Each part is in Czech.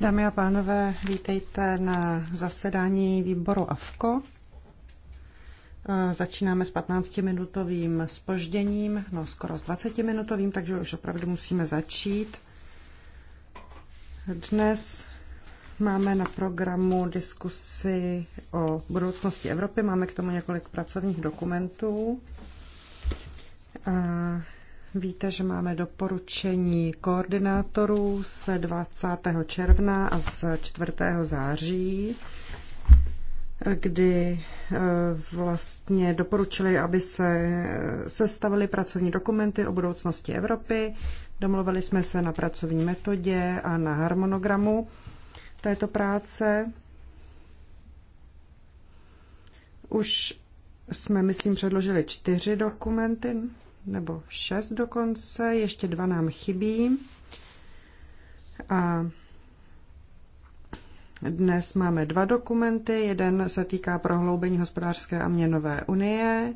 Dámy a pánové, vítejte na zasedání výboru AFKO. Eh, začínáme s 15-minutovým spožděním, no skoro s 20-minutovým, takže už opravdu musíme začít. Dnes máme na programu diskusi o budoucnosti Evropy. Máme k tomu několik pracovních dokumentů. Eh, Víte, že máme doporučení koordinátorů z 20. června a z 4. září, kdy eh, vlastně doporučili, aby se eh, sestavili pracovní dokumenty o budoucnosti Evropy. Domluvili jsme se na pracovní metodě a na harmonogramu této práce. Už jsme, myslím, předložili čtyři dokumenty nebo šest dokonce, ještě dva nám chybí. A dnes máme dva dokumenty. Jeden se týká prohloubení hospodářské a měnové unie,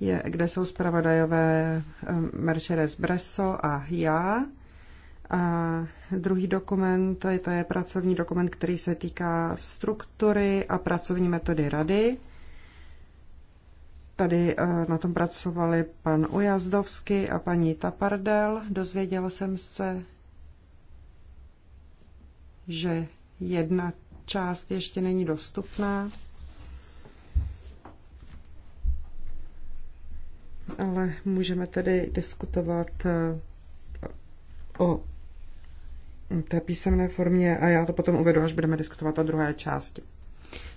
je, kde jsou zpravodajové eh, Mercedes Bresso a já. A druhý dokument, to je pracovní dokument, který se týká struktury a pracovní metody rady. Tady eh, na tom pracovali pan Ujazdovský a paní Tapardel. Dozvěděla jsem se, že jedna část ještě není dostupná. Ale můžeme tedy diskutovat eh, o té písemné formě a já to potom uvedu, až budeme diskutovat o druhé části.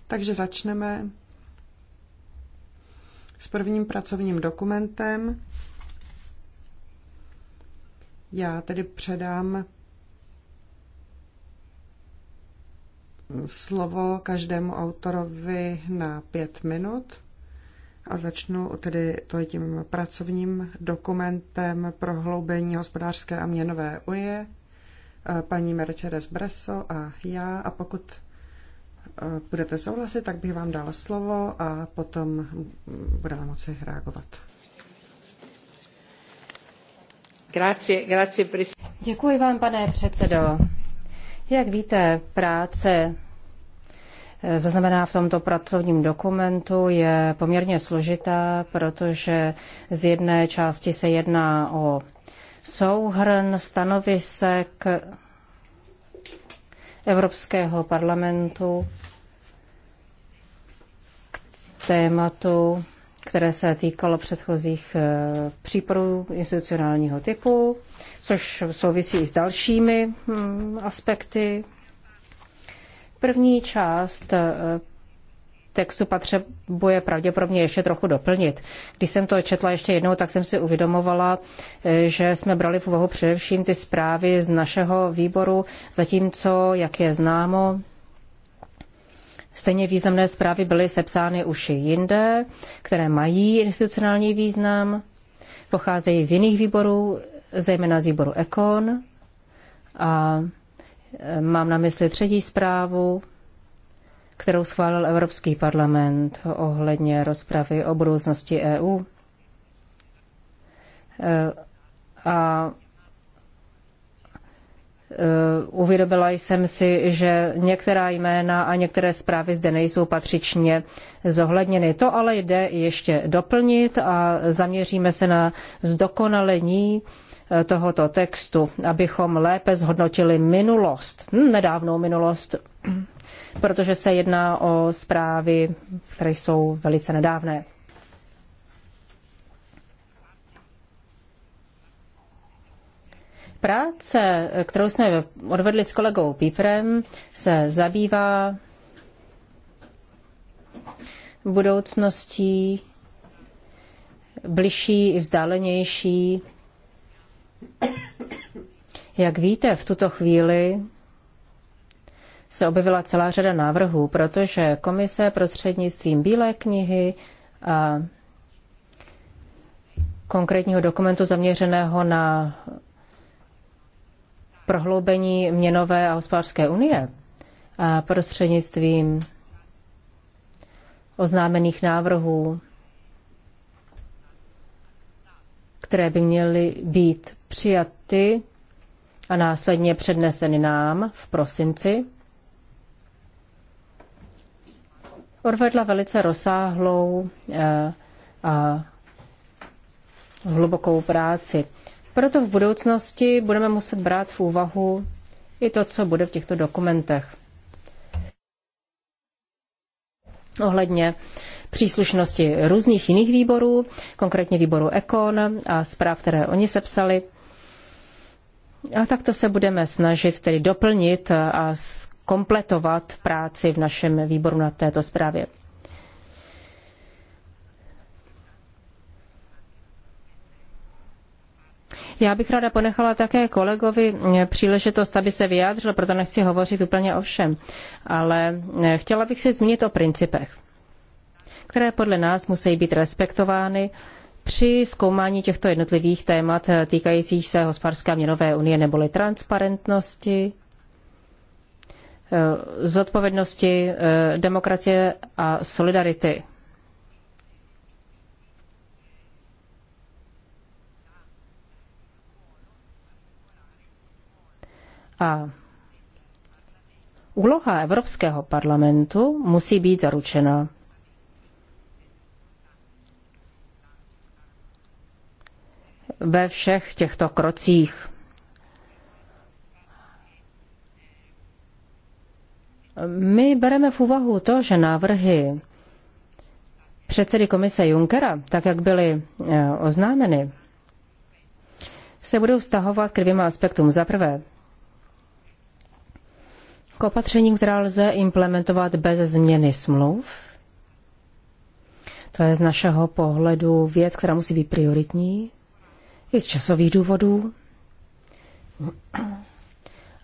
Takže začneme s prvním pracovním dokumentem. Já tedy předám slovo každému autorovi na pět minut a začnu tedy to tím pracovním dokumentem prohloubení hospodářské a měnové unie, paní Mercedes Bresso a já. A pokud Eh, budete souhlasit, tak bych vám dala slovo a potom budeme moci reagovat. Děkuji vám, pane předsedo. Jak víte, práce eh, zaznamená v tomto pracovním dokumentu je poměrně složitá, protože z jedné části se jedná o souhrn stanovisek Evropského parlamentu k tématu, které se týkalo předchozích eh, případů institucionálního typu, což souvisí i s dalšími hm, aspekty. První část eh, textu potřebuje pravděpodobně ještě trochu doplnit. Když jsem to četla ještě jednou, tak jsem si uvědomovala, eh, že jsme brali v úvahu především ty zprávy z našeho výboru, zatímco, jak je známo, Stejně významné zprávy byly sepsány už i jinde, které mají institucionální význam, pocházejí z jiných výborů, zejména z výboru Ekon. A eh, mám na mysli třetí zprávu, kterou schválil Evropský parlament ohledně rozpravy o budoucnosti EU. E, a e, uvědomila jsem si, že některá jména a některé zprávy zde nejsou patřičně zohledněny. To ale jde ještě doplnit a zaměříme se na zdokonalení Eh, tohoto textu, abychom lépe zhodnotili minulost, hm, nedávnou minulost, protože se jedná o zprávy, které jsou velice nedávné. Práce, kterou jsme odvedli s kolegou Píprem, se zabývá budoucností bližší i vzdálenější jak víte, v tuto chvíli se objevila celá řada návrhů, protože komise prostřednictvím Bílé knihy a konkrétního dokumentu zaměřeného na prohloubení měnové a hospodářské unie a prostřednictvím oznámených návrhů, které by měly být přijaty a následně předneseny nám v prosinci, odvedla velice rozsáhlou eh, a hlubokou práci. Proto v budoucnosti budeme muset brát v úvahu i to, co bude v těchto dokumentech. Ohledně příslušnosti různých jiných výborů, konkrétně výboru Ekon a zpráv, které oni sepsali, a takto se budeme snažit tedy doplnit a kompletovat práci v našem výboru na této zprávě. Já bych ráda ponechala také kolegovi příležitost, aby se vyjádřil, proto nechci hovořit úplně o všem. Ale chtěla bych se zmínit o principech, které podle nás musí být respektovány při zkoumání těchto jednotlivých témat eh, týkajících se hospodářské měnové unie neboli transparentnosti, eh, zodpovědnosti, eh, demokracie a solidarity. A úloha Evropského parlamentu musí být zaručena. ve všech těchto krocích. My bereme v úvahu to, že návrhy předsedy komise Junckera, tak jak byly eh, oznámeny, se budou vztahovat k dvěma aspektům. Za prvé, k opatřením, která lze implementovat bez změny smluv. To je z našeho pohledu věc, která musí být prioritní i z časových důvodů,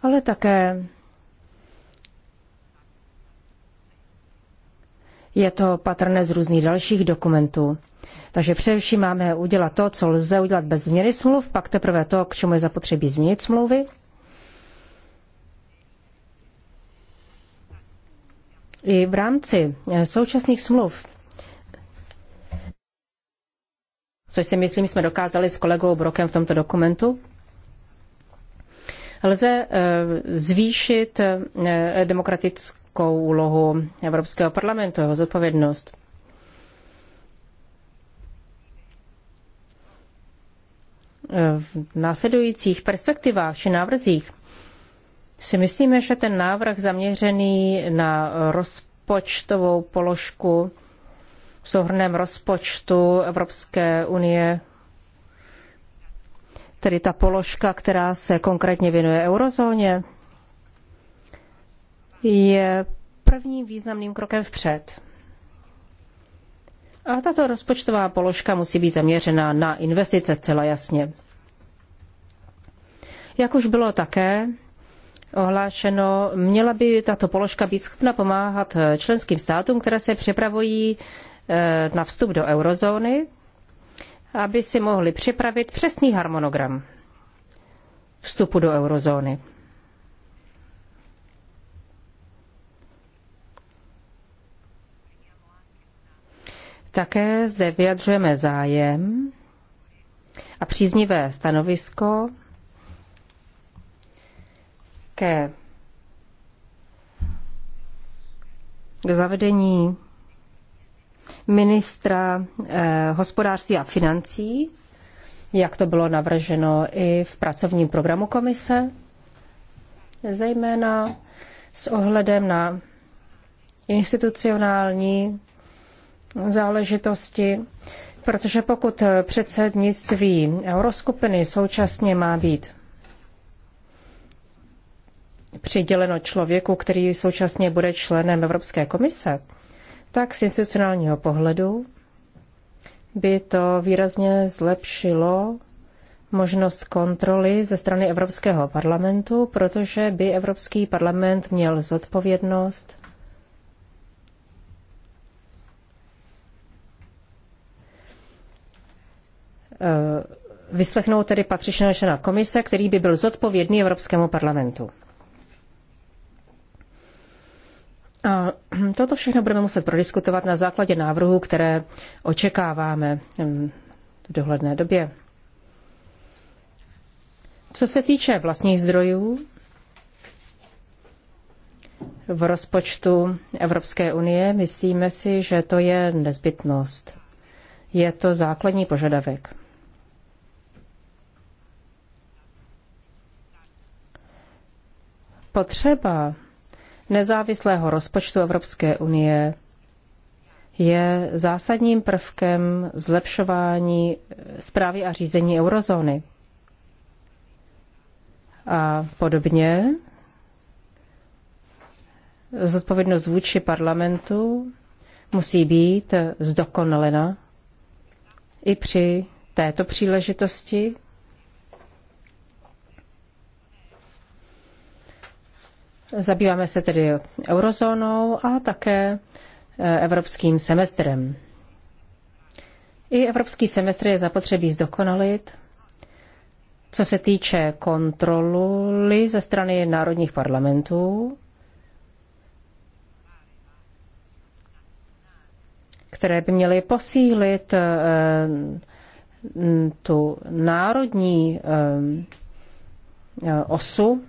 ale také je to patrné z různých dalších dokumentů. Takže především máme udělat to, co lze udělat bez změny smluv, pak teprve to, k čemu je zapotřebí změnit smlouvy. I v rámci eh, současných smluv což si myslím jsme dokázali s kolegou Brokem v tomto dokumentu, lze eh, zvýšit eh, demokratickou úlohu Evropského parlamentu, jeho zodpovědnost. Eh, v následujících perspektivách či návrzích si myslíme, že ten návrh zaměřený na rozpočtovou položku v souhrném rozpočtu Evropské unie, tedy ta položka, která se konkrétně věnuje eurozóně, je prvním významným krokem vpřed. A tato rozpočtová položka musí být zaměřena na investice celá jasně. Jak už bylo také ohlášeno, měla by tato položka být schopna pomáhat členským státům, které se připravují Eh, na vstup do eurozóny, aby si mohli připravit přesný harmonogram vstupu do eurozóny. Také zde vyjadřujeme zájem a příznivé stanovisko ke k zavedení ministra eh, hospodářství a financí, jak to bylo navrženo i v pracovním programu komise, zejména s ohledem na institucionální záležitosti, protože pokud předsednictví euroskupiny současně má být přiděleno člověku, který současně bude členem Evropské komise, tak z institucionálního pohledu by to výrazně zlepšilo možnost kontroly ze strany Evropského parlamentu, protože by Evropský parlament měl zodpovědnost eh, vyslechnout tedy patřičného člena komise, který by byl zodpovědný Evropskému parlamentu. Toto všechno budeme muset prodiskutovat na základě návrhu, které očekáváme mm, v dohledné době. Co se týče vlastních zdrojů v rozpočtu Evropské unie, myslíme si, že to je nezbytnost. Je to základní požadavek. Potřeba nezávislého rozpočtu Evropské unie je zásadním prvkem zlepšování zprávy a řízení eurozóny. A podobně zodpovědnost vůči parlamentu musí být zdokonalena i při této příležitosti Zabýváme se tedy eurozónou a také eh, evropským semestrem. I evropský semestr je zapotřebí zdokonalit, co se týče kontroly ze strany národních parlamentů, které by měly posílit eh, tu národní eh, osu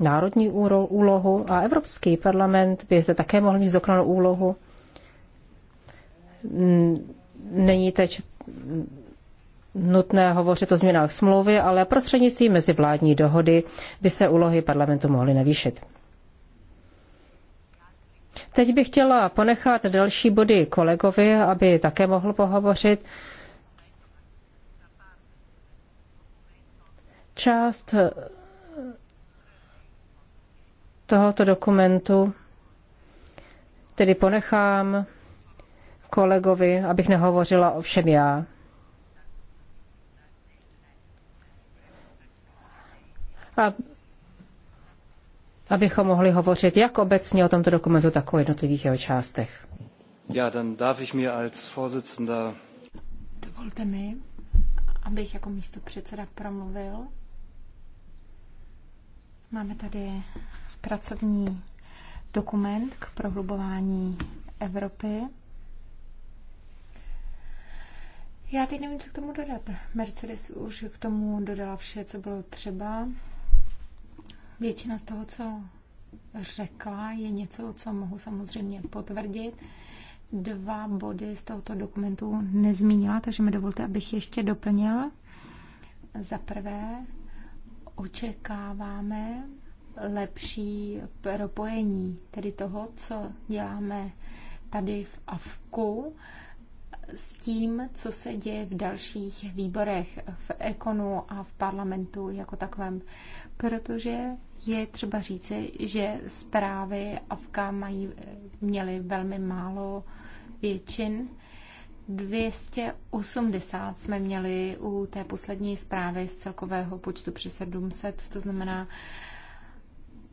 národní úlohu a Evropský parlament by zde také mohl mít dokonalou úlohu. Není teď nutné hovořit o změnách smlouvy, ale prostřednictvím mezivládní dohody by se úlohy parlamentu mohly navýšit. Teď bych chtěla ponechat další body kolegovi, aby také mohl pohovořit. Část tohoto dokumentu tedy ponechám kolegovi, abych nehovořila o všem já. A abychom mohli hovořit jak obecně o tomto dokumentu, tak o jednotlivých jeho částech. Ja, dann darf ich mir als Vorsitzender... Dovolte mi, abych jako místo předseda promluvil Máme tady pracovní dokument k prohlubování Evropy. Já teď nevím, co k tomu dodat. Mercedes už k tomu dodala vše, co bylo třeba. Většina z toho, co řekla, je něco, co mohu samozřejmě potvrdit. Dva body z tohoto dokumentu nezmínila, takže mi dovolte, abych ještě doplnila. Za prvé, očekáváme lepší propojení, tedy toho, co děláme tady v AFKu, s tím, co se děje v dalších výborech, v ekonu a v parlamentu jako takovém. Protože je třeba říci, že zprávy AFKA mají, měly velmi málo většin 280 jsme měli u té poslední zprávy z celkového počtu přes 700, to znamená,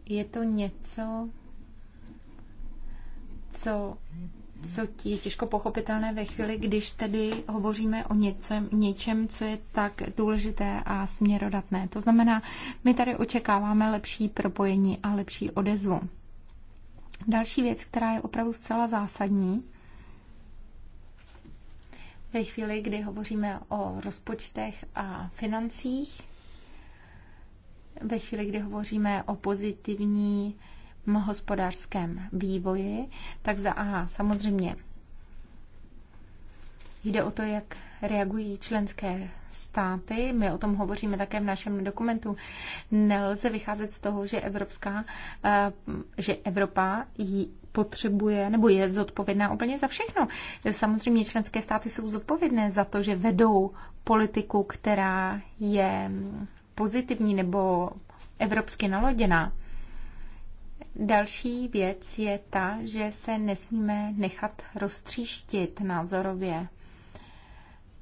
je to něco, co, co ti je těžko pochopitelné ve chvíli, když tedy hovoříme o něcem, něčem, co je tak důležité a směrodatné. To znamená, my tady očekáváme lepší propojení a lepší odezvu. Další věc, která je opravdu zcela zásadní, ve chvíli, kdy hovoříme o rozpočtech a financích, ve chvíli, kdy hovoříme o pozitivním hospodářském vývoji, tak za A samozřejmě jde o to, jak reagují členské státy. My o tom hovoříme také v našem dokumentu. Nelze vycházet z toho, že, Evropská, eh, že Evropa potřebuje nebo je zodpovědná úplně za všechno. Samozřejmě členské státy jsou zodpovědné za to, že vedou politiku, která je pozitivní nebo evropsky naloděná. Další věc je ta, že se nesmíme nechat roztříštit názorově.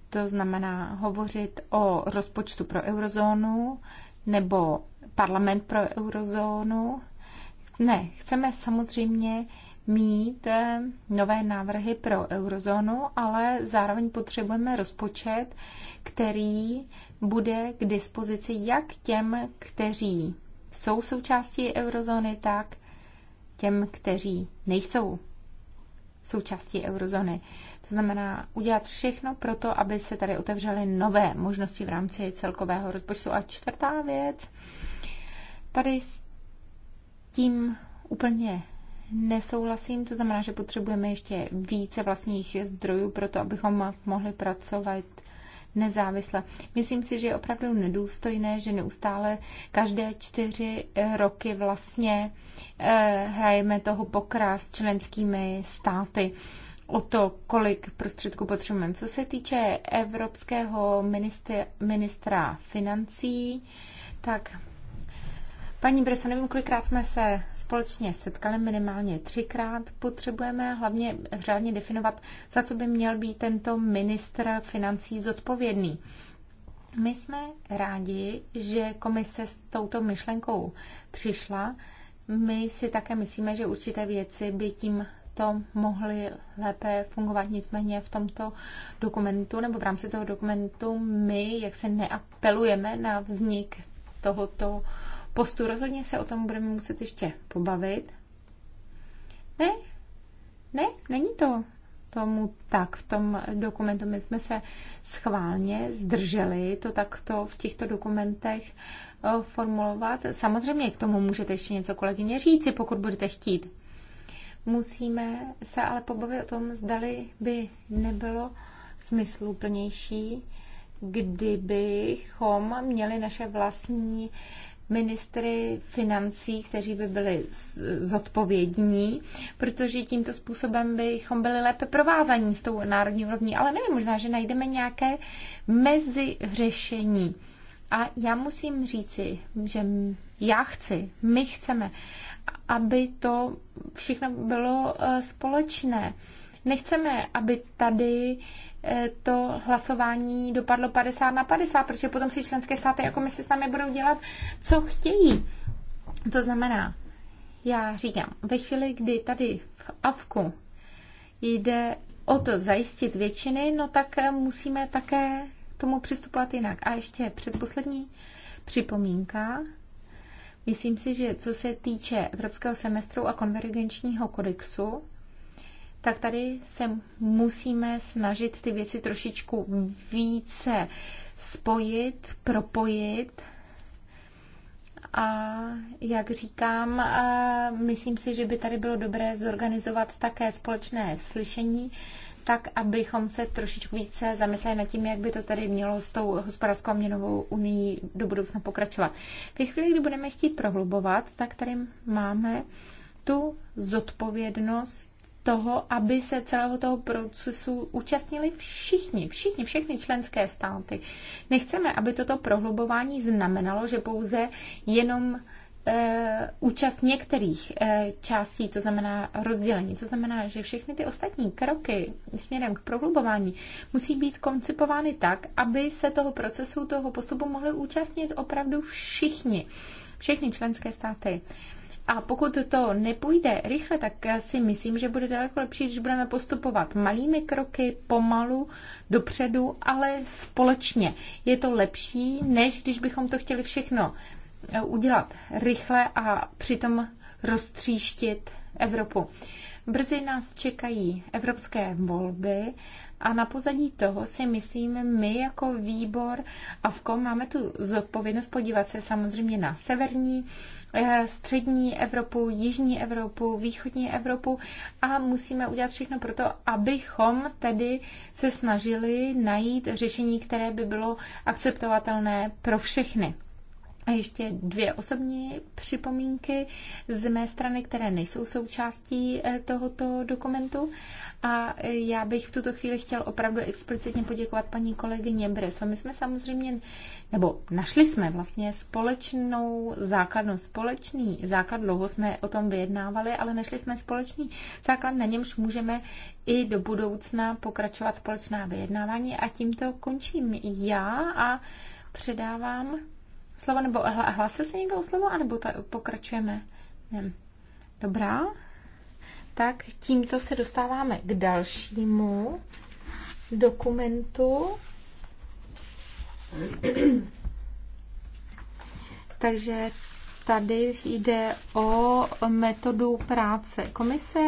To znamená hovořit o rozpočtu pro eurozónu nebo parlament pro eurozónu ne, chceme samozřejmě mít eh, nové návrhy pro eurozónu, ale zároveň potřebujeme rozpočet, který bude k dispozici jak těm, kteří jsou součástí eurozóny, tak těm, kteří nejsou součástí eurozóny. To znamená udělat všechno pro to, aby se tady otevřely nové možnosti v rámci celkového rozpočtu. A čtvrtá věc, tady tím úplně nesouhlasím, to znamená, že potřebujeme ještě více vlastních zdrojů pro to, abychom mohli pracovat nezávisle. Myslím si, že je opravdu nedůstojné, že neustále každé čtyři roky vlastně eh, hrajeme toho pokra s členskými státy o to, kolik prostředků potřebujeme. Co se týče evropského ministra, ministra financí, tak Paní Bresa, nevím, kolikrát jsme se společně setkali, minimálně třikrát. Potřebujeme hlavně řádně definovat, za co by měl být tento ministr financí zodpovědný. My jsme rádi, že komise s touto myšlenkou přišla. My si také myslíme, že určité věci by tím to mohly lépe fungovat. Nicméně v tomto dokumentu nebo v rámci toho dokumentu my, jak se neapelujeme na vznik tohoto postu. Rozhodně se o tom budeme muset ještě pobavit. Ne, ne, není to tomu tak. V tom dokumentu my jsme se schválně zdrželi to takto v těchto dokumentech eh, formulovat. Samozřejmě k tomu můžete ještě něco kolegyně říci, pokud budete chtít. Musíme se ale pobavit o tom, zdali by nebylo smysluplnější, kdybychom měli naše vlastní ministry financí, kteří by byli zodpovědní, protože tímto způsobem bychom byli lépe provázaní s tou národní úrovní. Ale nevím, možná, že najdeme nějaké mezi řešení. A já musím říci, že já chci, my chceme, aby to všechno bylo eh, společné. Nechceme, aby tady Eh, to hlasování dopadlo 50 na 50, protože potom si členské státy my komise s námi budou dělat, co chtějí. To znamená, já říkám, ve chvíli, kdy tady v Avku jde o to zajistit většiny, no tak eh, musíme také tomu přistupovat jinak. A ještě předposlední připomínka. Myslím si, že co se týče evropského semestru a konvergenčního kodexu, tak tady se musíme snažit ty věci trošičku více spojit, propojit. A jak říkám, myslím si, že by tady bylo dobré zorganizovat také společné slyšení, tak abychom se trošičku více zamysleli nad tím, jak by to tady mělo s tou hospodářskou a měnovou unii do budoucna pokračovat. V chvíli, kdy budeme chtít prohlubovat, tak tady máme tu zodpovědnost toho, aby se celého toho procesu účastnili všichni, všichni, všechny členské státy. Nechceme, aby toto prohlubování znamenalo, že pouze jenom e, účast některých e, částí, to znamená rozdělení, to znamená, že všechny ty ostatní kroky směrem k prohlubování musí být koncipovány tak, aby se toho procesu, toho postupu mohli účastnit opravdu všichni, všechny členské státy. E, a pokud to nepůjde rychle, tak si myslím, že bude daleko lepší, když budeme postupovat malými kroky, pomalu, dopředu, ale společně. Je to lepší, než když bychom to chtěli všechno eh, udělat rychle a přitom roztříštit Evropu. Brzy nás čekají evropské volby a na pozadí toho si myslím, my jako výbor a v kom máme tu zodpovědnost podívat se samozřejmě na severní Eh, střední Evropu, jižní Evropu, východní Evropu a musíme udělat všechno pro to, abychom tedy se snažili najít řešení, které by bylo akceptovatelné pro všechny. A ještě dvě osobní připomínky z mé strany, které nejsou součástí eh, tohoto dokumentu. A eh, já bych v tuto chvíli chtěl opravdu explicitně poděkovat paní kolegyně Breso. My jsme samozřejmě nebo našli jsme vlastně společnou základnu, společný základ, dlouho jsme o tom vyjednávali, ale našli jsme společný základ, na němž můžeme i do budoucna pokračovat společná vyjednávání a tímto končím já a předávám slovo, nebo hlásil se někdo o slovo, anebo ta, pokračujeme? Ne. Dobrá. Tak tímto se dostáváme k dalšímu dokumentu, takže tady jde o metodu práce komise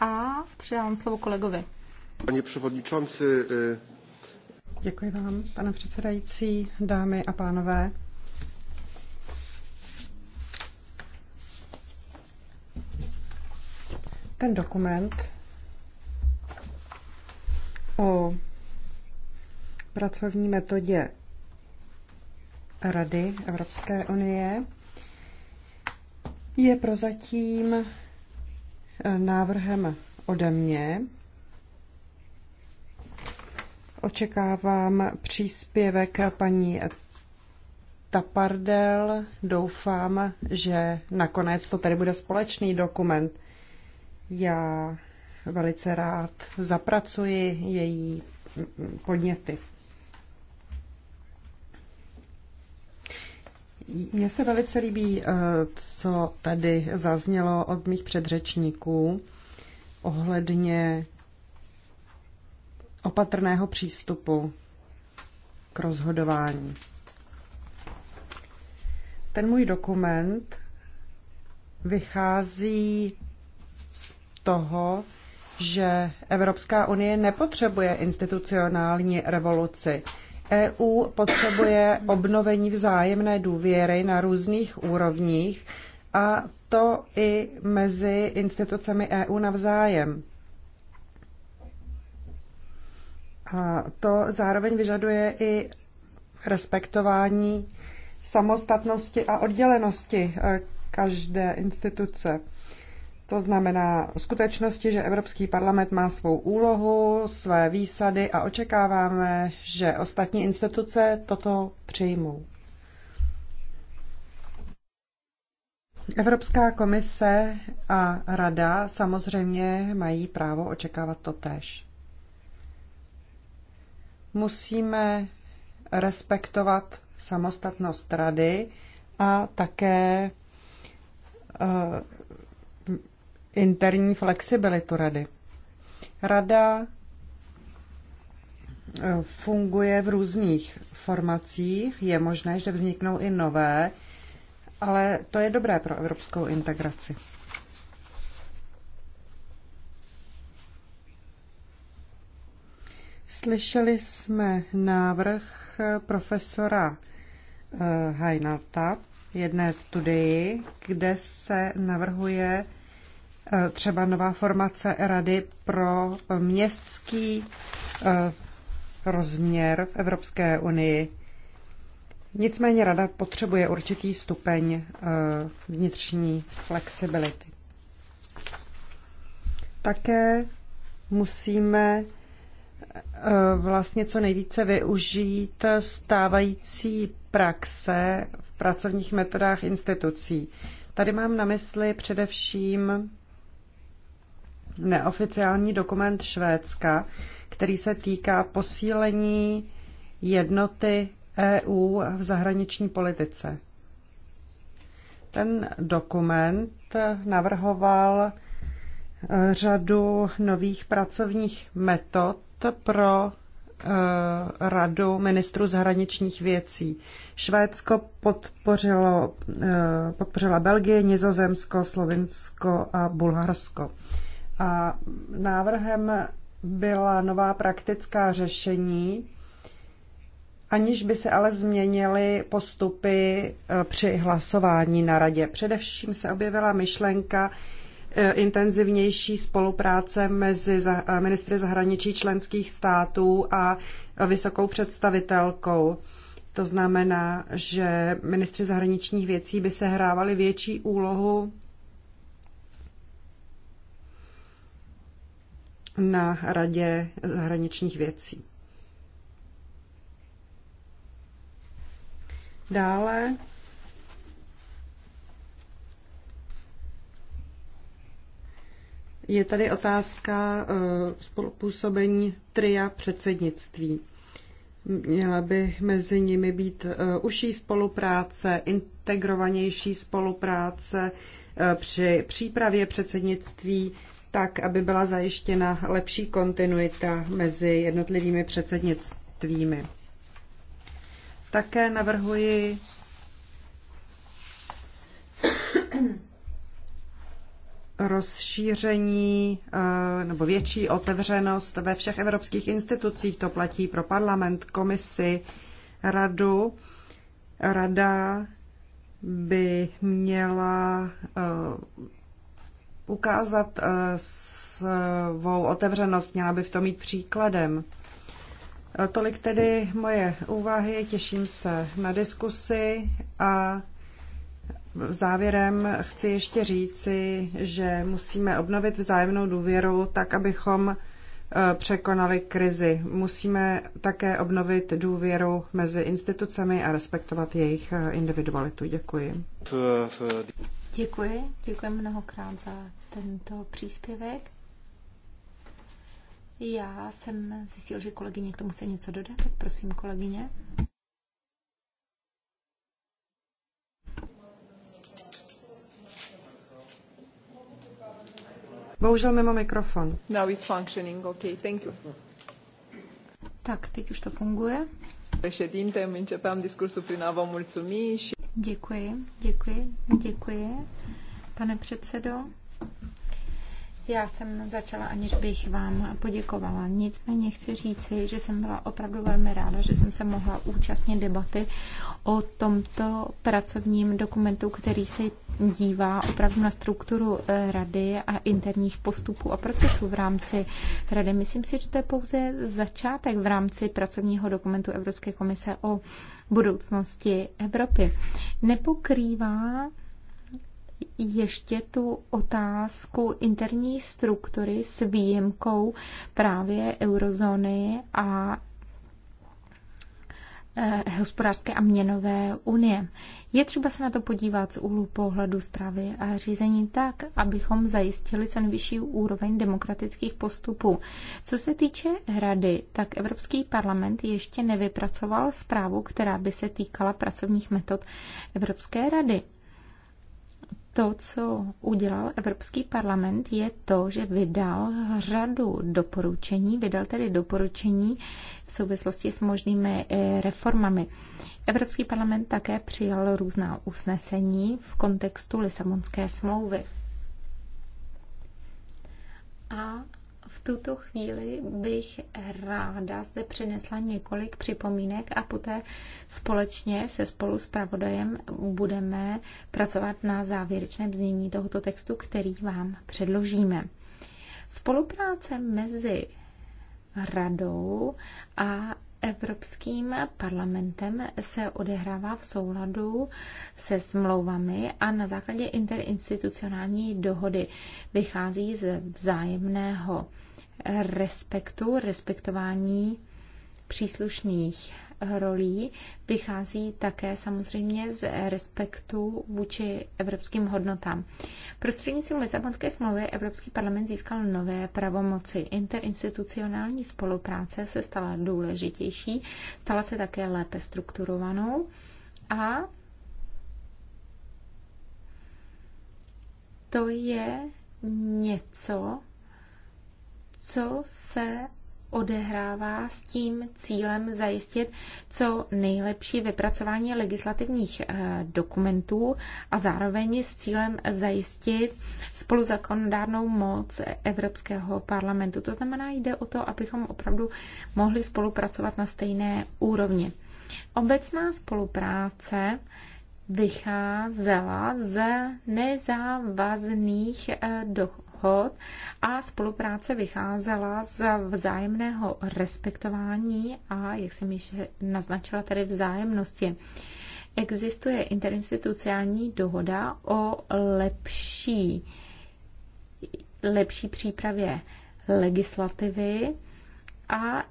a předávám slovo kolegovi. Pane předsedající. Děkuji vám, pane předsedající, dámy a pánové. Ten dokument o pracovní metodě Rady Evropské unie je prozatím eh, návrhem ode mě. Očekávám příspěvek paní Tapardel. Doufám, že nakonec to tady bude společný dokument. Já velice rád zapracuji její podněty. Mně se velice líbí, eh, co tady zaznělo od mých předřečníků ohledně opatrného přístupu k rozhodování. Ten můj dokument vychází z toho, že Evropská unie nepotřebuje institucionální revoluci. EU potřebuje obnovení vzájemné důvěry na různých úrovních a to i mezi institucemi EU navzájem. A to zároveň vyžaduje i respektování samostatnosti a oddělenosti e, každé instituce. To znamená skutečnosti, že Evropský parlament má svou úlohu, své výsady a očekáváme, že ostatní instituce toto přijmou. Evropská komise a rada samozřejmě mají právo očekávat to tež. Musíme respektovat samostatnost rady a také eh, interní flexibilitu rady. Rada eh, funguje v různých formacích, je možné, že vzniknou i nové, ale to je dobré pro evropskou integraci. Slyšeli jsme návrh profesora Heinalta eh, v jedné studii, kde se navrhuje třeba nová formace Rady pro městský eh, rozměr v Evropské unii. Nicméně Rada potřebuje určitý stupeň eh, vnitřní flexibility. Také musíme eh, vlastně co nejvíce využít stávající praxe v pracovních metodách institucí. Tady mám na mysli především neoficiální dokument Švédska, který se týká posílení jednoty EU v zahraniční politice. Ten dokument navrhoval eh, řadu nových pracovních metod pro eh, Radu ministrů zahraničních věcí. Švédsko podpořilo, eh, podpořila Belgie, Nizozemsko, Slovinsko a Bulharsko. A návrhem byla nová praktická řešení, aniž by se ale změnily postupy e, při hlasování na radě. Především se objevila myšlenka e, intenzivnější spolupráce mezi e, ministry zahraničí členských států a vysokou představitelkou. To znamená, že ministři zahraničních věcí by se hrávali větší úlohu na Radě zahraničních věcí. Dále je tady otázka eh, spolupůsobení tria předsednictví. Měla by mezi nimi být eh, užší spolupráce, integrovanější spolupráce eh, při přípravě předsednictví tak aby byla zajištěna lepší kontinuita mezi jednotlivými předsednictvími. Také navrhuji rozšíření eh, nebo větší otevřenost ve všech evropských institucích. To platí pro parlament, komisi, radu. Rada by měla eh, ukázat eh, svou otevřenost, měla by v tom mít příkladem. Eh, tolik tedy moje úvahy, těším se na diskusi a závěrem chci ještě říci, že musíme obnovit vzájemnou důvěru tak, abychom eh, překonali krizi. Musíme také obnovit důvěru mezi institucemi a respektovat jejich individualitu. Děkuji. Děkuji, děkuji mnohokrát za tento příspěvek. Já jsem zjistil, že kolegyně k tomu chce něco dodat, tak prosím, kolegyně. Bohužel mimo mikrofon. Now it's functioning, okay, thank you. Tak, teď už to funguje. Președinte, începeam discursul prin a vă mulțumi și... Děkuji, děkuji, děkuji, pane předsedo. Já jsem začala, aniž bych vám poděkovala. Nicméně chci říci, že jsem byla opravdu velmi ráda, že jsem se mohla účastnit debaty o tomto pracovním dokumentu, který se dívá opravdu na strukturu eh, rady a interních postupů a procesů v rámci rady. Myslím si, že to je pouze začátek v rámci pracovního dokumentu Evropské komise o budoucnosti Evropy. Nepokrývá ještě tu otázku interní struktury s výjimkou právě eurozóny a Eh, hospodářské a měnové unie. Je třeba se na to podívat z úhlu pohledu zprávy a řízení tak, abychom zajistili co nejvyšší úroveň demokratických postupů. Co se týče rady, tak Evropský parlament ještě nevypracoval zprávu, která by se týkala pracovních metod Evropské rady to, co udělal Evropský parlament, je to, že vydal řadu doporučení, vydal tedy doporučení v souvislosti s možnými eh, reformami. Evropský parlament také přijal různá usnesení v kontextu Lisabonské smlouvy. A tuto chvíli bych ráda zde přinesla několik připomínek a poté společně se spolu s pravodajem budeme pracovat na závěrečném znění tohoto textu, který vám předložíme. Spolupráce mezi radou a Evropským parlamentem se odehrává v souladu se smlouvami a na základě interinstitucionální dohody vychází z vzájemného respektu, respektování příslušných rolí vychází také samozřejmě z respektu vůči evropským hodnotám. Prostřednictvím Lisabonské smlouvy Evropský parlament získal nové pravomoci. Interinstitucionální spolupráce se stala důležitější, stala se také lépe strukturovanou a to je něco, co se odehrává s tím cílem zajistit co nejlepší vypracování legislativních eh, dokumentů a zároveň s cílem zajistit spoluzakonodárnou moc Evropského parlamentu. To znamená, jde o to, abychom opravdu mohli spolupracovat na stejné úrovni. Obecná spolupráce vycházela z nezávazných eh, dohod dohod a spolupráce vycházela z vzájemného respektování a, jak jsem již naznačila, tedy vzájemnosti existuje interinstitucionální dohoda o lepší, lepší přípravě legislativy a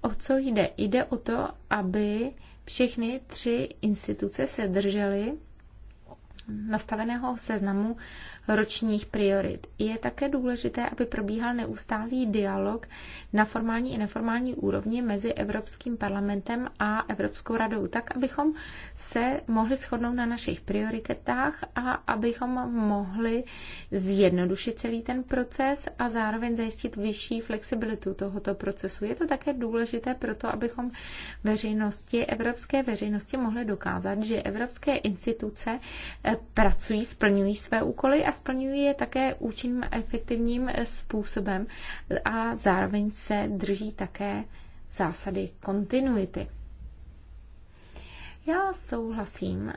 o co jde? Jde o to, aby všechny tři instituce se držely nastaveného seznamu ročních priorit. Je také důležité, aby probíhal neustálý dialog na formální i neformální úrovni mezi Evropským parlamentem a Evropskou radou, tak abychom se mohli shodnout na našich prioritách a abychom mohli zjednodušit celý ten proces a zároveň zajistit vyšší flexibilitu tohoto procesu. Je to také důležité proto, abychom veřejnosti, evropské veřejnosti mohli dokázat, že evropské instituce pracují, splňují své úkoly a splňují je také účinným a efektivním způsobem a zároveň se drží také zásady kontinuity. Já souhlasím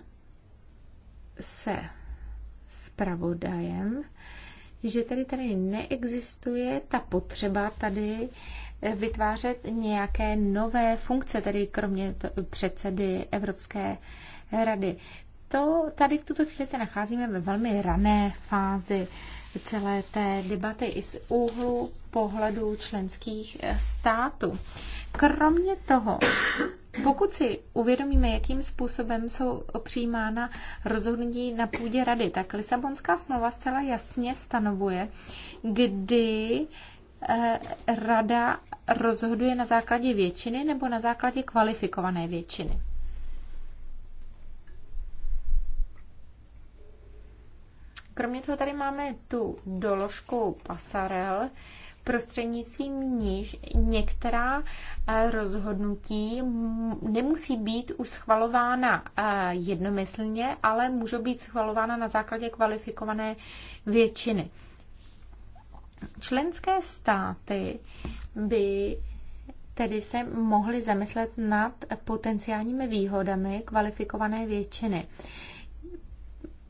se zpravodajem, že tady tady neexistuje ta potřeba tady eh, vytvářet nějaké nové funkce, tedy kromě předsedy Evropské rady to tady v tuto chvíli se nacházíme ve velmi rané fázi celé té debaty i z úhlu pohledu členských eh, států. Kromě toho, pokud si uvědomíme, jakým způsobem jsou přijímána rozhodnutí na půdě rady, tak Lisabonská smlouva zcela jasně stanovuje, kdy eh, rada rozhoduje na základě většiny nebo na základě kvalifikované většiny. Kromě toho tady máme tu doložku pasarel, prostřednictvím níž některá eh, rozhodnutí nemusí být už schvalována eh, jednomyslně, ale můžou být schvalována na základě kvalifikované většiny. Členské státy by tedy se mohly zamyslet nad potenciálními výhodami kvalifikované většiny.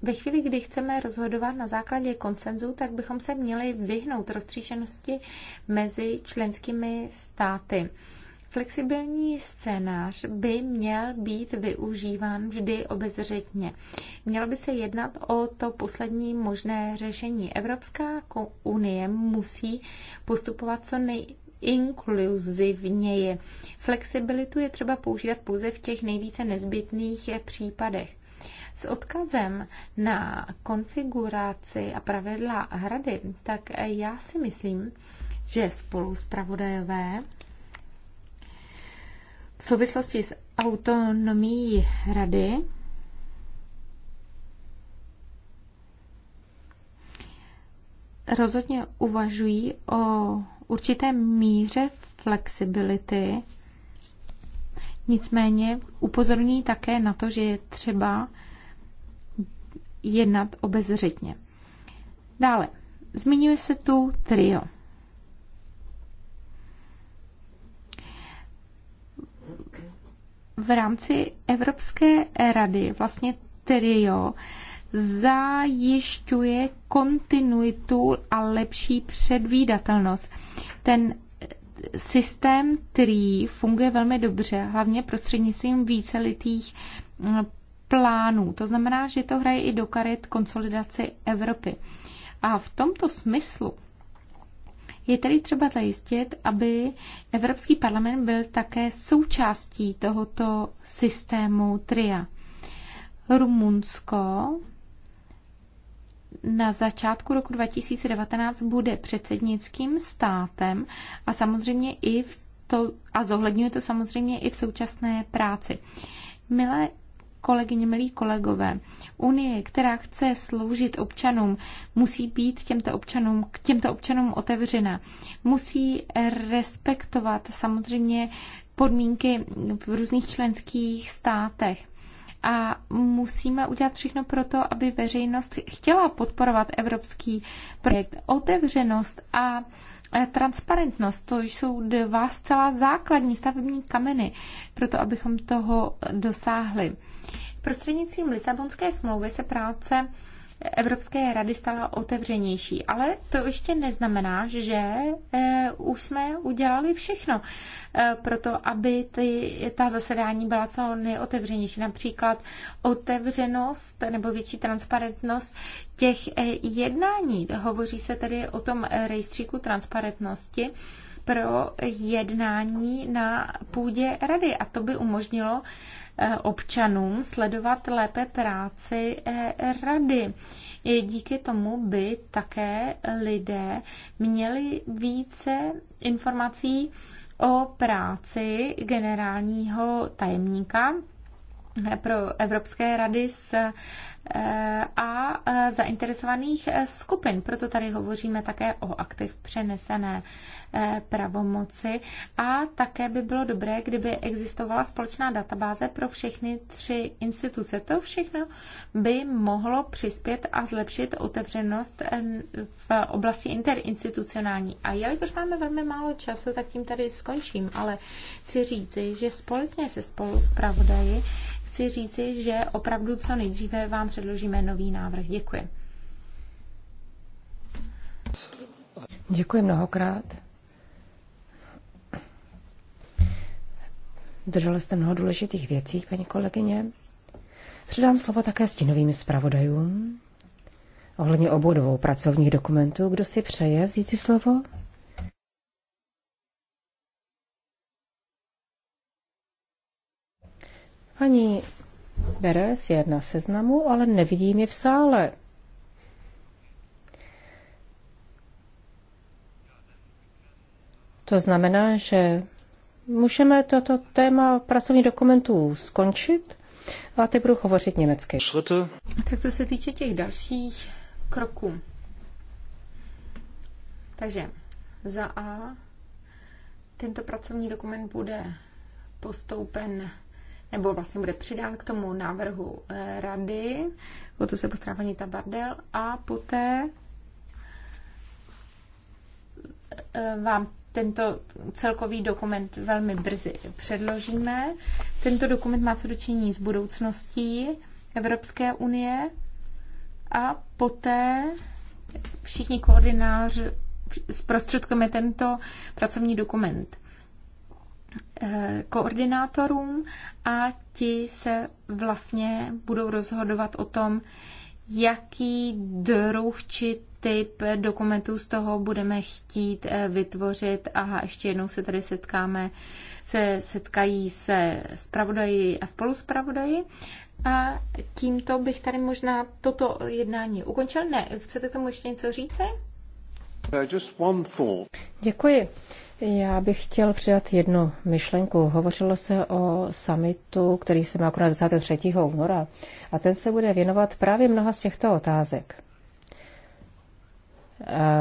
Ve chvíli, kdy chceme rozhodovat na základě koncenzu, tak bychom se měli vyhnout roztříšenosti mezi členskými státy. Flexibilní scénář by měl být využíván vždy obezřetně. Mělo by se jednat o to poslední možné řešení. Evropská unie musí postupovat co nej, inkluzivněji. Flexibilitu je třeba používat pouze v těch nejvíce nezbytných případech s odkazem na konfiguraci a pravidla hrady, tak já si myslím, že spolu zpravodajové v souvislosti s autonomií hrady rozhodně uvažují o určité míře flexibility Nicméně upozorní také na to, že je třeba jednat obezřetně. Dále, zmiňuje se tu trio. V rámci Evropské rady vlastně trio zajišťuje kontinuitu a lepší předvídatelnost. Ten systém TRI funguje velmi dobře, hlavně prostřednictvím vícelitých plánů. To znamená, že to hraje i do karet konsolidaci Evropy. A v tomto smyslu je tedy třeba zajistit, aby Evropský parlament byl také součástí tohoto systému TRIA. Rumunsko na začátku roku 2019 bude předsednickým státem a samozřejmě i v to, a zohledňuje to samozřejmě i v současné práci. Milé kolegyně, milí kolegové, Unie, která chce sloužit občanům, musí být těmto občanům, k těmto občanům otevřena. Musí respektovat samozřejmě podmínky v různých členských státech a musíme udělat všechno pro to, aby veřejnost chtěla podporovat evropský projekt. Otevřenost a E, transparentnost, to jsou dva zcela základní stavební kameny pro to, abychom toho dosáhli. Prostřednictvím Lisabonské smlouvy se práce Evropské rady stala otevřenější. Ale to ještě neznamená, že eh, už jsme udělali všechno eh, pro to, aby ty, ta zasedání byla co nejotevřenější. Například otevřenost nebo větší transparentnost těch eh, jednání. Hovoří se tedy o tom rejstříku transparentnosti pro jednání na půdě rady a to by umožnilo Eh, občanům sledovat lépe práci eh, rady. Díky tomu by také lidé měli více informací o práci generálního tajemníka eh, pro Evropské rady s a e, zainteresovaných e, skupin. Proto tady hovoříme také o aktiv přenesené e, pravomoci a také by bylo dobré, kdyby existovala společná databáze pro všechny tři instituce. To všechno by mohlo přispět a zlepšit otevřenost v oblasti interinstitucionální. A jelikož máme velmi málo času, tak tím tady skončím, ale chci říci, že společně se spolu s pravodaji chci říci, že opravdu co nejdříve vám předložíme nový návrh. Děkuji. Děkuji mnohokrát. Dodala jste mnoho důležitých věcí, paní kolegyně. Předám slovo také stínovým zpravodajům. Ohledně obou dvou pracovních dokumentů, kdo si přeje vzít si slovo? Paní Beres je na seznamu, ale nevidím je v sále. To znamená, že můžeme toto téma pracovních dokumentů skončit a teď budu hovořit německy. Tak co se týče těch dalších kroků. Takže za A tento pracovní dokument bude postoupen nebo vlastně bude přidán k tomu návrhu eh, rady, o to se postará paní Tabardel, a poté eh, vám tento celkový dokument velmi brzy předložíme. Tento dokument má co dočinění s budoucností Evropské unie a poté všichni koordinář zprostředkujeme tento pracovní dokument Eh, koordinátorům a ti se vlastně budou rozhodovat o tom, jaký druh či typ dokumentů z toho budeme chtít eh, vytvořit a ještě jednou se tady setkáme, se setkají se zpravodaji a spoluspravodaji. A tímto bych tady možná toto jednání ukončil. Ne, chcete tomu ještě něco říct? Uh, Děkuji. Já bych chtěl přidat jednu myšlenku. Hovořilo se o summitu, který se má konat 23. února a ten se bude věnovat právě mnoha z těchto otázek.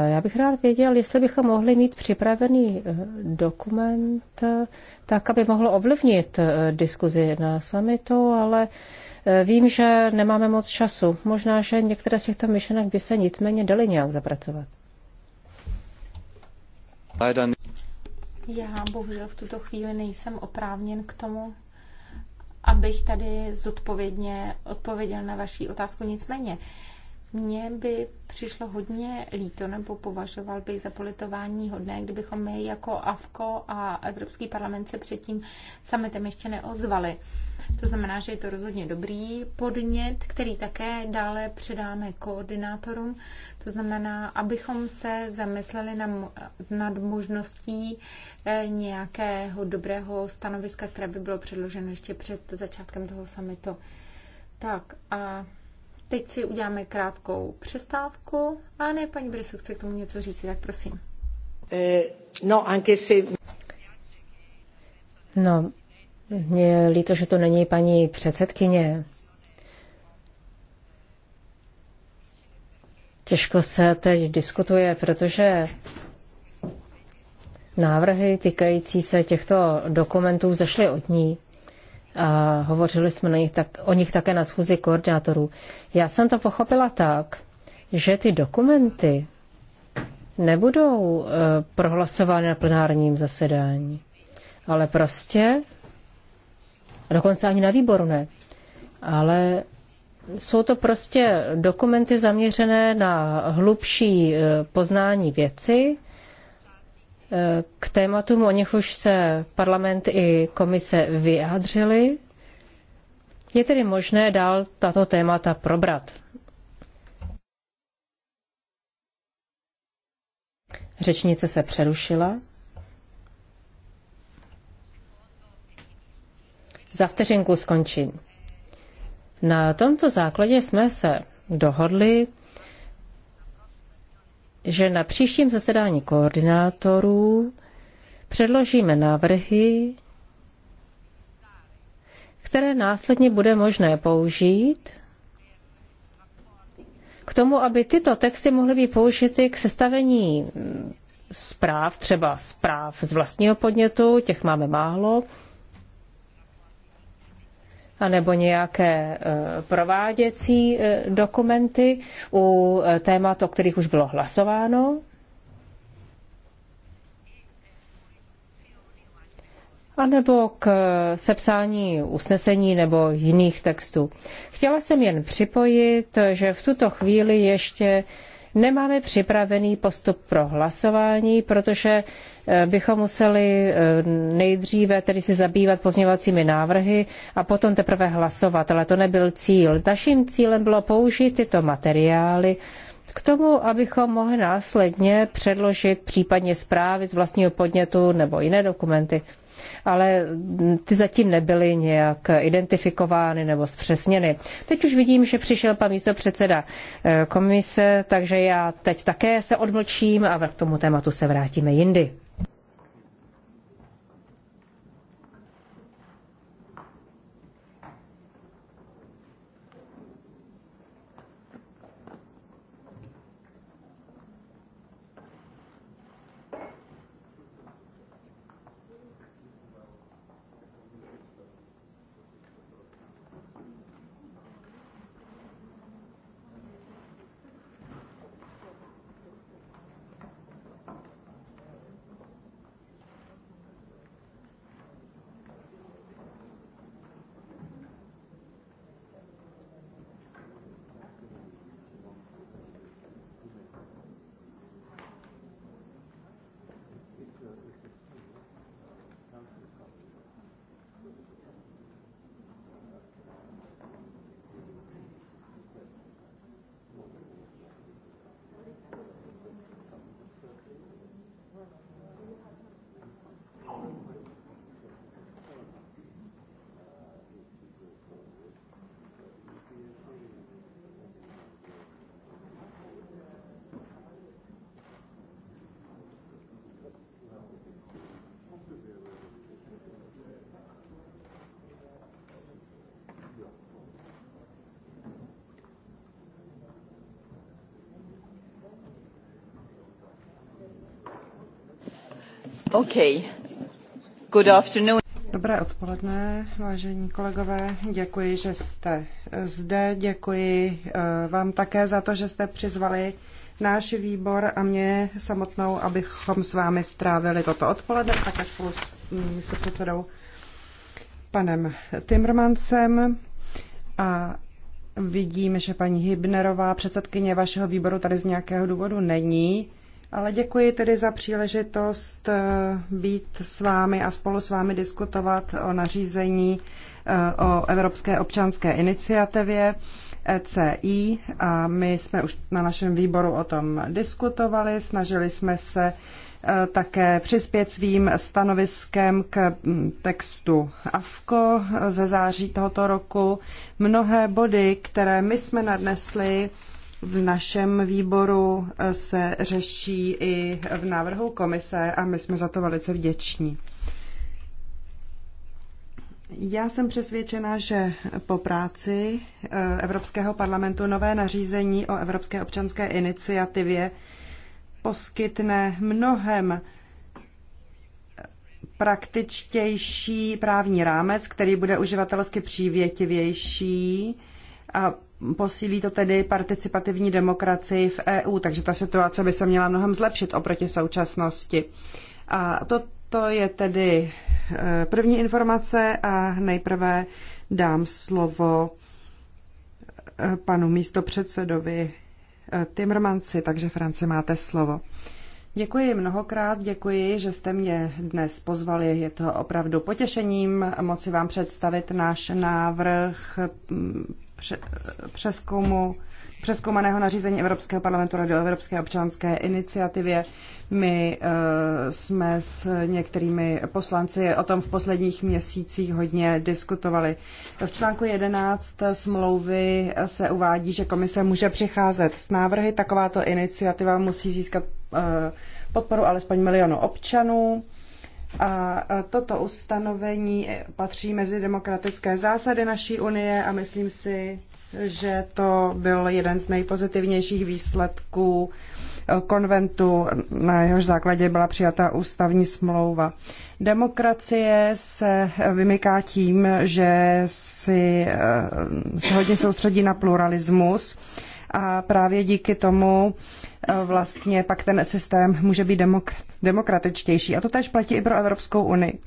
Já bych rád věděl, jestli bychom mohli mít připravený eh, dokument, eh, tak aby mohl ovlivnit eh, diskuzi na summitu, ale vím, že nemáme moc času. Možná, že některé z těchto myšlenek by se nicméně daly nějak zapracovat. Já bohužel v tuto chvíli nejsem oprávněn k tomu, abych tady zodpovědně odpověděl na vaši otázku. Nicméně, mně by přišlo hodně líto, nebo považoval bych za politování hodné, kdybychom my jako AFKO a Evropský parlament se předtím summitem ještě neozvali. To znamená, že je to rozhodně dobrý podnět, který také dále předáme koordinátorům. To znamená, abychom se zamysleli nad možností eh, nějakého dobrého stanoviska, které by bylo předloženo ještě před začátkem toho samitu. Tak a teď si uděláme krátkou přestávku. A ne, paní Brysu, chce k tomu něco říct, tak prosím. Eh, no, anche se... No, mně líto, že to není paní předsedkyně. Těžko se teď diskutuje, protože návrhy týkající se těchto dokumentů zašly od ní. A hovořili jsme na nich tak, o nich také na schůzi koordinátorů. Já jsem to pochopila tak, že ty dokumenty nebudou e, prohlasovány na plenárním zasedání, ale prostě a dokonce ani na výboru ne. Ale jsou to prostě dokumenty zaměřené na hlubší e, poznání věci, e, k tématům, o nich už se parlament i komise vyjádřili. Je tedy možné dál tato témata probrat. Řečnice se přerušila. za vteřinku skončí. Na tomto základě jsme se dohodli, že na příštím zasedání koordinátorů předložíme návrhy, které následně bude možné použít k tomu, aby tyto texty mohly být použity k sestavení zpráv, třeba zpráv z vlastního podnětu, těch máme málo, anebo nějaké e, prováděcí e, dokumenty u e, témat, o kterých už bylo hlasováno. a nebo k sepsání usnesení nebo jiných textů. Chtěla jsem jen připojit, že v tuto chvíli ještě Nemáme připravený postup pro hlasování, protože eh, bychom museli eh, nejdříve tedy si zabývat pozměňovacími návrhy a potom teprve hlasovat, ale to nebyl cíl. Naším cílem bylo použít tyto materiály k tomu, abychom mohli následně předložit případně zprávy z vlastního podnětu nebo jiné dokumenty ale ty zatím nebyly nějak identifikovány nebo zpřesněny. Teď už vidím, že přišel pan místo předseda eh, komise, takže já teď také se odmlčím a k tomu tématu se vrátíme jindy. Dobré odpoledne, vážení kolegové. Děkuji, že jste zde. Děkuji eh, vám také za to, že jste přizvali náš výbor a mě samotnou, abychom s vámi strávili toto odpoledne, také spolu mm, s předsedou panem Timmermansem. A vidím, že paní Hybnerová, předsedkyně vašeho výboru, tady z nějakého důvodu není ale děkuji tedy za příležitost eh, být s vámi a spolu s vámi diskutovat o nařízení eh, o Evropské občanské iniciativě ECI. A my jsme už na našem výboru o tom diskutovali, snažili jsme se eh, také přispět svým stanoviskem k hm, textu AFKO ze září tohoto roku. Mnohé body, které my jsme nadnesli, v našem výboru eh, se řeší i v návrhu komise a my jsme za to velice vděční. Já jsem přesvědčena, že po práci eh, Evropského parlamentu nové nařízení o Evropské občanské iniciativě poskytne mnohem eh, praktičtější právní rámec, který bude uživatelsky přívětivější a Posílí to tedy participativní demokracii v EU, takže ta situace by se měla mnohem zlepšit oproti současnosti. A to, to je tedy eh, první informace a nejprve dám slovo eh, panu místopředsedovi eh, Timmermansi, takže Franci, máte slovo. Děkuji mnohokrát, děkuji, že jste mě dnes pozvali. Je to opravdu potěšením moci vám představit náš návrh mm, přeskumu přeskoumaného nařízení Evropského parlamentu Rady o Evropské občanské iniciativě. My e, jsme s některými poslanci o tom v posledních měsících hodně diskutovali. V článku 11 smlouvy se uvádí, že komise může přicházet s návrhy. Takováto iniciativa musí získat e, podporu alespoň milionu občanů. A toto ustanovení patří mezi demokratické zásady naší unie a myslím si, že to byl jeden z nejpozitivnějších výsledků e, konventu, na jehož základě byla přijata ústavní smlouva. Demokracie se vymyká tím, že si, e, se hodně soustředí na pluralismus a právě díky tomu e, vlastně pak ten systém může být demokratičtější. A to tež platí i pro Evropskou unii.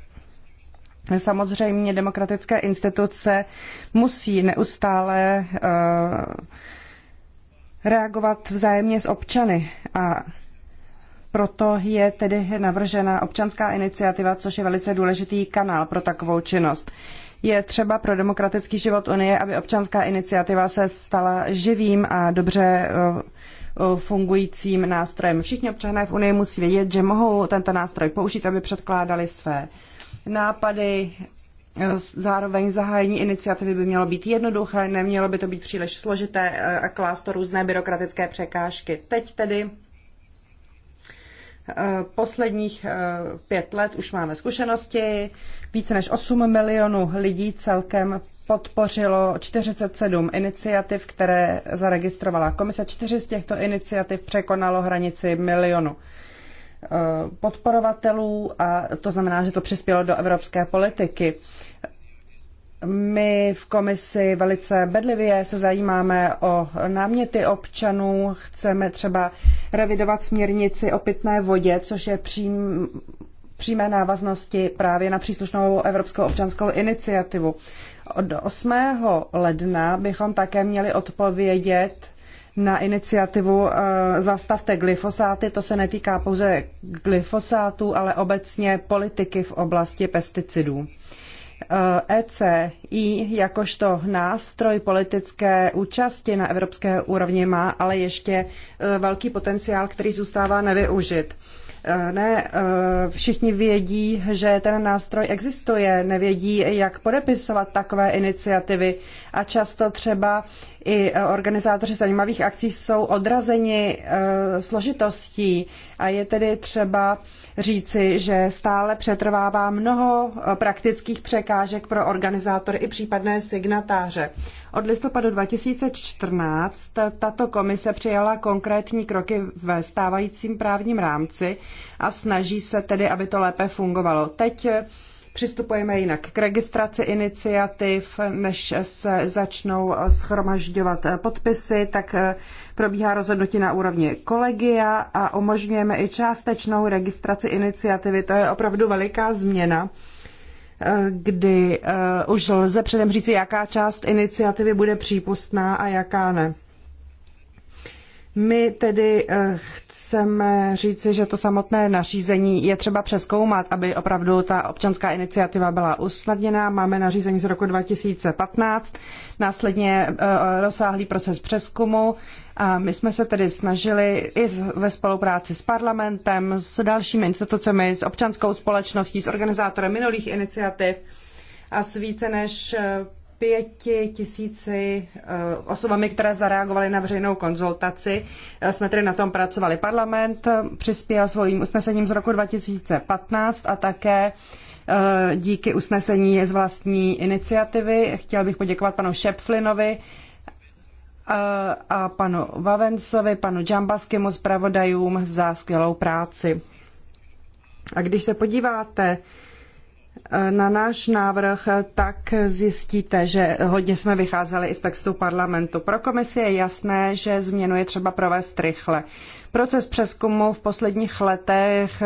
Samozřejmě demokratické instituce musí neustále e, reagovat vzájemně s občany a proto je tedy navržena občanská iniciativa, což je velice důležitý kanál pro takovou činnost je třeba pro demokratický život Unie, aby občanská iniciativa se stala živým a dobře eh, eh, fungujícím nástrojem. Všichni občané v Unii musí vědět, že mohou tento nástroj použít, aby předkládali své nápady. Eh, zároveň zahájení iniciativy by mělo být jednoduché, nemělo by to být příliš složité a klást to různé byrokratické překážky. Teď tedy posledních pět let už máme zkušenosti, více než 8 milionů lidí celkem podpořilo 47 iniciativ, které zaregistrovala komise. Čtyři z těchto iniciativ překonalo hranici milionu eh, podporovatelů a to znamená, že to přispělo do evropské politiky. My v komisi velice bedlivě se zajímáme o náměty občanů. Chceme třeba revidovat směrnici o pitné vodě, což je přím, přímé návaznosti právě na příslušnou Evropskou občanskou iniciativu. Od 8. ledna bychom také měli odpovědět na iniciativu eh, Zastavte glyfosáty. To se netýká pouze glyfosátů, ale obecně politiky v oblasti pesticidů. ECI eh, e jakožto nástroj politické účasti na evropské úrovni má ale ještě eh, velký potenciál, který zůstává nevyužit. Ne, eh, všichni vědí, že ten nástroj existuje, nevědí, jak podepisovat takové iniciativy a často třeba i e, organizátoři zajímavých akcí jsou odrazeni e, složitostí a je tedy třeba říci, že stále přetrvává mnoho e, praktických překážek pro organizátory i případné signatáře. Od listopadu 2014 tato komise přijala konkrétní kroky ve stávajícím právním rámci a snaží se tedy, aby to lépe fungovalo. Teď Přistupujeme jinak k registraci iniciativ, než se začnou schromažďovat podpisy, tak eh, probíhá rozhodnutí na úrovni kolegia a umožňujeme i částečnou registraci iniciativy. To je opravdu veliká změna eh, kdy eh, už lze předem říci, jaká část iniciativy bude přípustná a jaká ne. My tedy eh, chceme říci, že to samotné nařízení je třeba přeskoumat, aby opravdu ta občanská iniciativa byla usnadněná. Máme nařízení z roku 2015, následně eh, rozsáhlý proces přeskumu a my jsme se tedy snažili i ve spolupráci s parlamentem, s dalšími institucemi, s občanskou společností, s organizátorem minulých iniciativ a s více než eh, pěti tisíci eh, osobami, které zareagovaly na veřejnou konzultaci. Eh, jsme tedy na tom pracovali. Parlament eh, přispěl svým usnesením z roku 2015 a také díky usnesení z vlastní iniciativy. Chtěl bych poděkovat panu Šepflinovi a panu Vavensovi, panu Džambaskému zpravodajům za skvělou práci. A když se podíváte na náš návrh, tak zjistíte, že hodně jsme vycházeli i z textu parlamentu. Pro komisi je jasné, že změnu je třeba provést rychle. Proces přeskumu v posledních letech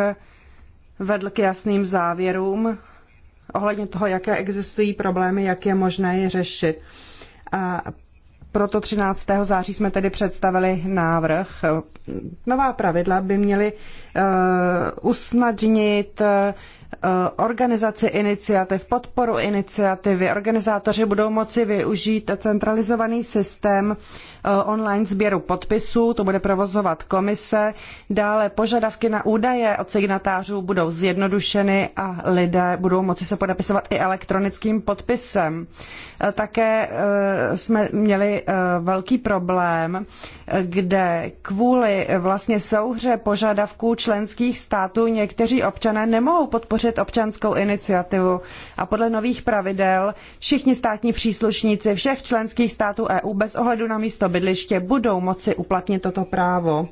vedl k jasným závěrům ohledně toho, jaké existují problémy, jak je možné je řešit. A proto 13. září jsme tedy představili návrh. Nová pravidla by měly eh, usnadnit Eh, organizaci iniciativ, podporu iniciativy. Organizátoři budou moci využít centralizovaný systém eh, online sběru podpisů, to bude provozovat komise. Dále požadavky na údaje od signatářů budou zjednodušeny a lidé budou moci se podepisovat i elektronickým podpisem. Eh, také jsme měli velký problém, kde kvůli vlastně souhře požadavků členských států někteří občané nemohou podpořit vytvořit občanskou iniciativu a podle nových pravidel všichni státní příslušníci všech členských států EU bez ohledu na místo bydliště budou moci uplatnit toto právo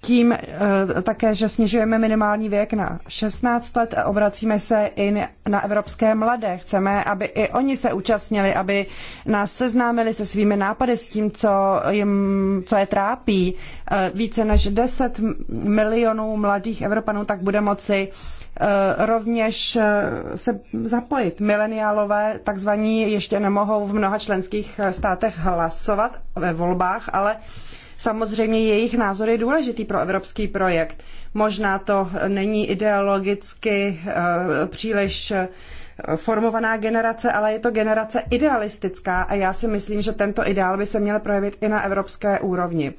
tím eh, také, že snižujeme minimální věk na 16 let, obracíme se i na evropské mladé. Chceme, aby i oni se účastnili, aby nás seznámili se svými nápady, s tím, co, jim, co je trápí. Eh, více než 10 milionů mladých Evropanů tak bude moci eh, rovněž se zapojit. Mileniálové takzvaní ještě nemohou v mnoha členských státech hlasovat ve volbách, ale Samozřejmě jejich názor je důležitý pro evropský projekt. Možná to není ideologicky eh, příliš eh, formovaná generace, ale je to generace idealistická a já si myslím, že tento ideál by se měl projevit i na evropské úrovni.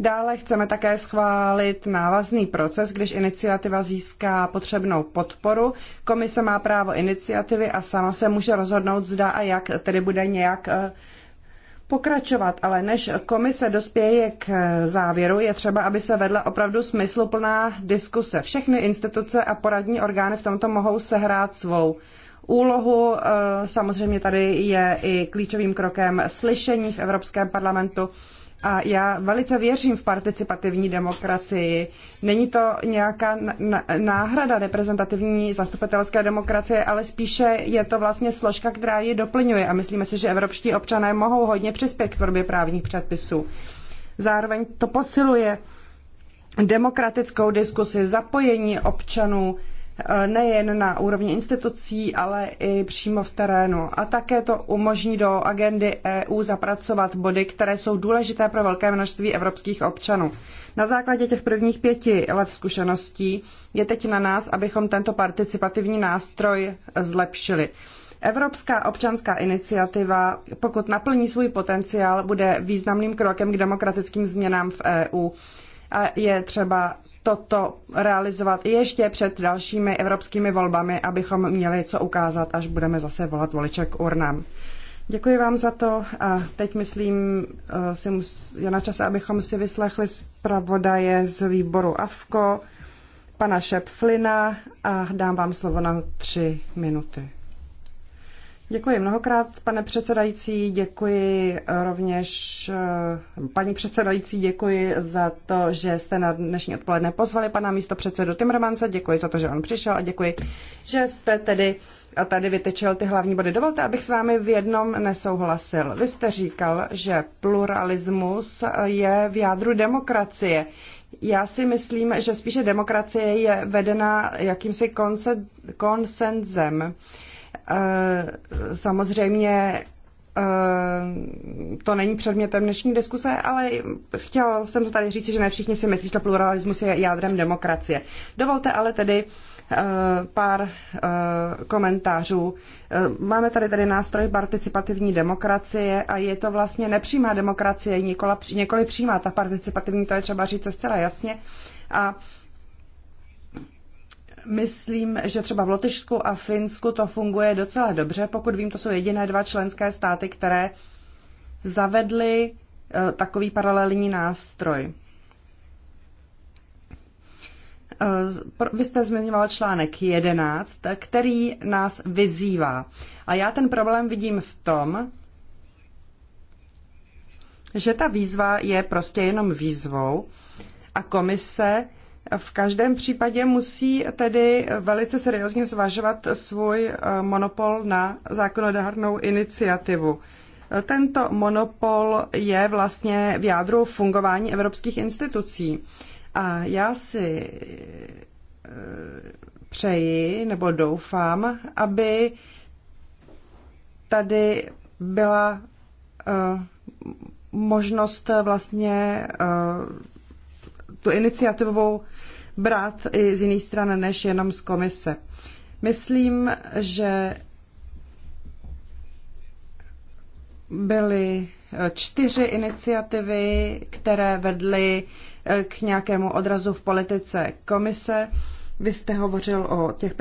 Dále chceme také schválit návazný proces, když iniciativa získá potřebnou podporu. Komise má právo iniciativy a sama se může rozhodnout, zda a jak tedy bude nějak eh, pokračovat, ale než komise dospěje k závěru, je třeba, aby se vedla opravdu smysluplná diskuse. Všechny instituce a poradní orgány v tomto mohou sehrát svou úlohu. Eh, samozřejmě tady je i klíčovým krokem slyšení v Evropském parlamentu a já velice věřím v participativní demokracii. Není to nějaká náhrada reprezentativní zastupitelské demokracie, ale spíše je to vlastně složka, která ji doplňuje. A myslíme si, že evropští občané mohou hodně přispět k tvorbě právních předpisů. Zároveň to posiluje demokratickou diskusi, zapojení občanů, Eh, nejen na úrovni institucí, ale i přímo v terénu. A také to umožní do agendy EU zapracovat body, které jsou důležité pro velké množství evropských občanů. Na základě těch prvních pěti let zkušeností je teď na nás, abychom tento participativní nástroj zlepšili. Evropská občanská iniciativa, pokud naplní svůj potenciál, bude významným krokem k demokratickým změnám v EU. A je třeba toto realizovat i ještě před dalšími evropskými volbami, abychom měli co ukázat, až budeme zase volat voliče k urnám. Děkuji vám za to a teď myslím, že eh, je na čase, abychom si vyslechli zpravodaje z výboru AFKO, pana Šepflina a dám vám slovo na tři minuty. Děkuji mnohokrát, pane předsedající. Děkuji rovněž, eh, paní předsedající, děkuji za to, že jste na dnešní odpoledne pozvali pana místo předsedu Timmermanse. Děkuji za to, že on přišel a děkuji, že jste tedy a tady vytečel ty hlavní body. Dovolte, abych s vámi v jednom nesouhlasil. Vy jste říkal, že pluralismus je v jádru demokracie. Já si myslím, že spíše demokracie je vedena jakýmsi konse- konsenzem. Eh, samozřejmě eh, to není předmětem dnešní diskuse, ale chtěl jsem to tady říct, že ne všichni si myslí, že pluralismus je jádrem demokracie. Dovolte ale tedy eh, pár komentářů. Máme tady tady nástroj participativní demokracie a je to vlastně nepřímá demokracie, nikoli přímá. Ta participativní, to je třeba říct zcela jasně. A Myslím, že třeba v Lotyšsku a Finsku to funguje docela dobře. Pokud vím, to jsou jediné dva členské státy, které zavedly eh, takový paralelní nástroj. Eh, vy jste zmiňoval článek 11, který nás vyzývá. A já ten problém vidím v tom, že ta výzva je prostě jenom výzvou a komise v každém případě musí tedy velice seriózně zvažovat svůj eh, monopol na zákonodárnou iniciativu. Tento monopol je vlastně v jádru fungování evropských institucí. A já si eh, přeji nebo doufám, aby tady byla eh, možnost vlastně tu iniciativu brát i z jiných stran než jenom z komise. Myslím, že byly čtyři iniciativy, které vedly k nějakému odrazu v politice komise. Vy jste hovořil o těch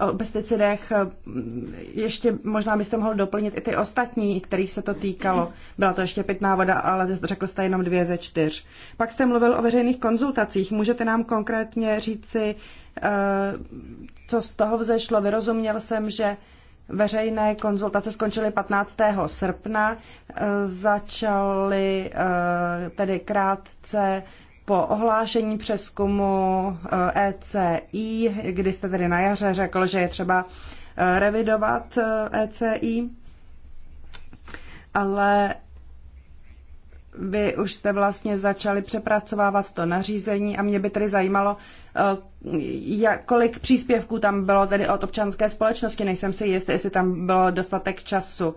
o pesticidech, ještě možná byste mohl doplnit i ty ostatní, kterých se to týkalo. Byla to ještě pitná voda, ale řekl jste jenom dvě ze čtyř. Pak jste mluvil o veřejných konzultacích. Můžete nám konkrétně říci, eh, co z toho vzešlo? Vyrozuměl jsem, že Veřejné konzultace skončily 15. srpna, eh, začaly eh, tedy krátce po ohlášení přeskumu ECI, eh, e kdy jste tedy na jaře řekl, že je třeba eh, revidovat ECI, eh, e ale vy už jste vlastně začali přepracovávat to nařízení a mě by tedy zajímalo, eh, jak, kolik příspěvků tam bylo tedy od občanské společnosti. Nejsem si jistý, jestli tam bylo dostatek času.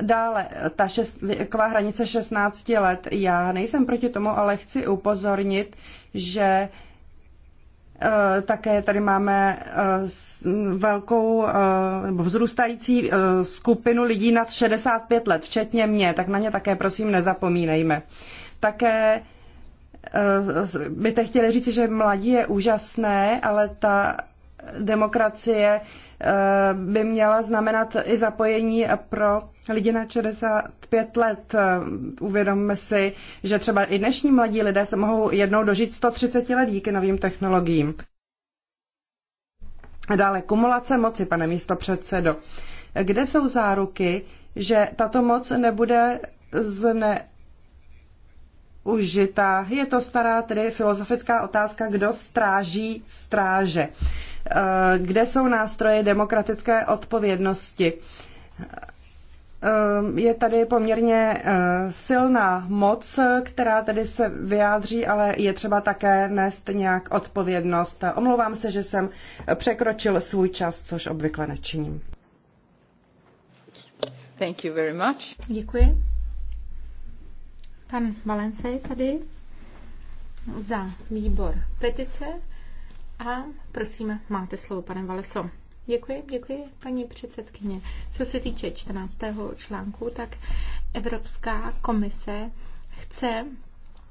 Dále, ta šest, věková hranice 16 let. Já nejsem proti tomu, ale chci upozornit, že Eh, také tady máme eh, velkou eh, vzrůstající skupinu lidí nad 65 let, včetně mě, tak na ně také prosím nezapomínejme. Také byte chtěli říct, že mladí je úžasné, ale ta demokracie eh, by měla znamenat i zapojení pro lidi na 65 let. Uvědomme si, že třeba i dnešní mladí lidé se mohou jednou dožít 130 let díky novým technologiím. Dále kumulace moci, pane místo předsedo. Kde jsou záruky, že tato moc nebude zne, užitá. Je to stará tedy filozofická otázka, kdo stráží stráže. Eh, kde jsou nástroje demokratické odpovědnosti. Ehm, je tady poměrně eh, silná moc, která tedy se vyjádří, ale je třeba také nést nějak odpovědnost. Omlouvám se, že jsem překročil svůj čas, což obvykle nečiním. Thank you very much. Děkuji. Pan Valence je tady za výbor petice a prosím, máte slovo, pane Valeso. Děkuji, děkuji, paní předsedkyně. Co se týče 14. článku, tak Evropská komise chce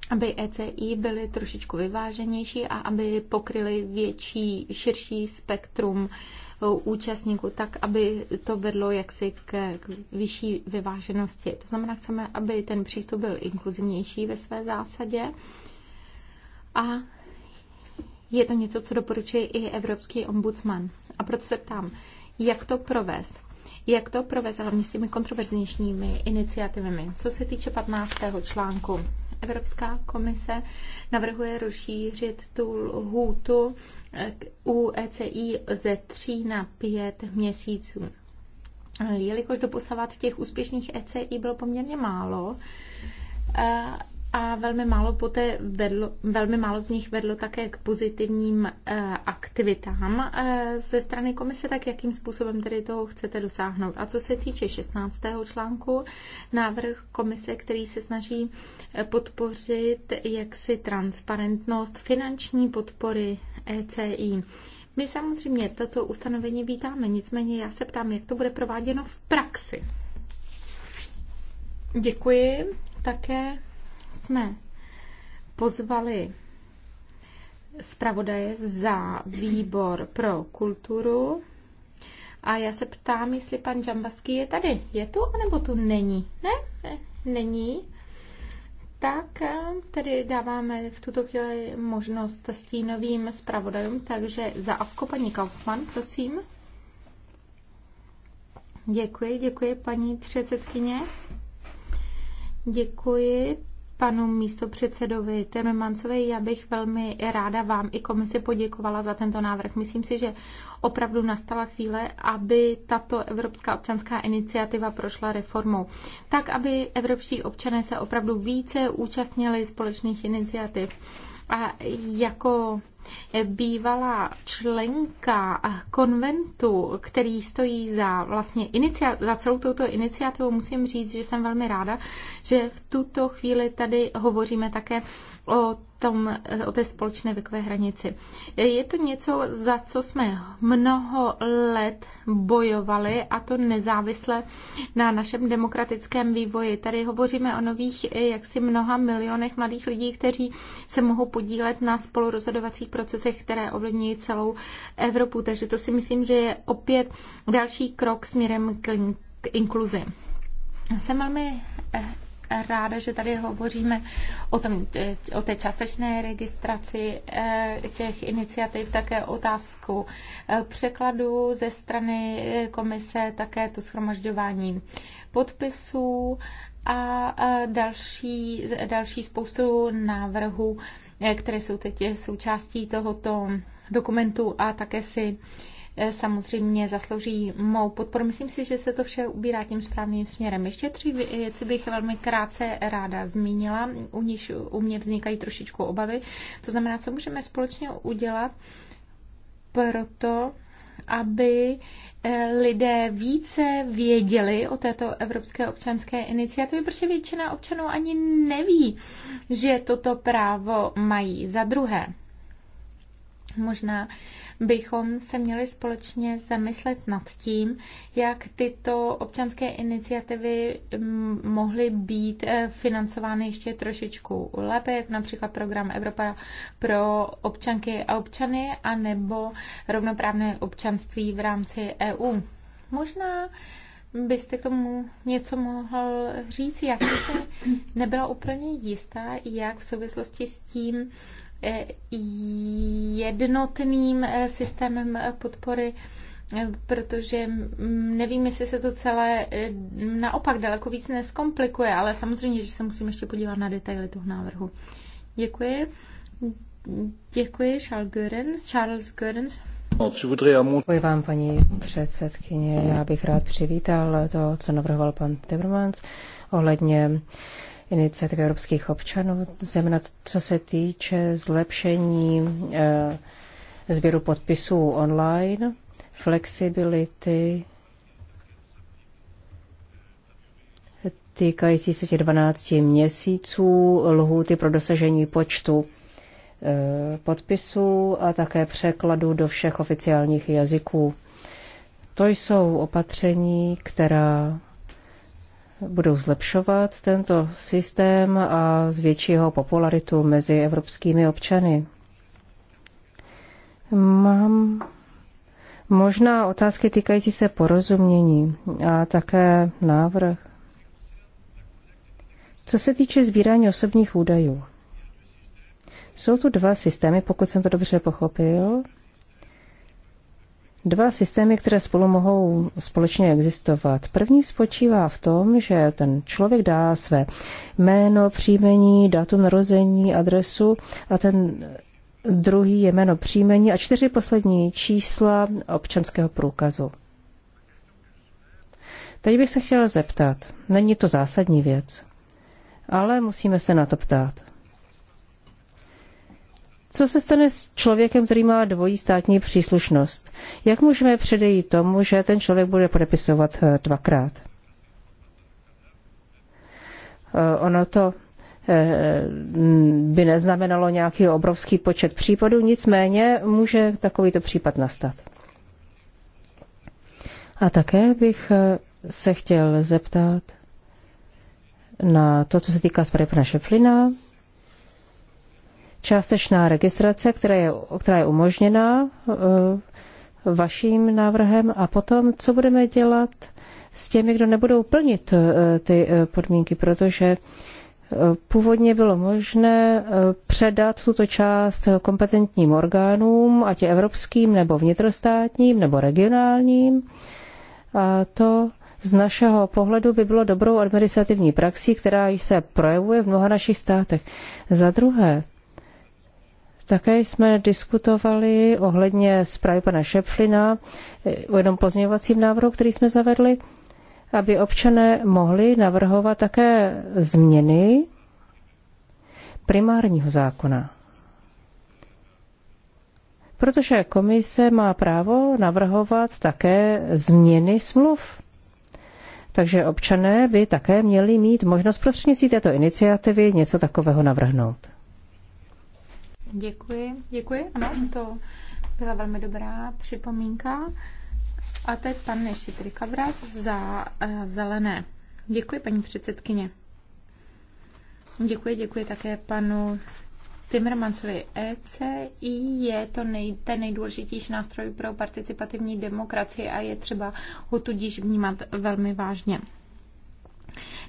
aby ECI byly trošičku vyváženější a aby pokryly větší, širší spektrum e, účastníků, tak aby to vedlo jaksi k, vyšší vyváženosti. To znamená, chceme, aby ten přístup byl inkluzivnější ve své zásadě a je to něco, co doporučuje i Evropský ombudsman. A proto se ptám, jak to provést? Jak to provést hlavně s těmi kontroverznějšími iniciativami? Co se týče 15. článku, Evropská komise navrhuje rozšířit tu lhůtu eh, u ECI ze 3 na 5 měsíců. Eh, jelikož doposavat těch úspěšných ECI bylo poměrně málo, eh, a velmi málo poté vedlo, velmi málo z nich vedlo také k pozitivním eh, aktivitám eh, ze strany komise, tak jakým způsobem tedy toho chcete dosáhnout. A co se týče 16. článku, návrh komise, který se snaží eh, podpořit jaksi transparentnost finanční podpory ECI. My samozřejmě toto ustanovení vítáme, nicméně já se ptám, jak to bude prováděno v praxi. Děkuji také jsme pozvali zpravodaje za výbor pro kulturu. A já se ptám, jestli pan Džambaský je tady. Je tu, anebo tu není? Ne? ne není. Tak eh, tedy dáváme v tuto chvíli možnost stínovým zpravodajům, takže za Avko paní Kaufmann, prosím. Děkuji, děkuji paní předsedkyně. Děkuji panu místopředsedovi Tememancovi. Já bych velmi ráda vám i komisi poděkovala za tento návrh. Myslím si, že opravdu nastala chvíle, aby tato Evropská občanská iniciativa prošla reformou. Tak, aby evropští občané se opravdu více účastnili společných iniciativ. A jako bývalá členka konventu, který stojí za, vlastně inicia, za celou touto iniciativu. musím říct, že jsem velmi ráda, že v tuto chvíli tady hovoříme také o, tom, o té společné věkové hranici. Je to něco, za co jsme mnoho let bojovali a to nezávisle na našem demokratickém vývoji. Tady hovoříme o nových jaksi mnoha milionech mladých lidí, kteří se mohou podílet na spolurozhodovacích procesech, které ovlivňují celou Evropu. Takže to si myslím, že je opět další krok směrem k, k inkluzi. Jsem velmi eh, ráda, že tady hovoříme o, tom, e, o té částečné registraci e, těch iniciativ, také otázku e, překladu ze strany komise, také to schromažďování podpisů a další, další spoustu návrhů, které jsou teď součástí tohoto dokumentu a také si Eh, samozřejmě zaslouží mou podporu. Myslím si, že se to vše ubírá tím správným směrem. Ještě tři věci bych velmi krátce ráda zmínila, u níž u mě vznikají trošičku obavy. To znamená, co můžeme společně udělat proto, aby eh, lidé více věděli o této Evropské občanské iniciativě, protože většina občanů ani neví, že toto právo mají. Za druhé, možná bychom se měli společně zamyslet nad tím, jak tyto občanské iniciativy mm, mohly být eh, financovány ještě trošičku lépe, jak například program Evropa pro občanky a občany, anebo rovnoprávné občanství v rámci EU. Možná byste k tomu něco mohl říct? Já jsem si nebyla úplně jistá, jak v souvislosti s tím jednotným eh, systémem eh, podpory, eh, protože nevím, jestli se to celé naopak daleko víc neskomplikuje, ale samozřejmě, že se musím ještě podívat na detaily toho návrhu. Děkuji. Děkuji, Charles Görens. Charles Görens. No, Děkuji vám, paní předsedkyně. Já bych rád přivítal to, co navrhoval pan Timmermans ohledně iniciativy evropských občanů, zejména co se týče zlepšení eh, sběru podpisů online, flexibility týkající se těch 12 měsíců, lhůty pro dosažení počtu eh, podpisů a také překladu do všech oficiálních jazyků. To jsou opatření, která budou zlepšovat tento systém a zvětší jeho popularitu mezi evropskými občany. Mám možná otázky týkající se porozumění a také návrh. Co se týče sbírání osobních údajů, jsou tu dva systémy, pokud jsem to dobře pochopil dva systémy, které spolu mohou společně existovat. První spočívá v tom, že ten člověk dá své jméno, příjmení, datum narození, adresu a ten druhý je jméno, příjmení a čtyři poslední čísla občanského průkazu. Teď bych se chtěla zeptat, není to zásadní věc, ale musíme se na to ptát. Co se stane s člověkem, který má dvojí státní příslušnost? Jak můžeme předejít tomu, že ten člověk bude podepisovat eh, dvakrát? Eh, ono to eh, by neznamenalo nějaký obrovský počet případů, nicméně může takovýto případ nastat. A také bych se chtěl zeptat na to, co se týká zprávy pana Šeflina, částečná registrace, která je, která je umožněna e, vaším návrhem a potom, co budeme dělat s těmi, kdo nebudou plnit e, ty e, podmínky, protože Původně bylo možné předat tuto část kompetentním orgánům, ať je evropským, nebo vnitrostátním, nebo regionálním. A to z našeho pohledu by bylo dobrou administrativní praxí, která se projevuje v mnoha našich státech. Za druhé, také jsme diskutovali ohledně zprávy pana Šepflina eh, o jednom pozměňovacím návrhu, který jsme zavedli, aby občané mohli navrhovat také změny primárního zákona. Protože komise má právo navrhovat také změny smluv. Takže občané by také měli mít možnost prostřednictvím této iniciativy něco takového navrhnout. Děkuji, děkuji. Ano, to byla velmi dobrá připomínka. A teď pan Nešitry Kavras za eh, zelené. Děkuji, paní předsedkyně. Děkuji, děkuji také panu Timmermansovi. ECI je to nej, ten nejdůležitější nástroj pro participativní demokracii a je třeba ho tudíž vnímat velmi vážně.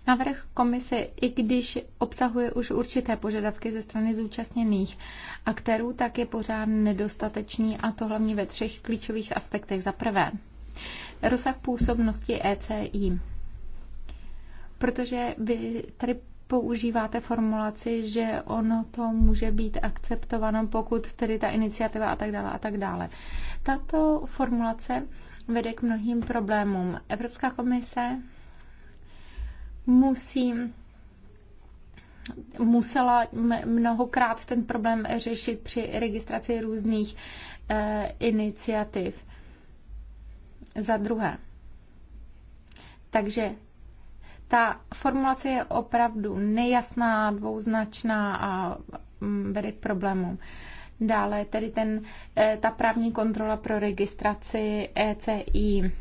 Navrh komise, i když obsahuje už určité požadavky ze strany zúčastněných aktérů, tak je pořád nedostatečný a to hlavně ve třech klíčových aspektech. Za prvé, rozsah působnosti ECI, protože vy tady používáte formulaci, že ono to může být akceptováno, pokud tedy ta iniciativa a tak dále a tak dále. Tato formulace vede k mnohým problémům. Evropská komise musím musela mnohokrát ten problém řešit při registraci různých eh, iniciativ. Za druhé. Takže ta formulace je opravdu nejasná, dvouznačná a mm, vede k problémům. Dále tedy ten, eh, ta právní kontrola pro registraci ECI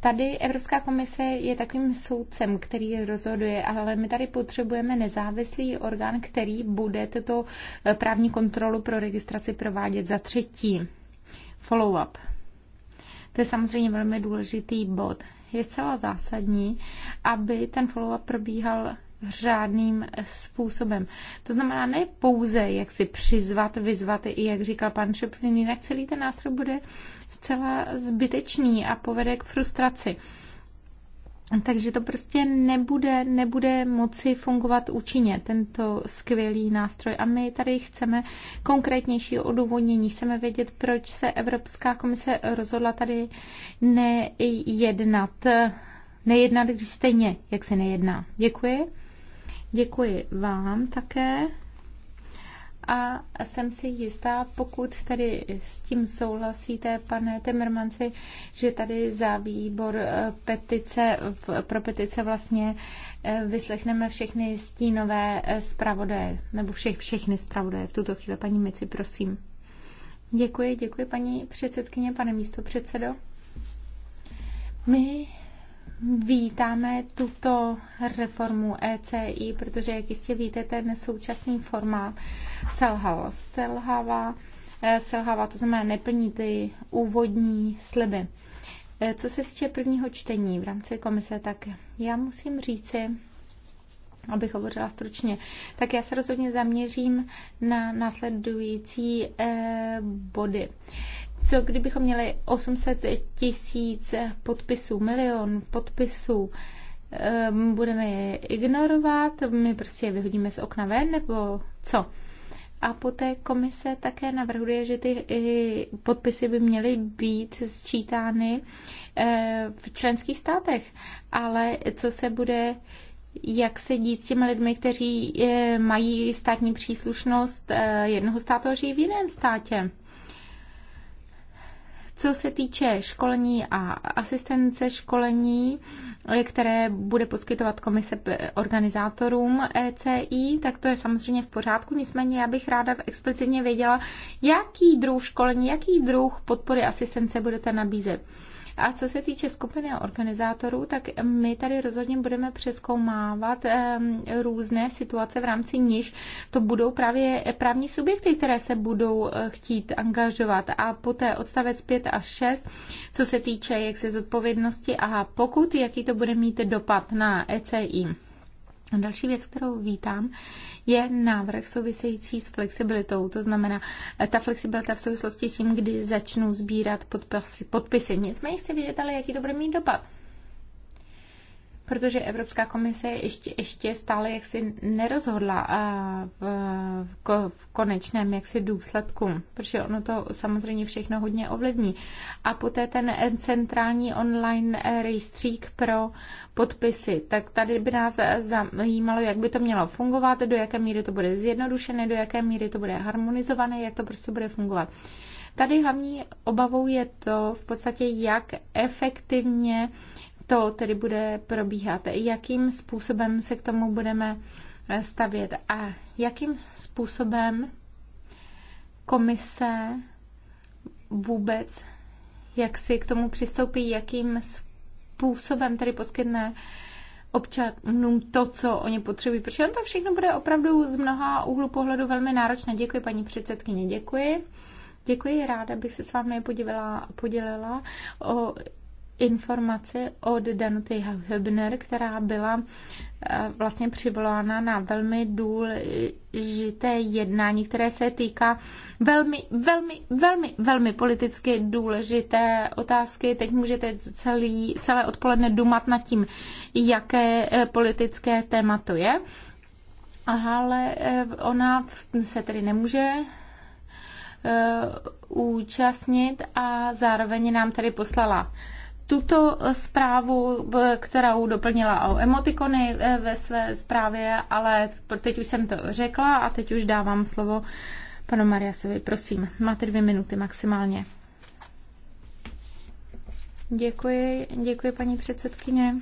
Tady Evropská komise je takovým soudcem, který rozhoduje, ale my tady potřebujeme nezávislý orgán, který bude tuto eh, právní kontrolu pro registraci provádět za třetí. Follow-up. To je samozřejmě velmi důležitý bod. Je zcela zásadní, aby ten follow-up probíhal řádným způsobem. To znamená ne pouze, jak si přizvat, vyzvat, i jak říkal pan Šoplin, jinak celý ten nástroj bude zcela zbytečný a povede k frustraci. Takže to prostě nebude, nebude moci fungovat účinně, tento skvělý nástroj. A my tady chceme konkrétnější odůvodnění, chceme vědět, proč se Evropská komise rozhodla tady nejednat, nejednat, když stejně, jak se nejedná. Děkuji. Děkuji vám také. A jsem si jistá, pokud tady s tím souhlasíte, pane Temermanci, že tady za výbor eh, petice, pro petice vlastně eh, vyslechneme všechny stínové eh, zpravodaje, nebo všech, všechny zpravodaje v tuto chvíli. Paní Mici, prosím. Děkuji, děkuji paní předsedkyně, pane místo předsedo. My vítáme tuto reformu ECI, protože, jak jistě víte, ten současný formát selhal. Selhává, eh, selhává to znamená neplní ty úvodní sliby. Eh, co se týče prvního čtení v rámci komise, tak já musím říci, abych hovořila stručně, tak já se rozhodně zaměřím na následující eh, body. Eh, co kdybychom měli 800 tisíc podpisů, milion podpisů, ehm, budeme je ignorovat, my prostě je vyhodíme z okna ven, nebo co? A poté komise také navrhuje, že ty podpisy by měly být sčítány eh, v členských státech. Ale co se bude jak se dít s těmi lidmi, kteří eh, mají státní příslušnost eh, jednoho státu a žijí v jiném státě? Co se týče školení a asistence školení, které bude poskytovat komise organizátorům ECI, tak to je samozřejmě v pořádku. Nicméně já bych ráda explicitně věděla, jaký druh školení, jaký druh podpory asistence budete nabízet. A co se týče skupiny a organizátorů, tak my tady rozhodně budeme přeskoumávat různé situace, v rámci níž to budou právě právní subjekty, které se budou eh, chtít angažovat. A poté odstavec 5 a 6, co se týče jak se zodpovědnosti a pokud, jaký to bude mít dopad na ECI. A další věc, kterou vítám, je návrh související s flexibilitou. To znamená, ta flexibilita v souvislosti s tím, kdy začnou sbírat podpisy. Nicméně chci vědět, ale jaký to bude mít dopad protože Evropská komise ještě, ještě stále jaksi nerozhodla v, v konečném jaksi důsledku, protože ono to samozřejmě všechno hodně ovlivní. A poté ten centrální online rejstřík pro podpisy, tak tady by nás zajímalo, jak by to mělo fungovat, do jaké míry to bude zjednodušené, do jaké míry to bude harmonizované, jak to prostě bude fungovat. Tady hlavní obavou je to v podstatě, jak efektivně to tedy bude probíhat, jakým způsobem se k tomu budeme eh, stavět a jakým způsobem komise vůbec, jak si k tomu přistoupí, jakým způsobem tedy poskytne občanům to, co oni potřebují, protože on to všechno bude opravdu z mnoha úhlu pohledu velmi náročné. Děkuji, paní předsedkyně, děkuji. Děkuji, ráda bych se s vámi podělila, podělila o informaci od Danuty Höbner, která byla eh, vlastně přivolána na velmi důležité jednání, které se týká velmi, velmi, velmi, velmi politicky důležité otázky. Teď můžete celý, celé odpoledne dumat nad tím, jaké eh, politické téma to je. Ale eh, ona se tedy nemůže účastnit a zároveň nám tedy poslala tuto zprávu, kterou doplnila o emotikony eh, ve své zprávě, ale teď už jsem to řekla a teď už dávám slovo panu Mariasovi. Prosím, máte dvě minuty maximálně. Děkuji, děkuji paní předsedkyně.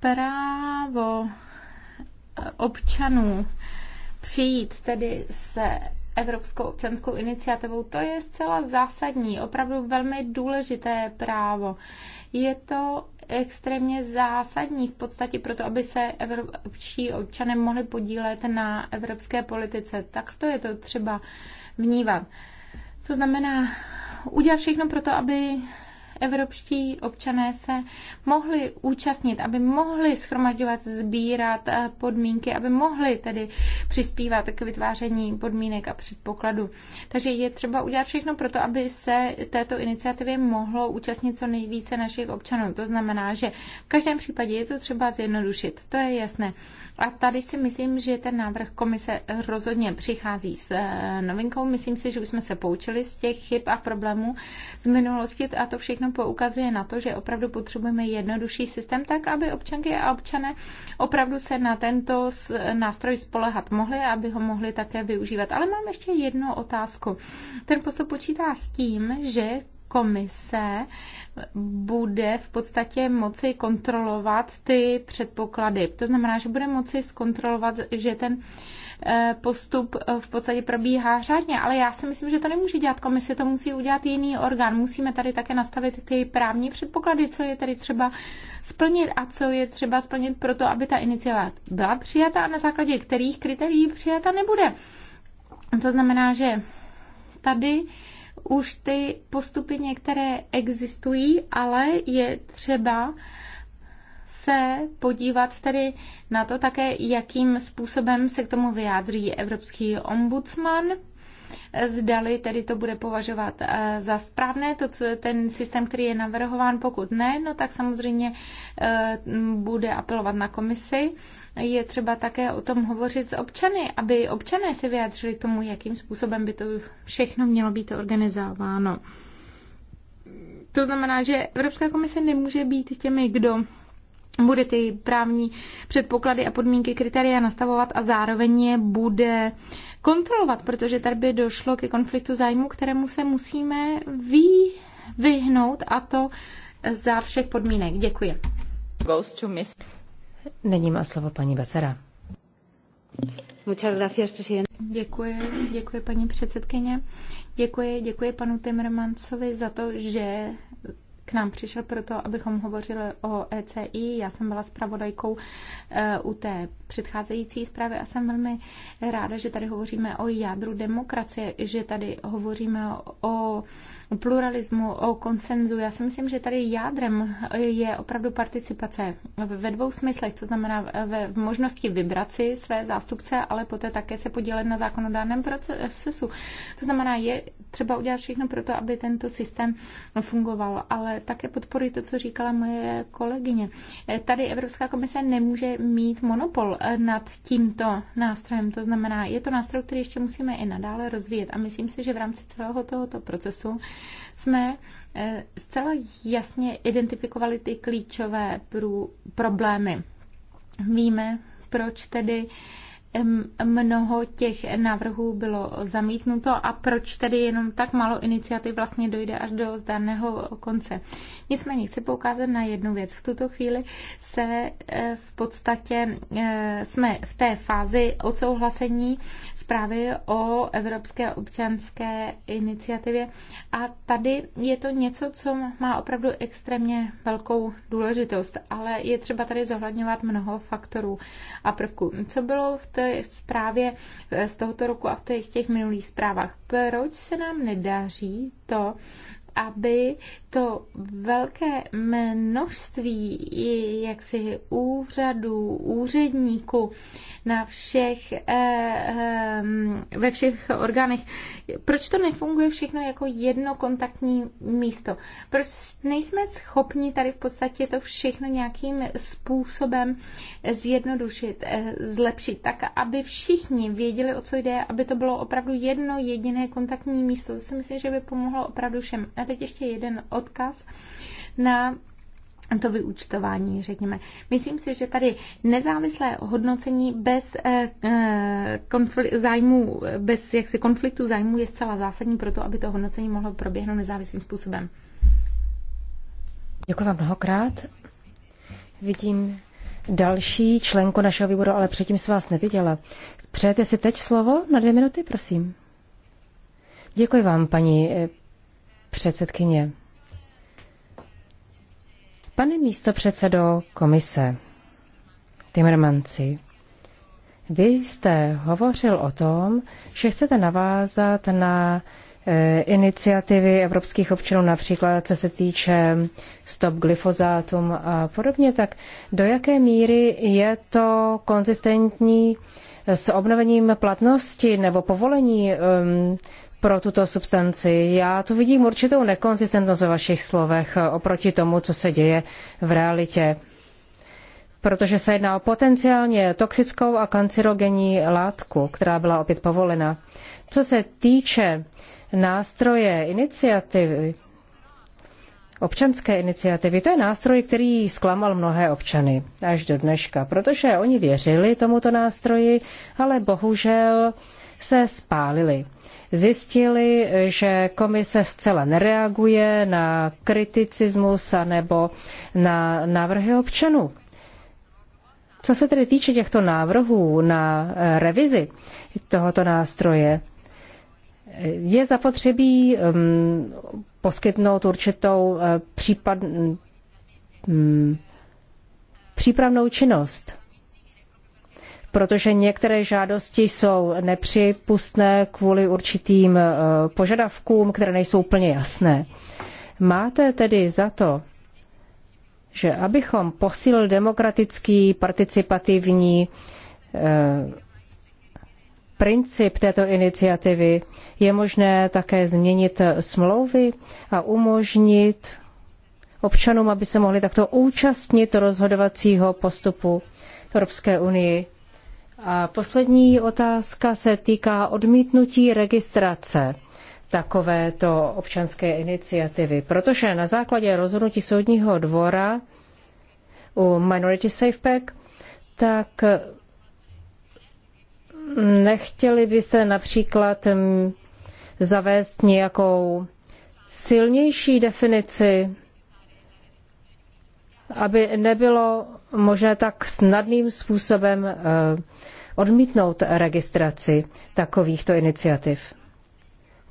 Právo občanů přijít tedy se Evropskou občanskou iniciativou. To je zcela zásadní, opravdu velmi důležité právo. Je to extrémně zásadní v podstatě proto, aby se evropští občané mohli podílet na evropské politice. Tak to je to třeba vnívat. To znamená udělat všechno pro to, aby evropští občané se mohli účastnit, aby mohli schromažďovat, sbírat eh, podmínky, aby mohli tedy přispívat k vytváření podmínek a předpokladu. Takže je třeba udělat všechno pro to, aby se této iniciativě mohlo účastnit co nejvíce našich občanů. To znamená, že v každém případě je to třeba zjednodušit. To je jasné. A tady si myslím, že ten návrh komise rozhodně přichází s eh, novinkou. Myslím si, že už jsme se poučili z těch chyb a problémů z minulosti a to všechno poukazuje na to, že opravdu potřebujeme jednodušší systém tak, aby občanky a občané opravdu se na tento nástroj spolehat mohli, aby ho mohli také využívat. Ale mám ještě jednu otázku. Ten postup počítá s tím, že komise bude v podstatě moci kontrolovat ty předpoklady. To znamená, že bude moci zkontrolovat, že ten eh, postup eh, v podstatě probíhá řádně, ale já si myslím, že to nemůže dělat komise, to musí udělat jiný orgán. Musíme tady také nastavit ty právní předpoklady, co je tady třeba splnit a co je třeba splnit to, aby ta iniciativa byla přijata a na základě kterých kritérií přijata nebude. To znamená, že tady už ty postupy některé existují, ale je třeba se podívat tedy na to také, jakým způsobem se k tomu vyjádří Evropský ombudsman zdali tedy to bude považovat eh, za správné, to, co ten systém, který je navrhován, pokud ne, no tak samozřejmě eh, bude apelovat na komisi. Je třeba také o tom hovořit s občany, aby občané se vyjádřili tomu, jakým způsobem by to všechno mělo být organizováno. To znamená, že Evropská komise nemůže být těmi, kdo bude ty právní předpoklady a podmínky kritéria nastavovat a zároveň je bude kontrolovat, protože tady by došlo ke konfliktu zájmu, kterému se musíme vy, vyhnout a to za všech podmínek. Děkuji. Goes to miss. Není má slovo paní Becera. Děkuji, děkuji paní předsedkyně. Děkuji, děkuji panu Timmermansovi za to, že k nám přišel proto, abychom hovořili o ECI. Já jsem byla zpravodajkou eh, u té předcházející zprávy a jsem velmi ráda, že tady hovoříme o jádru demokracie, že tady hovoříme o pluralismu, o konsenzu. Já si myslím, že tady jádrem je opravdu participace ve dvou smyslech, to znamená ve, v možnosti vybrat si své zástupce, ale poté také se podílet na zákonodárném procesu. To znamená, je třeba udělat všechno pro to, aby tento systém fungoval, ale také podporuji to, co říkala moje kolegyně. E, tady Evropská komise nemůže mít monopol e, nad tímto nástrojem, to znamená, je to nástroj, který ještě musíme i nadále rozvíjet a myslím si, že v rámci celého tohoto procesu jsme eh, zcela jasně identifikovali ty klíčové problémy. Víme, proč tedy mnoho těch návrhů bylo zamítnuto a proč tedy jenom tak málo iniciativ vlastně dojde až do zdárného konce. Nicméně chci poukázat na jednu věc. V tuto chvíli se eh, v podstatě eh, jsme v té fázi odsouhlasení zprávy o Evropské občanské iniciativě a tady je to něco, co má opravdu extrémně velkou důležitost, ale je třeba tady zohledňovat mnoho faktorů a prvků. Co bylo v té té zprávě eh, z tohoto roku a v těch, těch minulých zprávách. Proč se nám nedaří to, aby to velké množství jaksi úřadů, úředníků na všech, eh, eh, ve všech orgánech. Proč to nefunguje všechno jako jedno kontaktní místo? Proč nejsme schopni tady v podstatě to všechno nějakým způsobem zjednodušit, eh, zlepšit, tak aby všichni věděli, o co jde, aby to bylo opravdu jedno jediné kontaktní místo. To si myslím, že by pomohlo opravdu všem. A teď ještě jeden od odkaz na to vyúčtování, řekněme. Myslím si, že tady nezávislé hodnocení bez eh, eh, konfl- zájmu, bez jaksi konfliktu zájmu je zcela zásadní pro to, aby to hodnocení mohlo proběhnout nezávislým způsobem. Děkuji vám mnohokrát. Vidím další členku našeho výboru, ale předtím se vás neviděla. Přejete si teď slovo na dvě minuty, prosím. Děkuji vám, paní eh, předsedkyně. Pane místopředsedo komise Timmermansi, vy jste hovořil o tom, že chcete navázat na e, iniciativy evropských občanů, například co se týče stop glyfozátům a podobně, tak do jaké míry je to konzistentní s obnovením platnosti nebo povolení pro tuto substanci. Já tu vidím určitou nekonzistentnost ve vašich slovech oproti tomu, co se děje v realitě. Protože se jedná o potenciálně toxickou a kancerogenní látku, která byla opět povolena. Co se týče nástroje iniciativy, občanské iniciativy, to je nástroj, který zklamal mnohé občany až do dneška, protože oni věřili tomuto nástroji, ale bohužel se spálili zjistili, že komise zcela nereaguje na kriticismus nebo na návrhy občanů. Co se tedy týče těchto návrhů na eh, revizi tohoto nástroje, je zapotřebí mm, poskytnout určitou eh, případ, mm, mm, přípravnou činnost protože některé žádosti jsou nepřipustné kvůli určitým eh, požadavkům, které nejsou úplně jasné. Máte tedy za to, že abychom posílili demokratický participativní eh, princip této iniciativy, je možné také změnit eh, smlouvy a umožnit občanům, aby se mohli takto účastnit rozhodovacího postupu Evropské unii a poslední otázka se týká odmítnutí registrace takovéto občanské iniciativy, protože na základě rozhodnutí soudního dvora u Minority Safe Pack, tak nechtěli by se například mm, zavést nějakou silnější definici aby nebylo možné tak snadným způsobem eh, odmítnout registraci takovýchto iniciativ.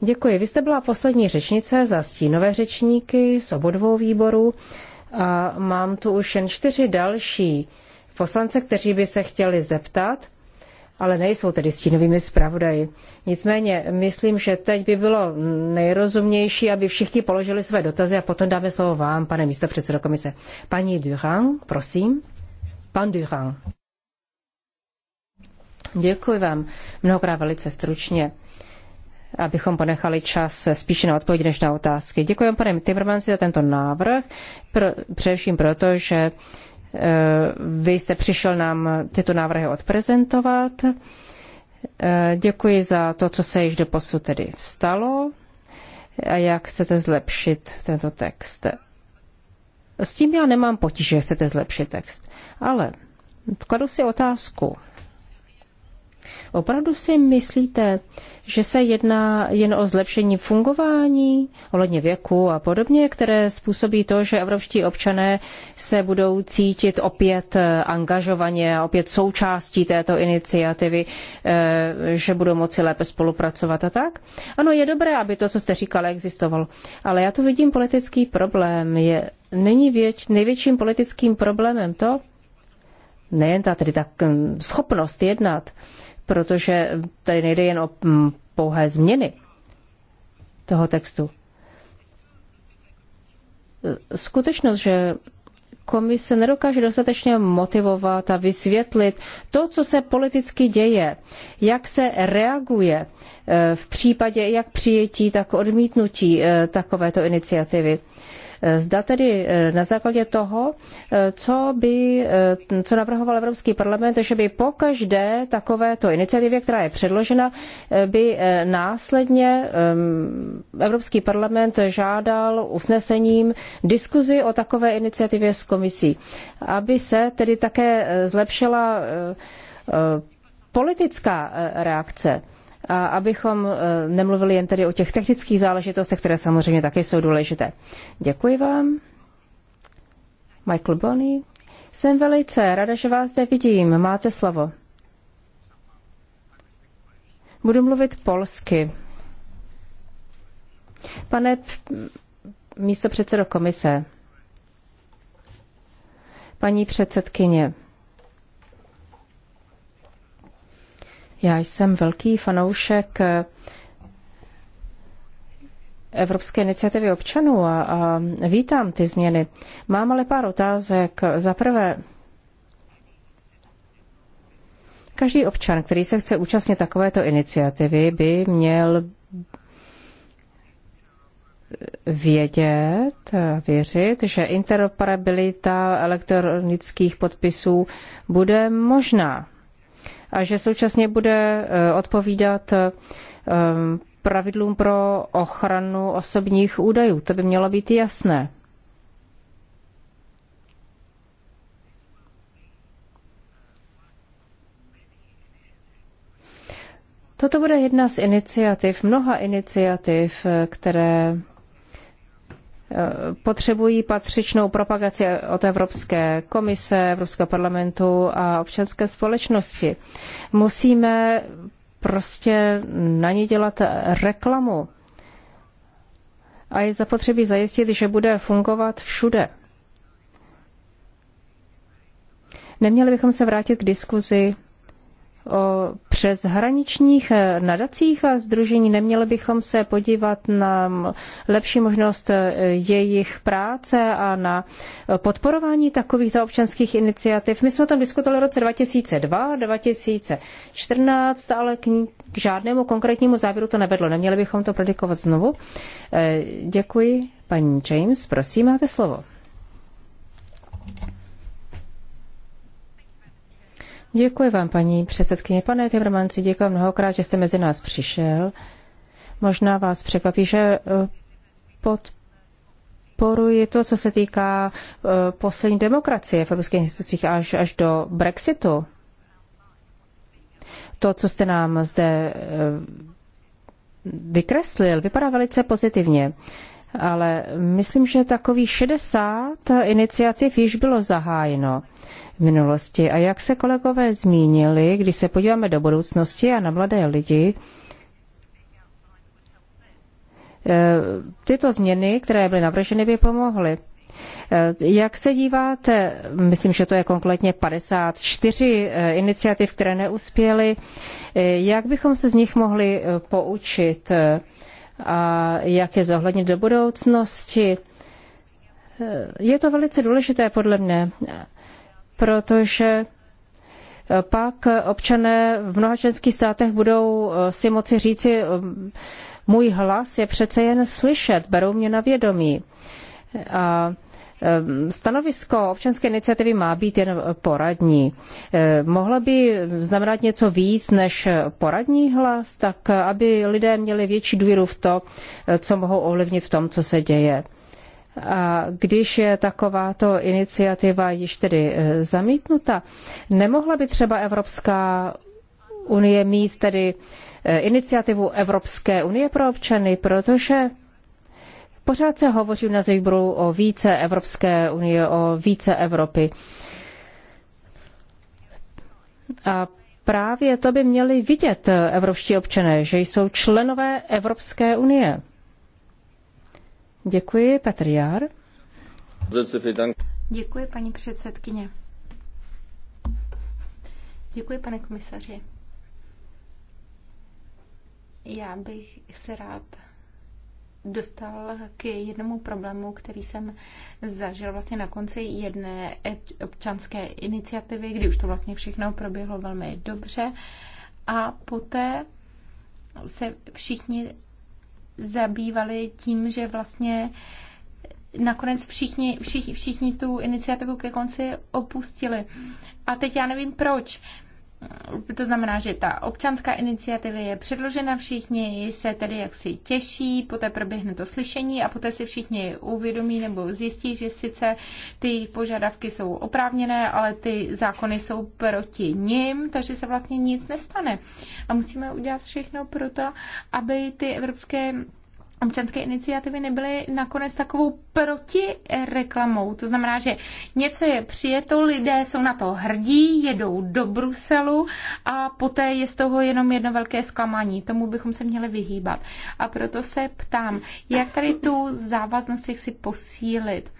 Děkuji. Vy jste byla poslední řečnice za stínové řečníky z obodvou výborů. A mám tu už jen čtyři další poslance, kteří by se chtěli zeptat ale nejsou tedy stínovými zpravodaji. Nicméně, myslím, že teď by bylo nejrozumnější, aby všichni položili své dotazy a potom dáme slovo vám, pane místo předsedo komise. Paní Durand, prosím. Pan Durand. Děkuji vám mnohokrát velice stručně abychom ponechali čas spíše na odpovědi než na otázky. Děkuji, pane Timmermansi, za tento návrh, pro, především proto, že vy jste přišel nám tyto návrhy odprezentovat. Eh, děkuji za to, co se již do posud tedy stalo a jak chcete zlepšit tento text. S tím já nemám potíže, chcete zlepšit text. Ale kladu si otázku, Opravdu si myslíte, že se jedná jen o zlepšení fungování, ohledně věku a podobně, které způsobí to, že evropští občané se budou cítit opět eh, angažovaně a opět součástí této iniciativy, eh, že budou moci lépe spolupracovat a tak? Ano, je dobré, aby to, co jste říkala, existovalo. Ale já tu vidím politický problém. Je, není věč, největším politickým problémem to, nejen ta, tedy tak hm, schopnost jednat, protože tady nejde jen o mm, pouhé změny toho textu. Skutečnost, že komise nedokáže dostatečně motivovat a vysvětlit to, co se politicky děje, jak se reaguje e, v případě jak přijetí, tak odmítnutí e, takovéto iniciativy. Zda tedy eh, na základě toho, eh, co by, eh, co navrhoval Evropský parlament, že by po každé takovéto iniciativě, která je předložena, by následně ehm, Evropský parlament žádal usnesením diskuzi o takové iniciativě s komisí, aby se tedy také zlepšila politická reakce. A abychom e, nemluvili jen tedy o těch technických záležitostech, které samozřejmě také jsou důležité. Děkuji vám. Michael Bonny. Jsem velice rada, že vás zde vidím. Máte slovo. Budu mluvit polsky. Pane místo předsedo komise, paní předsedkyně, Já jsem velký fanoušek eh, Evropské iniciativy občanů a, a vítám ty změny. Mám ale pár otázek. Za prvé, každý občan, který se chce účastnit takovéto iniciativy, by měl vědět, věřit, že interoperabilita elektronických podpisů bude možná a že současně bude eh, odpovídat eh, pravidlům pro ochranu osobních údajů. To by mělo být jasné. Toto bude jedna z iniciativ, mnoha iniciativ, eh, které potřebují patřičnou propagaci od Evropské komise, Evropského parlamentu a občanské společnosti. Musíme prostě na ně dělat reklamu. A je zapotřebí zajistit, že bude fungovat všude. Neměli bychom se vrátit k diskuzi o hraničních eh, nadacích a združení. Neměli bychom se podívat na lepší možnost eh, jejich práce a na eh, podporování takových občanských iniciativ. My jsme o tom diskutovali v roce 2002, 2014, ale k, k žádnému konkrétnímu závěru to nevedlo. Neměli bychom to predikovat znovu. Děkuji. Paní James, prosím, máte slovo. Děkuji vám, paní předsedkyně. Pane Timmermansi, děkuji mnohokrát, že jste mezi nás přišel. Možná vás překvapí, že pod eh, podporuji to, co se týká eh, poslední demokracie v evropských institucích až, až do Brexitu. To, co jste nám zde eh, vykreslil, vypadá velice pozitivně. Ale myslím, že takových 60 iniciativ již bylo zahájeno v minulosti. A jak se kolegové zmínili, když se podíváme do budoucnosti a na mladé lidi, eh, tyto změny, které byly navrženy, by pomohly. Eh, jak se díváte, myslím, že to je konkrétně 54 eh, iniciativ, které neuspěly, jak bychom se z nich mohli poučit a jak je zohlednit do budoucnosti? Je to velice důležité podle mne protože pak občané v mnoha členských státech budou eh, si moci říci, eh, můj hlas je přece jen slyšet, berou mě na vědomí. A eh, Stanovisko občanské iniciativy má být jen poradní. Mohla by znamenat něco víc než poradní hlas, tak aby lidé měli větší důvěru v to, co mohou ovlivnit v tom, co se děje. A když je takováto iniciativa již tedy e, zamítnuta, nemohla by třeba Evropská unie mít tedy e, iniciativu Evropské unie pro občany, protože pořád se hovoří na výboru o více Evropské unie, o více Evropy. A právě to by měli vidět e, evropští občané, že jsou členové Evropské unie. Děkuji, Petr Jár. Děkuji, paní předsedkyně. Děkuji, pane komisaři. Já bych se rád dostal k jednomu problému, který jsem zažil vlastně na konci jedné občanské iniciativy, kdy už to vlastně všechno proběhlo velmi dobře. A poté se všichni zabývali tím, že vlastně nakonec všichni, všichni, všichni tu iniciativu ke konci opustili. A teď já nevím proč to znamená, že ta občanská iniciativa je předložena, všichni se tedy jaksi těší, poté proběhne to slyšení a poté si všichni uvědomí nebo zjistí, že sice ty požadavky jsou oprávněné, ale ty zákony jsou proti nim, takže se vlastně nic nestane. A musíme udělat všechno pro to, aby ty evropské občanské iniciativy nebyly nakonec takovou protireklamou. To znamená, že něco je přijeto, lidé jsou na to hrdí, jedou do Bruselu a poté je z toho jenom jedno velké zklamání. Tomu bychom se měli vyhýbat. A proto se ptám, jak tady tu závaznost jak si posílit?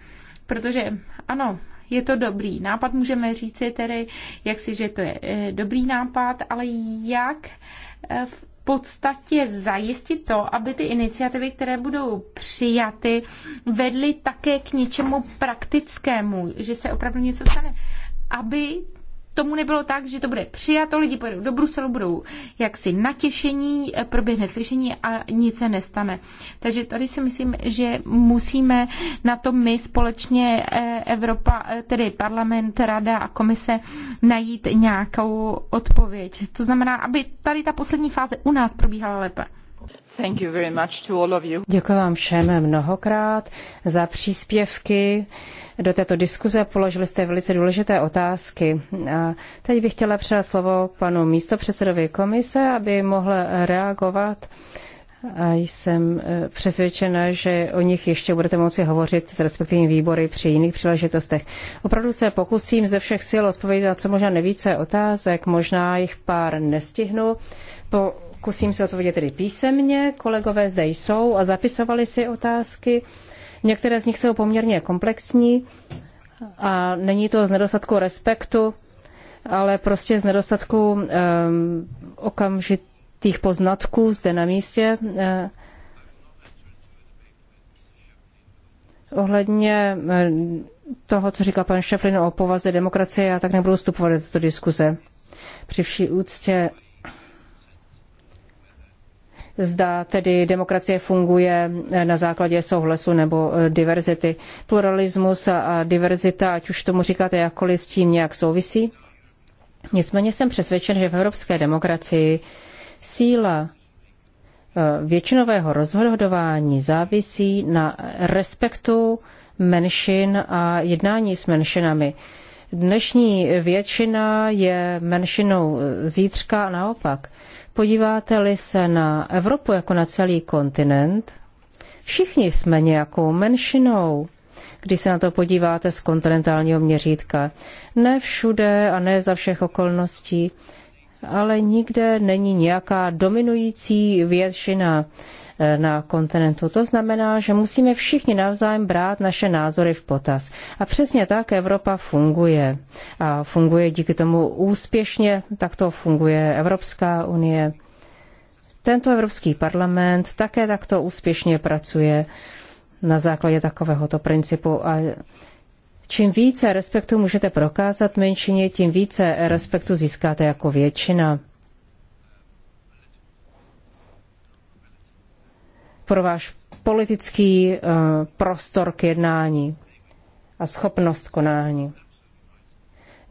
Protože ano, je to dobrý nápad, můžeme říci tedy, jak si, že to je eh, dobrý nápad, ale jak eh, v podstatě zajistit to, aby ty iniciativy, které budou přijaty, vedly také k něčemu praktickému, že se opravdu něco stane, aby tomu nebylo tak, že to bude přijato, lidi pojedou do Bruselu, budou jaksi natěšení, eh, proběhne slyšení a nic se nestane. Takže tady si myslím, že musíme na to my společně eh, Evropa, eh, tedy parlament, rada a komise najít nějakou odpověď. To znamená, aby tady ta poslední fáze u nás probíhala lépe. Děkuji vám všem mnohokrát za příspěvky do této diskuze. Položili jste velice důležité otázky. A teď bych chtěla předat slovo panu místopředsedovi komise, aby mohl reagovat. A jsem eh, přesvědčena, že o nich ještě budete moci hovořit s respektivními výbory při jiných příležitostech. Opravdu se pokusím ze všech sil odpovědět na co možná nejvíce otázek, možná jich pár nestihnu. Po Pokusím se odpovědět tedy písemně. Kolegové zde jsou a zapisovali si otázky. Některé z nich jsou poměrně komplexní a není to z nedostatku respektu, ale prostě z nedostatku um, okamžitých poznatků zde na místě. Uh, ohledně eh, toho, co říkal pan Šeflin o povaze demokracie, já tak nebudu vstupovat do této diskuze. Při vší úctě zda tedy demokracie funguje na základě souhlasu nebo eh, diverzity. Pluralismus a diverzita, ať už tomu říkáte jakkoliv, s tím nějak souvisí. Nicméně jsem přesvědčen, že v evropské demokracii síla eh, většinového rozhodování závisí na respektu menšin a jednání s menšinami. Dnešní většina je menšinou eh, zítřka a naopak. Podíváte-li se na Evropu jako na celý kontinent, všichni jsme nějakou menšinou, když se na to podíváte z kontinentálního měřítka. Ne všude a ne za všech okolností, ale nikde není nějaká dominující většina. Eh, na kontinentu. To znamená, že musíme všichni navzájem brát naše názory v potaz. A přesně tak Evropa funguje. A funguje díky tomu úspěšně, tak to funguje Evropská unie. Tento Evropský parlament také takto úspěšně pracuje na základě takovéhoto principu. A čím více respektu můžete prokázat menšině, tím více respektu získáte jako většina. pro váš politický eh, prostor k jednání a schopnost konání.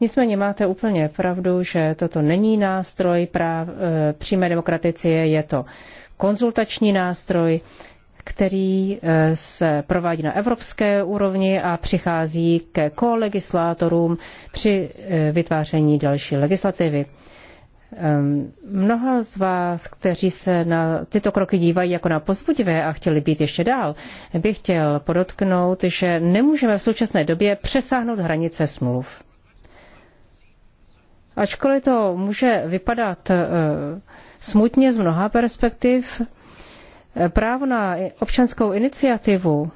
Nicméně máte úplně pravdu, že toto není nástroj práv, eh, přímé demokraticie, je to konzultační nástroj, který eh, se provádí na evropské úrovni a přichází ke kolegislátorům při vytváření další legislativy. Mnoha z vás, kteří se na tyto kroky dívají jako na pozbudivé a chtěli být ještě dál, bych chtěl podotknout, že nemůžeme v současné době přesáhnout hranice smluv. Ačkoliv to může vypadat eh, smutně z mnoha perspektiv, eh, právo na občanskou iniciativu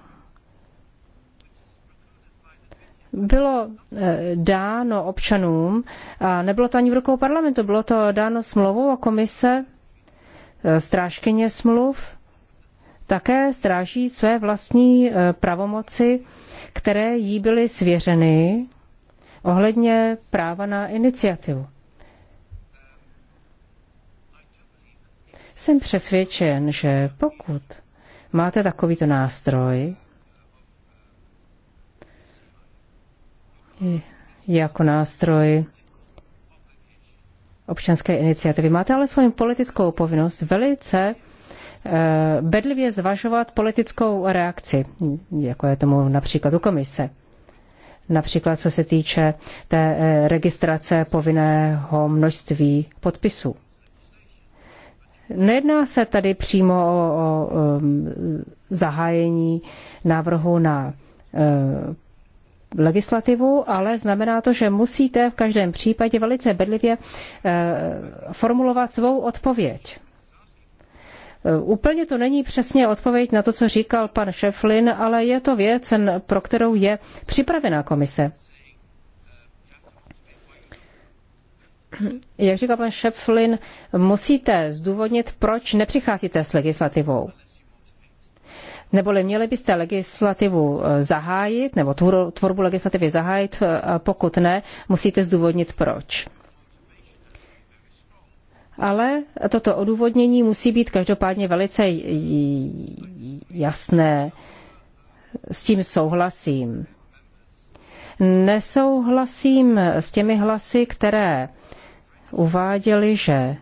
bylo eh, dáno občanům, a nebylo to ani v rukou parlamentu, bylo to dáno smlouvou a komise, eh, strážkyně smluv, také stráží své vlastní eh, pravomoci, které jí byly svěřeny ohledně práva na iniciativu. Jsem přesvědčen, že pokud máte takovýto nástroj, jako nástroj občanské iniciativy. Máte ale svou politickou povinnost velice eh, bedlivě zvažovat politickou reakci, jako je tomu například u komise. Například co se týče té eh, registrace povinného množství podpisů. Nejedná se tady přímo o, o, o zahájení návrhu na eh, legislativu, ale znamená to, že musíte v každém případě velice bedlivě eh, formulovat svou odpověď. Eh, úplně to není přesně odpověď na to, co říkal pan Šeflin, ale je to věc, pro kterou je připravená komise. Jak říkal pan Šeflin, musíte zdůvodnit, proč nepřicházíte s legislativou neboli měli byste legislativu eh, zahájit, nebo tvorbu legislativy zahájit, eh, pokud ne, musíte zdůvodnit proč. Ale toto odůvodnění musí být každopádně velice jasné. S tím souhlasím. Nesouhlasím s těmi hlasy, které uváděly, že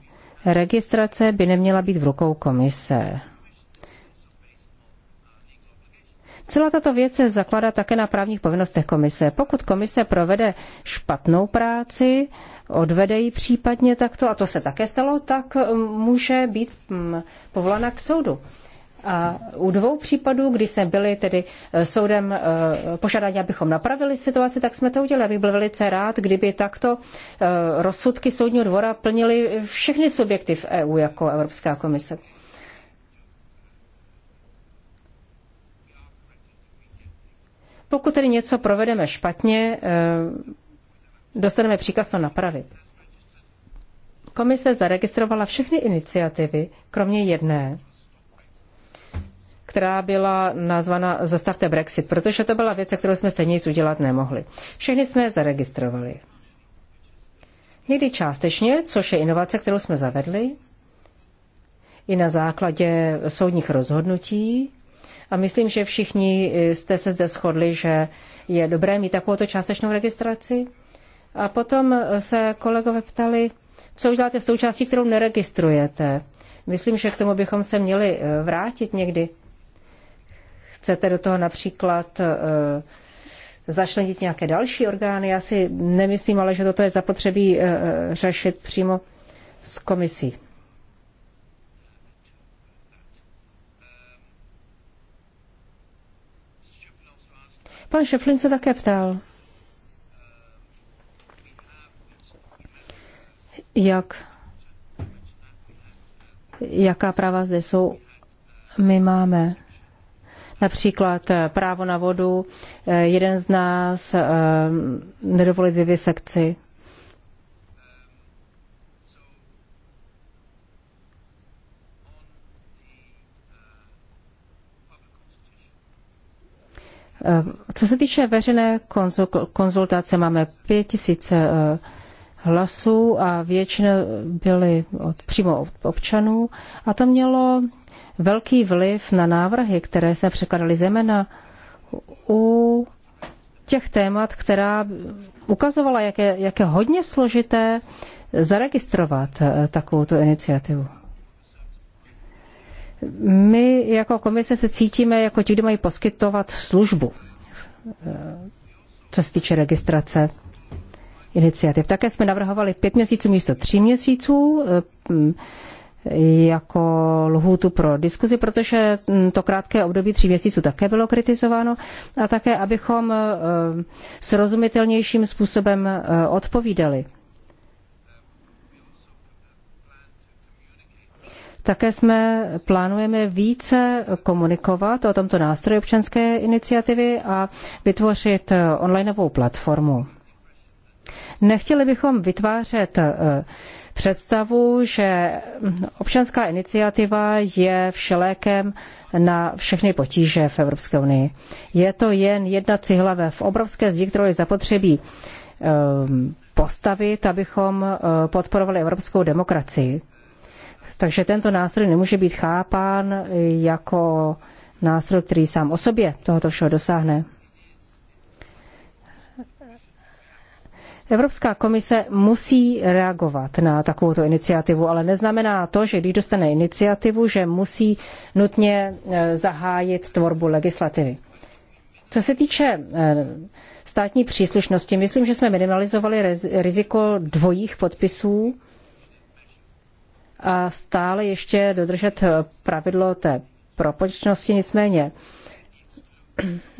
registrace by neměla být v rukou komise. Celá tato věc se zakládá také na právních povinnostech komise. Pokud komise provede špatnou práci, odvede ji případně takto, a to se také stalo, tak um, může být um, povolána k soudu. A u dvou případů, kdy jsme byli tedy eh, soudem eh, požádáni, abychom napravili situaci, tak jsme to udělali. Bych byl velice rád, kdyby takto eh, rozsudky soudního dvora plnili všechny subjekty v EU jako Evropská komise. Pokud tedy něco provedeme špatně, eh, dostaneme příkaz to napravit. Komise zaregistrovala všechny iniciativy, kromě jedné, která byla nazvána Zastavte Brexit, protože to byla věc, kterou jsme stejně nic udělat nemohli. Všechny jsme je zaregistrovali. Někdy částečně, což je inovace, kterou jsme zavedli, i na základě soudních rozhodnutí, a myslím, že všichni eh, jste se zde shodli, že je dobré mít takovouto částečnou registraci. A potom eh, se kolegové ptali, co uděláte s tou částí, kterou neregistrujete. Myslím, že k tomu bychom se měli eh, vrátit někdy. Chcete do toho například začlenit nějaké další orgány? Já si nemyslím, ale že toto je zapotřebí řešit přímo s komisí. Pan Šeflin se také ptal, jak, jaká práva zde jsou. My máme například právo na vodu, eh, jeden z nás eh, nedovolit vivisekci. Eh, co se týče veřejné konzultace, máme 5000 eh, hlasů a většina byly od, přímo od občanů a to mělo velký vliv na návrhy, které jsme překladaly zejména u těch témat, která ukazovala, jak je, jak je hodně složité zaregistrovat eh, takovouto iniciativu. My jako komise se cítíme jako ti, kdo mají poskytovat službu, eh, co se týče registrace iniciativ. Také jsme navrhovali pět měsíců místo tří měsíců eh, jako lhůtu pro diskuzi, protože hm, to krátké období tří měsíců také bylo kritizováno a také, abychom eh, srozumitelnějším způsobem odpovídali Také jsme plánujeme více komunikovat o tomto nástroji občanské iniciativy a vytvořit eh, onlineovou platformu. Nechtěli bychom vytvářet eh, představu, že hm, občanská iniciativa je všelékem na všechny potíže v Evropské unii. Je to jen jedna cihla ve v obrovské zdi, kterou je zapotřebí eh, postavit, abychom podporovali evropskou demokracii. Takže tento nástroj nemůže být chápán jako nástroj, který sám o sobě tohoto všeho dosáhne. Evropská komise musí reagovat na takovouto iniciativu, ale neznamená to, že když dostane iniciativu, že musí nutně e, zahájit tvorbu legislativy. Co se týče e, státní příslušnosti, myslím, že jsme minimalizovali riziko dvojích podpisů a stále ještě dodržet pravidlo té propočnosti. Nicméně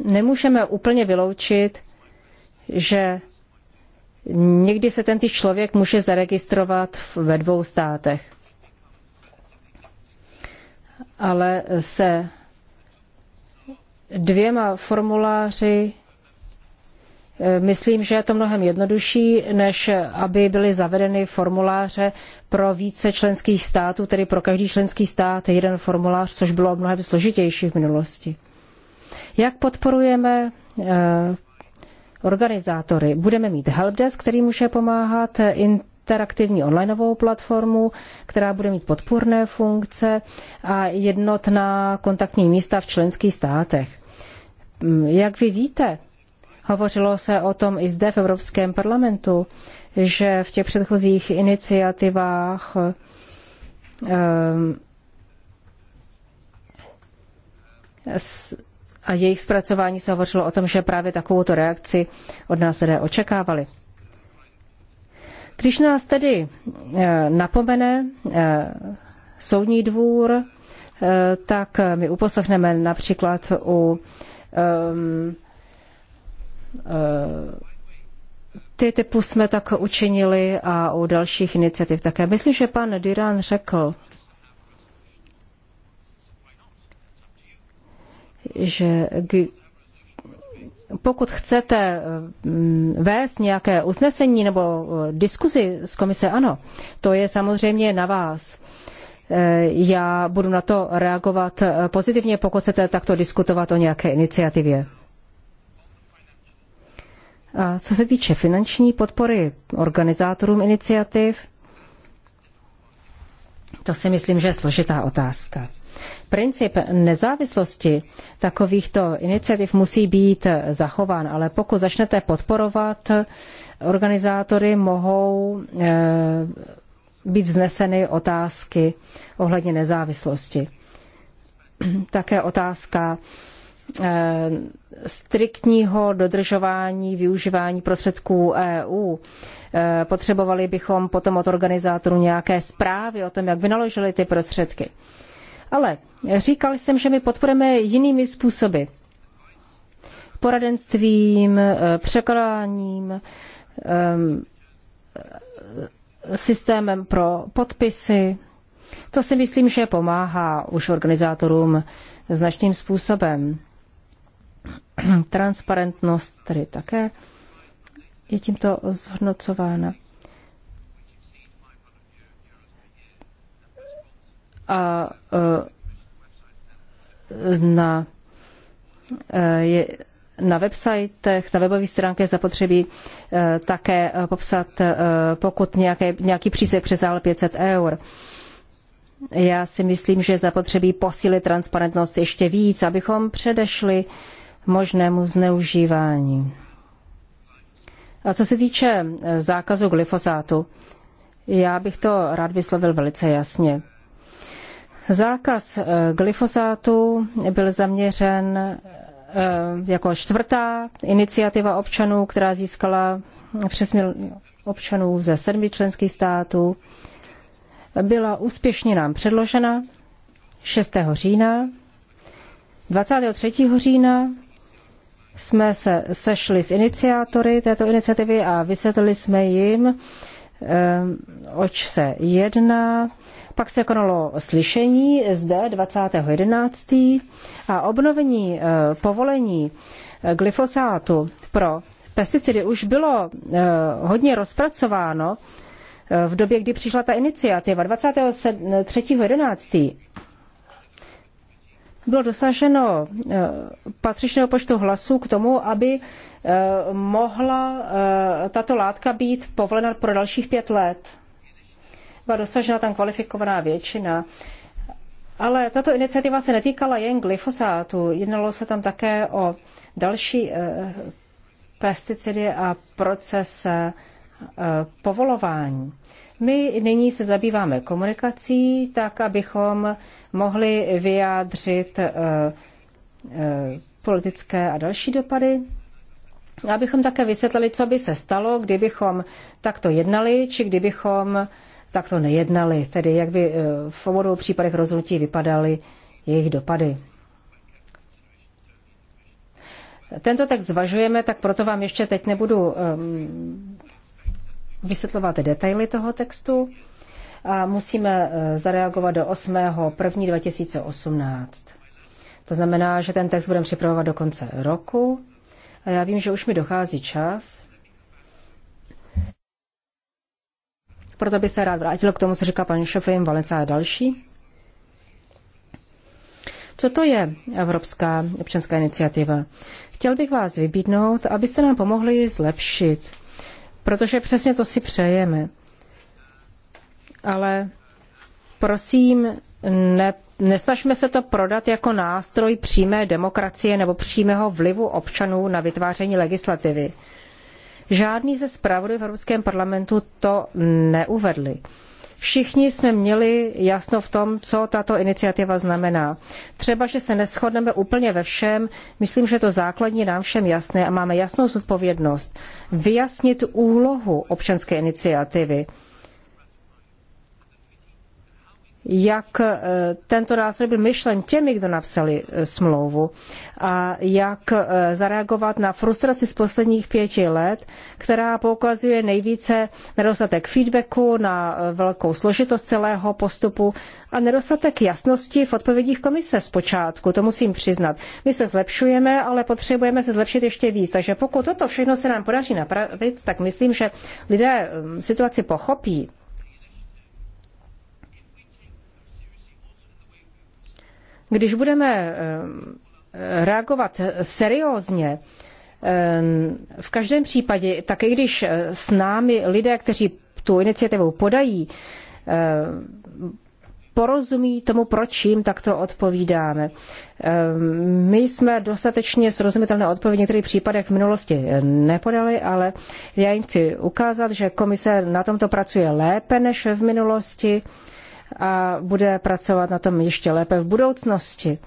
nemůžeme úplně vyloučit, že někdy se tentý člověk může zaregistrovat ve dvou státech. Ale se dvěma formuláři Myslím, že je to mnohem jednodušší, než aby byly zavedeny formuláře pro více členských států, tedy pro každý členský stát jeden formulář, což bylo mnohem složitější v minulosti. Jak podporujeme eh, organizátory? Budeme mít helpdesk, který může pomáhat eh, interaktivní onlineovou platformu, která bude mít podpůrné funkce a jednotná kontaktní místa v členských státech. Mm, jak vy víte, Hovořilo se o tom i zde v Evropském parlamentu, že v těch předchozích iniciativách ehm, a jejich zpracování se hovořilo o tom, že právě takovouto reakci od nás lidé očekávali. Když nás tedy eh, napomene eh, soudní dvůr, eh, tak my uposlechneme například u ehm, Eh, ty typu jsme tak učinili a u dalších iniciativ také. Myslím, že pan Duran řekl, že pokud chcete eh, vést nějaké usnesení nebo eh, diskuzi z komise, ano, to je samozřejmě na vás. Já budu na to reagovat pozitivně, pokud chcete takto diskutovat o nějaké iniciativě co se týče finanční podpory organizátorům iniciativ, to si myslím, že je složitá otázka. Princip nezávislosti takovýchto iniciativ musí být zachován, ale pokud začnete podporovat, organizátory mohou eh, být vzneseny otázky ohledně nezávislosti. Také otázka Eh, striktního dodržování využívání prostředků EU. Eh, potřebovali bychom potom od organizátorů nějaké zprávy o tom, jak vynaložili ty prostředky. Ale říkal jsem, že my podporujeme jinými způsoby. Poradenstvím, eh, překonáním, systémem pro podpisy. To si myslím, že pomáhá už organizátorům značným způsobem. Transparentnost tedy také je tímto zhodnocována. A e, na, e, je, na websitech, na webových stránkách zapotřebí e, také popsat, pokud nějaké, nějaký přísek přesáhl 500 eur. Já si myslím, že zapotřebí posílit transparentnost ještě víc, abychom předešli uh, možnému zneužívání. A co se týče eh, zákazu glyfosátu, já bych to rád vyslovil velice jasně. Zákaz eh, glyfosátu byl zaměřen eh, jako čtvrtá iniciativa občanů, která získala přes občanů ze sedmi členských států. Byla úspěšně nám předložena 6. října. 23. října jsme se sešli s iniciátory této iniciativy a vysvětlili jsme jim, ehm, oč se jedná. Pak se konalo slyšení zde 20.11. a obnovení eh, povolení eh, glyfosátu pro pesticidy už bylo eh, hodně rozpracováno v době, kdy přišla ta iniciativa 23.11 bylo dosaženo eh, patřičného počtu hlasů k tomu, aby eh, mohla eh, tato látka být povolena pro dalších pět let. Byla dosažena tam kvalifikovaná většina. Ale tato iniciativa se netýkala jen glyfosátu, jednalo se tam také o další pesticidy a proces povolování. My nyní se zabýváme komunikací, tak abychom mohli vyjádřit eh, eh, politické a další dopady. Abychom také vysvětlili, co by se stalo, kdybychom takto jednali, či kdybychom takto nejednali, tedy jak by eh, v obou případech rozhodnutí vypadaly jejich dopady. Tento text zvažujeme, tak proto vám ještě teď nebudu ehm, vysvětlovat detaily toho textu a musíme e, zareagovat do 8. 1. 2018. To znamená, že ten text budeme připravovat do konce roku a já vím, že už mi dochází čas, proto by se rád vrátil k tomu, co říká pan Šefrin, Valenca a další. Co to je Evropská občanská iniciativa? Chtěl bych vás vybídnout, abyste nám pomohli zlepšit protože přesně to si přejeme. Ale prosím, ne, nesnažme se to prodat jako nástroj přímé demokracie nebo přímého vlivu občanů na vytváření legislativy. Žádný ze zpravodajů v Evropském parlamentu to neuvedli. Všichni jsme měli jasno v tom, co tato iniciativa znamená. Třeba, že se neschodneme úplně ve všem, myslím, že to základní nám všem jasné a máme jasnou zodpovědnost vyjasnit úlohu občanské iniciativy jak eh, tento nástroj byl myšlen těmi, kdo napsali eh, smlouvu a jak eh, zareagovat na frustraci z posledních pěti let, která poukazuje nejvíce nedostatek feedbacku na velkou složitost celého postupu a nedostatek jasnosti v odpovědích komise zpočátku, to musím přiznat. My se zlepšujeme, ale potřebujeme se zlepšit ještě víc, takže pokud toto všechno se nám podaří napravit, tak myslím, že lidé situaci pochopí Když budeme eh, reagovat seriózně, eh, v každém případě, tak i když eh, s námi lidé, kteří tu iniciativu podají, porozumí tomu, proč jim takto odpovídáme. My jsme dostatečně srozumitelné odpovědi v některých případech v minulosti nepodali, ale já jim chci ukázat, že komise na tomto pracuje lépe než v minulosti a bude pracovat na tom ještě lépe v budoucnosti.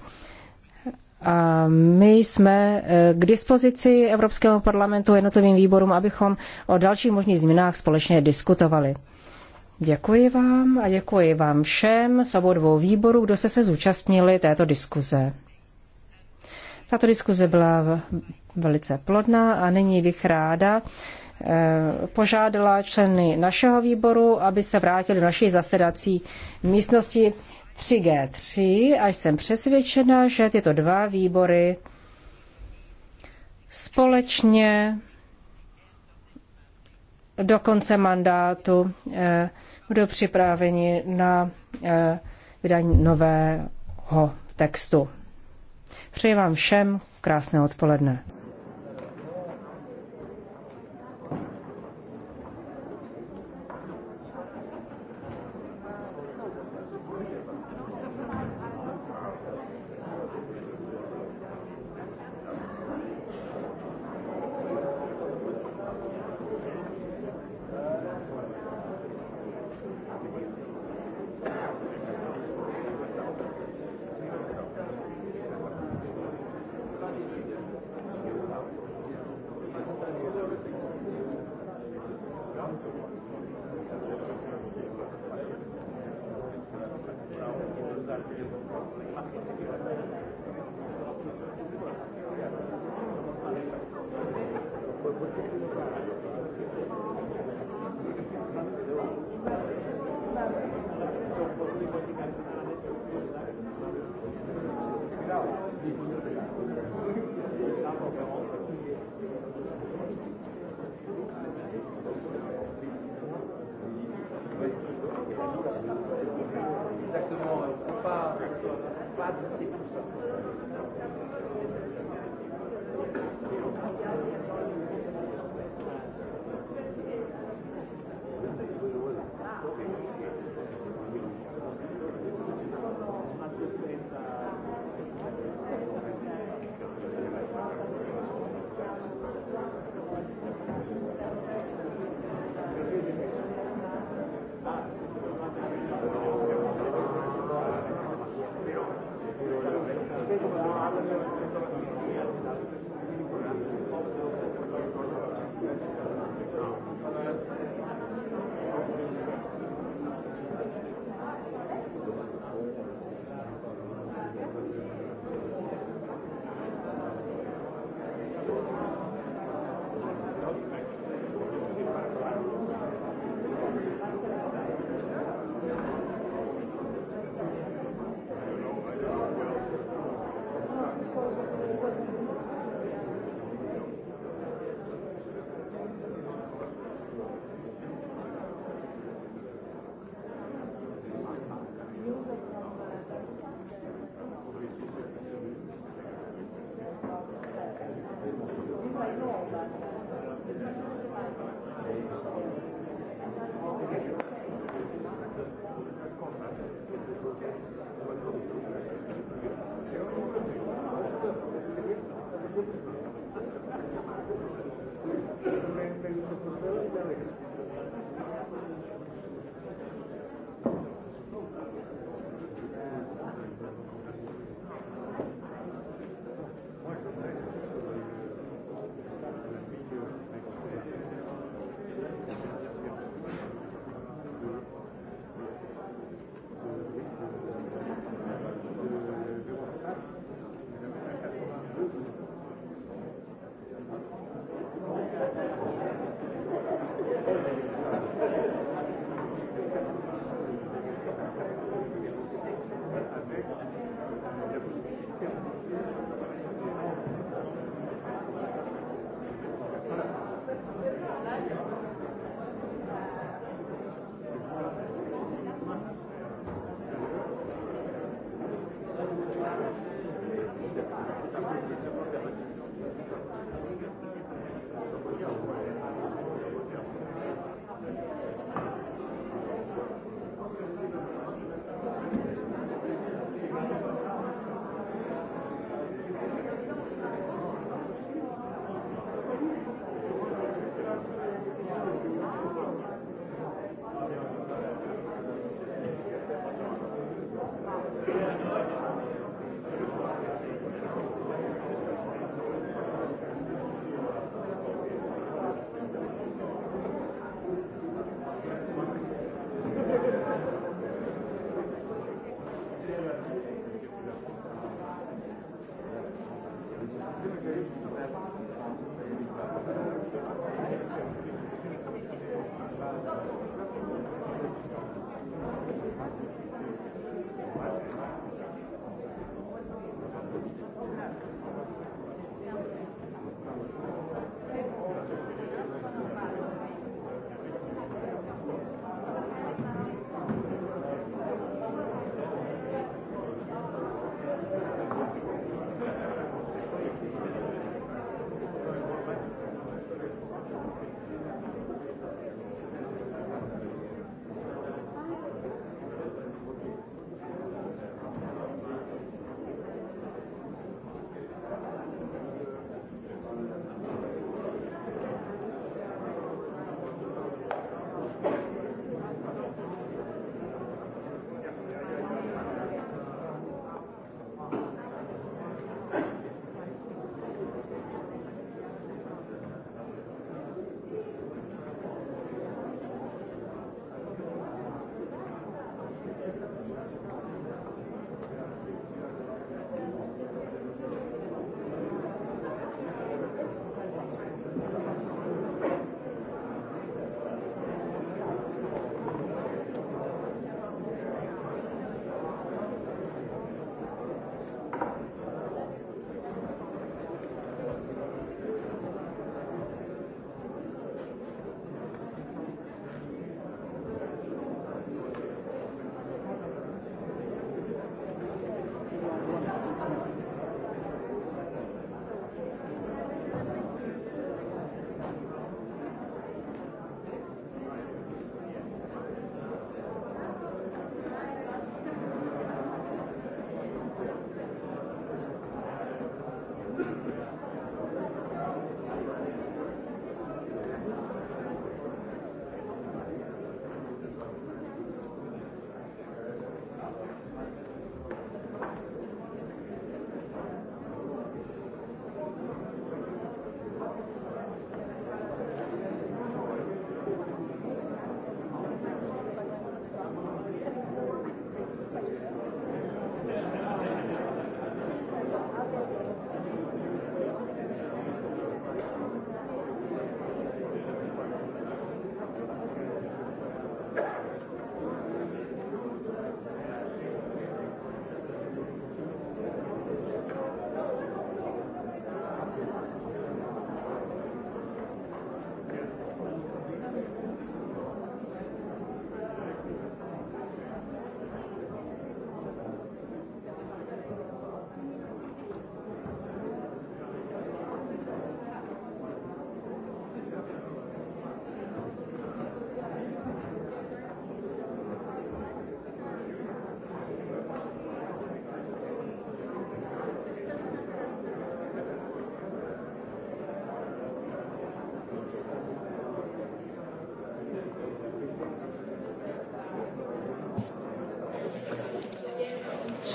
A my jsme e, k dispozici Evropskému parlamentu jednotlivým výborům, abychom o dalších možných změnách společně diskutovali. Děkuji vám a děkuji vám všem z obou dvou výborů, kdo se se zúčastnili této diskuze. Tato diskuze byla velice plodná a nyní bych ráda Eh, požádala členy našeho výboru, aby se vrátili do naší zasedací místnosti 3G3 a jsem přesvědčena, že tyto dva výbory společně do konce mandátu eh, budou připraveni na eh, vydání nového textu. Přeji vám všem krásné odpoledne.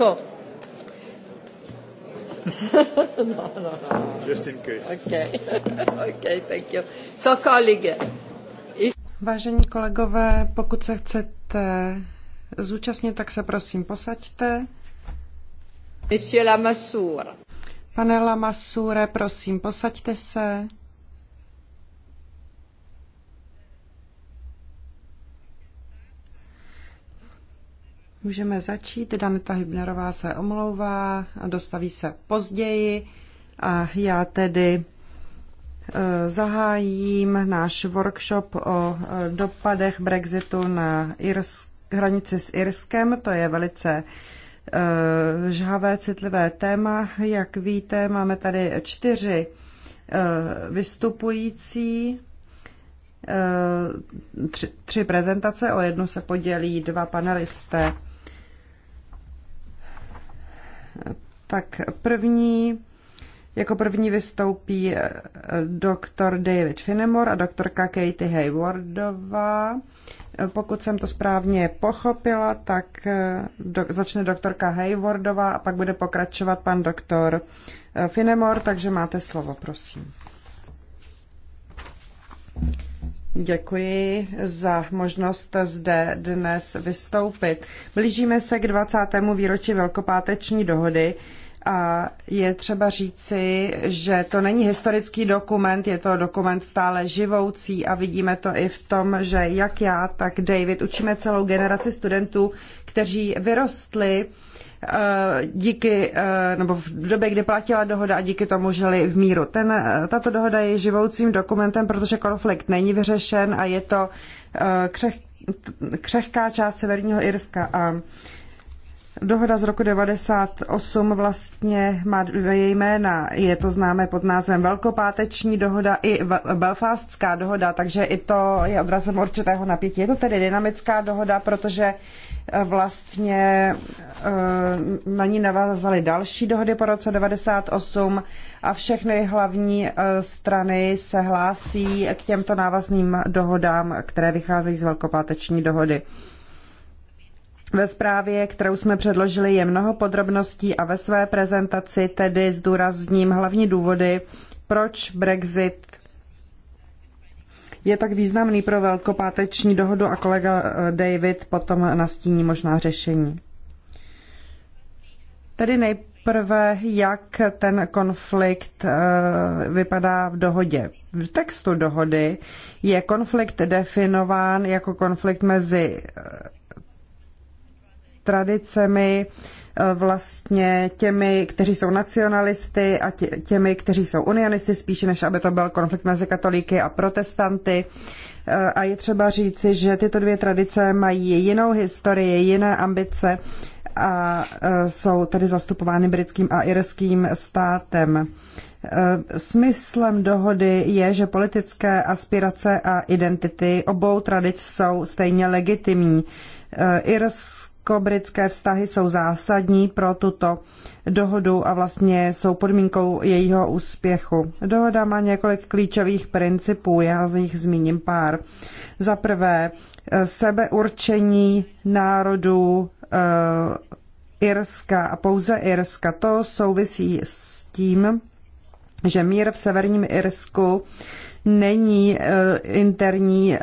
So. no, no, no. Just in case. Okay. okay, thank you. So, colleague. If... Vážení kolegové, pokud se chcete zúčastnit, tak se prosím posaďte. Monsieur Lamassoure. Pane Lamassure, prosím, posaďte se. Můžeme začít. Daneta Hybnerová se omlouvá, dostaví se později a já tedy e, zahájím náš workshop o e, dopadech Brexitu na Irsk, hranici s Irskem. To je velice e, žhavé, citlivé téma. Jak víte, máme tady čtyři vystupující, tři, tři prezentace, o jednu se podělí dva panelisté. Tak první, jako první vystoupí eh, doktor David Finemore a doktorka Katie Haywardová. Eh, pokud jsem to správně pochopila, tak eh, do, začne doktorka Haywardová a pak bude pokračovat pan doktor Finemore, takže máte slovo, prosím. Děkuji za možnost zde dnes vystoupit. Blížíme se k 20. výročí Velkopáteční dohody a je třeba říci, že to není historický dokument, je to dokument stále živoucí a vidíme to i v tom, že jak já, tak David učíme celou generaci studentů, kteří vyrostli Eh, díky, eh, nebo v době, kdy platila dohoda a díky tomu žili v míru. Ten, eh, tato dohoda je živoucím dokumentem, protože konflikt není vyřešen a je to křeh, křehká část Severního Irska. A Dohoda z roku 98 vlastně má dvě jména. Je to známé pod názvem Velkopáteční dohoda i Belfastská dohoda, takže i to je odrazem určitého napětí. Je to tedy dynamická dohoda, protože eh, vlastně eh, na ní navázaly další dohody po roce 98 a všechny hlavní eh, strany se hlásí k těmto návazným dohodám, které vycházejí z Velkopáteční dohody. Ve zprávě, kterou jsme předložili, je mnoho podrobností a ve své prezentaci tedy zdůrazním hlavní důvody, proč Brexit je tak významný pro velkopáteční dohodu a kolega eh, David potom nastíní možná řešení. Tedy nejprve, jak ten konflikt eh, vypadá v dohodě. V textu dohody je konflikt definován jako konflikt mezi eh, tradicemi, eh, vlastně těmi, kteří jsou nacionalisty a těmi, kteří jsou unionisty, spíše než aby to byl konflikt mezi katolíky a protestanty. Eh, a je třeba říci, že tyto dvě tradice mají jinou historii, jiné ambice a eh, jsou tedy zastupovány britským a irským státem. Smyslem dohody je, že politické aspirace a identity obou tradic jsou stejně legitimní. Irsk Americko-britské vztahy jsou zásadní pro tuto dohodu a vlastně jsou podmínkou jejího úspěchu. Dohoda má několik klíčových principů, já z nich zmíním pár. Za prvé, eh, sebeurčení národů e, Irska a pouze Irska. To souvisí s tím, že mír v severním Irsku není eh, interní eh,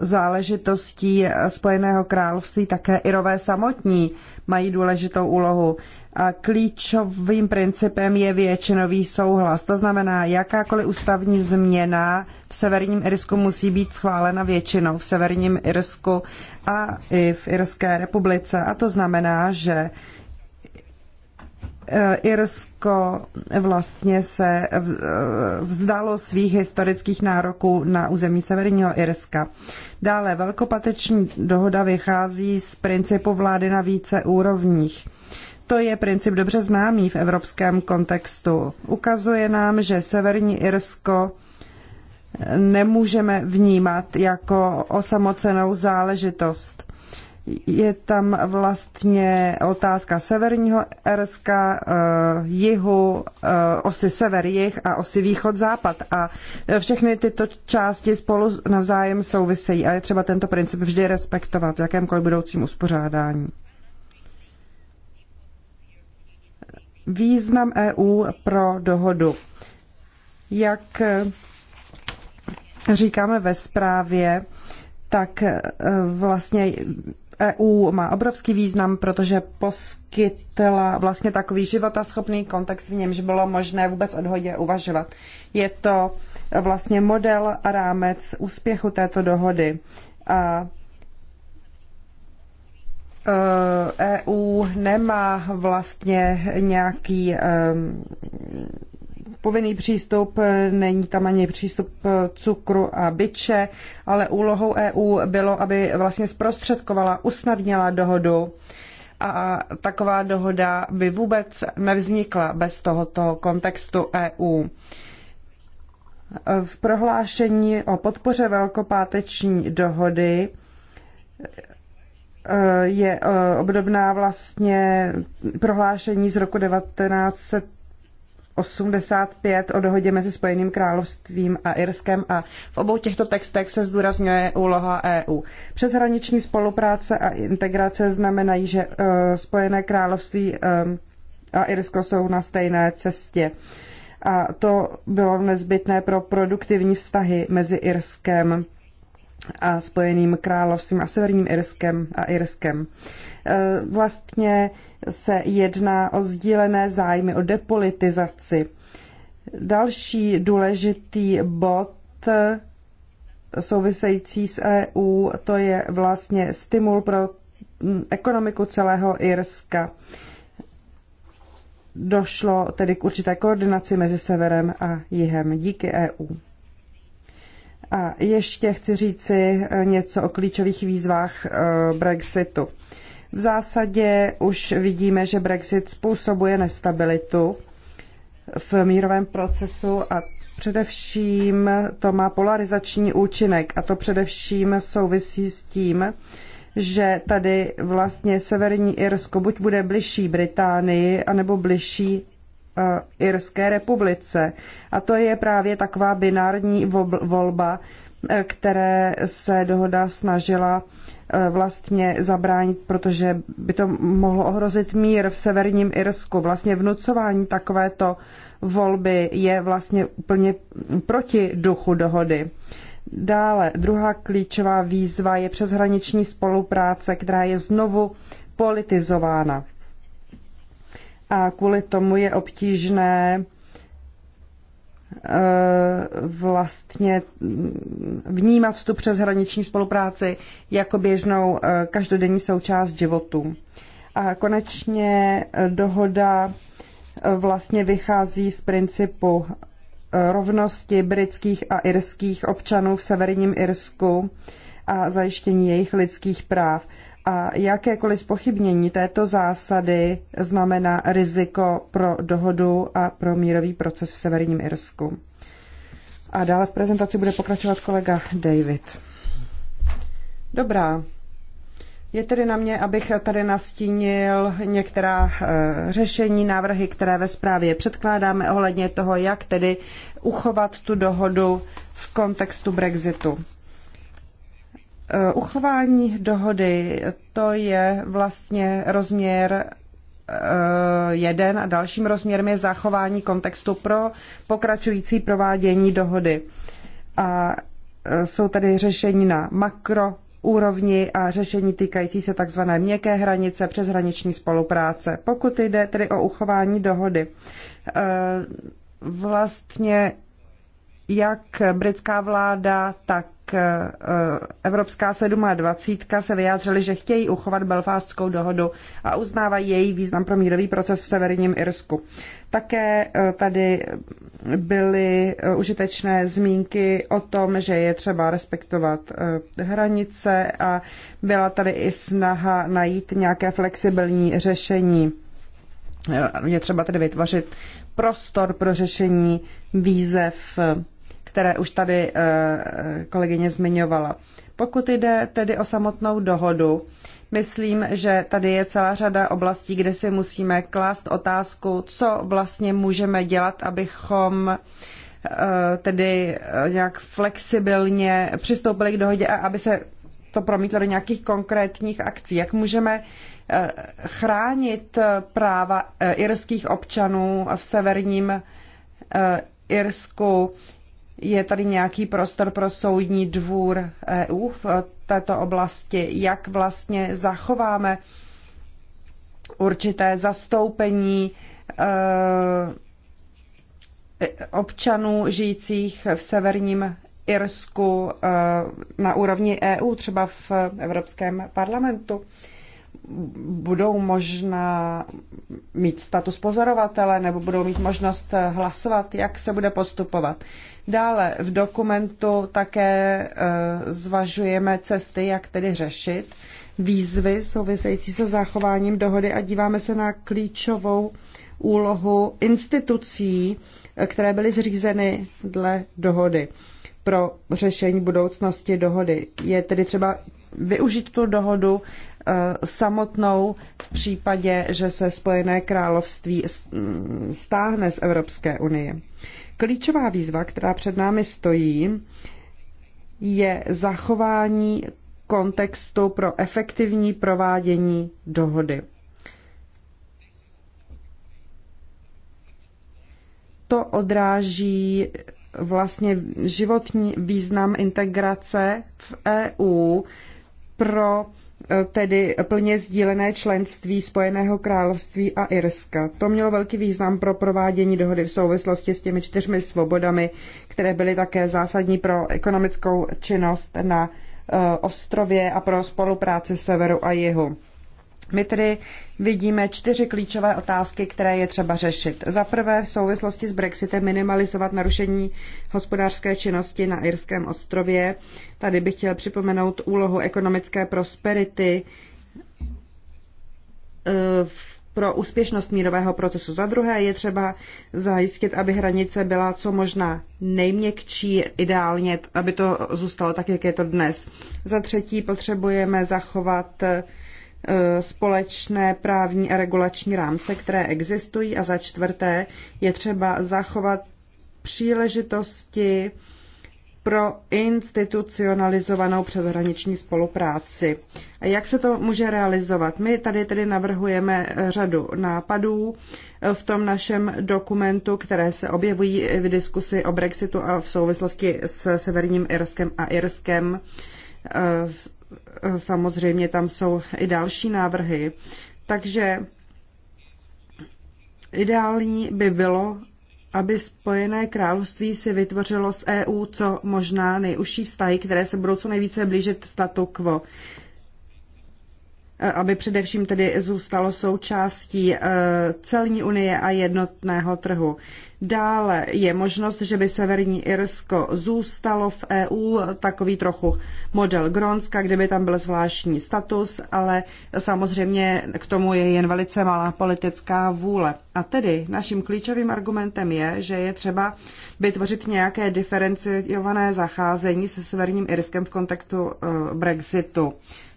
záležitostí Spojeného království, také Irové samotní mají důležitou úlohu. A klíčovým principem je většinový souhlas. To znamená, jakákoliv ústavní změna v Severním Irsku musí být schválena většinou v Severním Irsku a i v Irské republice. A to znamená, že Eh, Irsko vlastně se eh, eh, vzdalo svých historických nároků na území Severního Irska. Dále velkopateční dohoda vychází z principu vlády na více úrovních. To je princip dobře známý v evropském kontextu. Ukazuje nám, že Severní Irsko nemůžeme vnímat jako osamocenou záležitost je tam vlastně otázka severního Erska, eh, jihu, eh, osy sever-jih a osy východ-západ. A eh, všechny tyto části spolu navzájem souvisejí a je třeba tento princip vždy respektovat v jakémkoliv budoucím uspořádání. Význam EU pro dohodu. Jak říkáme ve zprávě, tak vlastně EU má obrovský význam, protože poskytla vlastně takový životaschopný kontext, v němž bylo možné vůbec o dohodě uvažovat. Je to vlastně model a rámec úspěchu této dohody. A EU e nemá vlastně nějaký povinný přístup, není tam ani přístup eh, cukru a byče, ale úlohou EU bylo, aby vlastně zprostředkovala, usnadnila dohodu a taková dohoda by vůbec nevznikla bez tohoto kontextu EU. V prohlášení o podpoře velkopáteční dohody eh, je eh, obdobná vlastně prohlášení z roku 1900 85 o dohodě mezi Spojeným královstvím a Irskem a v obou těchto textech se zdůrazňuje úloha EU. Přeshraniční spolupráce a integrace znamenají, že e, Spojené království e, a Irsko jsou na stejné cestě. A to bylo nezbytné pro produktivní vztahy mezi Irskem a Spojeným královstvím a Severním Irskem a Irskem. E, vlastně se jedná o sdílené zájmy, o depolitizaci. Další důležitý bod související s EU, to je vlastně stimul pro mm, ekonomiku celého Irska. Došlo tedy k určité koordinaci mezi severem a jihem díky EU. A ještě chci říci e, něco o klíčových výzvách e, Brexitu. V zásadě už vidíme, že Brexit způsobuje nestabilitu v mírovém procesu a především to má polarizační účinek a to především souvisí s tím, že tady vlastně Severní Irsko buď bude bližší Británii, anebo bližší uh, Irské republice. A to je právě taková binární volba, eh, které se dohoda snažila Eh, vlastně zabránit, protože by to mohlo ohrozit mír v severním Irsku. Vlastně vnucování takovéto volby je vlastně úplně proti duchu dohody. Dále druhá klíčová výzva je přeshraniční spolupráce, která je znovu politizována. A kvůli tomu je obtížné Eh, vlastně vnímat tu přeshraniční spolupráci jako běžnou eh, každodenní součást životu. A konečně eh, dohoda vlastně vychází z principu rovnosti britských a irských občanů v severním Irsku a zajištění jejich lidských práv a jakékoliv spochybnění této zásady znamená riziko pro dohodu a pro mírový proces v Severním Irsku. A dále v prezentaci bude pokračovat kolega David. Dobrá. Je tedy na mě, abych tady nastínil některá eh, řešení, návrhy, které ve zprávě předkládáme ohledně toho, jak tedy uchovat tu dohodu v kontextu Brexitu. Eh, uchování dohody, to je vlastně rozměr eh, jeden a dalším rozměrem je zachování kontextu pro pokračující provádění dohody. A eh, jsou tady řešení na makro úrovni a řešení týkající se tzv. měkké hranice přeshraniční spolupráce. Pokud jde tedy o uchování dohody, vlastně jak britská vláda, tak eh, Evropská 27 se vyjádřili, že chtějí uchovat Belfastskou dohodu a uznávají její význam pro mírový proces v severním Irsku. Také eh, tady byly eh, užitečné zmínky o tom, že je třeba respektovat hranice a byla tady i snaha najít nějaké flexibilní řešení. Je třeba tedy vytvořit prostor pro řešení výzev které už tady eh, kolegyně zmiňovala. Pokud jde tedy o samotnou dohodu, myslím, že tady je celá řada oblastí, kde si musíme klást otázku, co vlastně můžeme dělat, abychom eh, tedy eh, nějak flexibilně přistoupili k dohodě a aby se to promítlo do nějakých konkrétních akcí. Jak můžeme chránit práva irských občanů v severním Irsku, je tady nějaký prostor pro soudní dvůr EU v této oblasti, jak vlastně zachováme určité zastoupení eh, občanů žijících v severním Irsku eh, na úrovni EU, třeba v Evropském parlamentu budou možná mít status pozorovatele nebo budou mít možnost hlasovat, jak se bude postupovat. Dále v dokumentu také eh, zvažujeme cesty, jak tedy řešit výzvy související se zachováním dohody a díváme se na klíčovou úlohu institucí, eh, které byly zřízeny dle dohody pro řešení budoucnosti dohody. Je tedy třeba využít tu dohodu eh, samotnou v případě, že se Spojené království stáhne z Evropské unie. Klíčová výzva, která před námi stojí, je zachování kontextu pro efektivní provádění dohody. To odráží vlastně životní význam integrace v EU pro eh, tedy plně sdílené členství Spojeného království a Irska. To mělo velký význam pro provádění dohody v souvislosti s těmi čtyřmi svobodami, které byly také zásadní pro ekonomickou činnost na eh, ostrově a pro spolupráci severu a jihu. My tedy vidíme čtyři klíčové otázky, které je třeba řešit. Za prvé v souvislosti s Brexitem minimalizovat narušení hospodářské činnosti na Irském ostrově. Tady bych chtěl připomenout úlohu ekonomické prosperity eh, pro úspěšnost mírového procesu. Za druhé je třeba zajistit, aby hranice byla co možná nejměkčí, ideálně, aby to zůstalo tak, jak je to dnes. Za třetí potřebujeme zachovat eh, Eh, společné právní a regulační rámce, které existují a za čtvrté je třeba zachovat příležitosti pro institucionalizovanou přeshraniční spolupráci. A jak se to může realizovat? My tady tedy navrhujeme řadu nápadů v tom našem dokumentu, které se objevují v diskusi o Brexitu a v souvislosti s Severním Irskem a Irskem eh, samozřejmě tam jsou i další návrhy. Takže ideální by bylo, aby Spojené království si vytvořilo z EU co možná nejužší vztahy, které se budou co nejvíce blížit statu quo. Eh, aby především tedy zůstalo součástí eh, celní unie a jednotného trhu. Dále je možnost, že by Severní Irsko zůstalo v EU takový trochu model Grónska, kdyby tam byl zvláštní status, ale samozřejmě k tomu je jen velice malá politická vůle. A tedy naším klíčovým argumentem je, že je třeba vytvořit nějaké diferenciované zacházení se Severním Irskem v kontextu eh, Brexitu.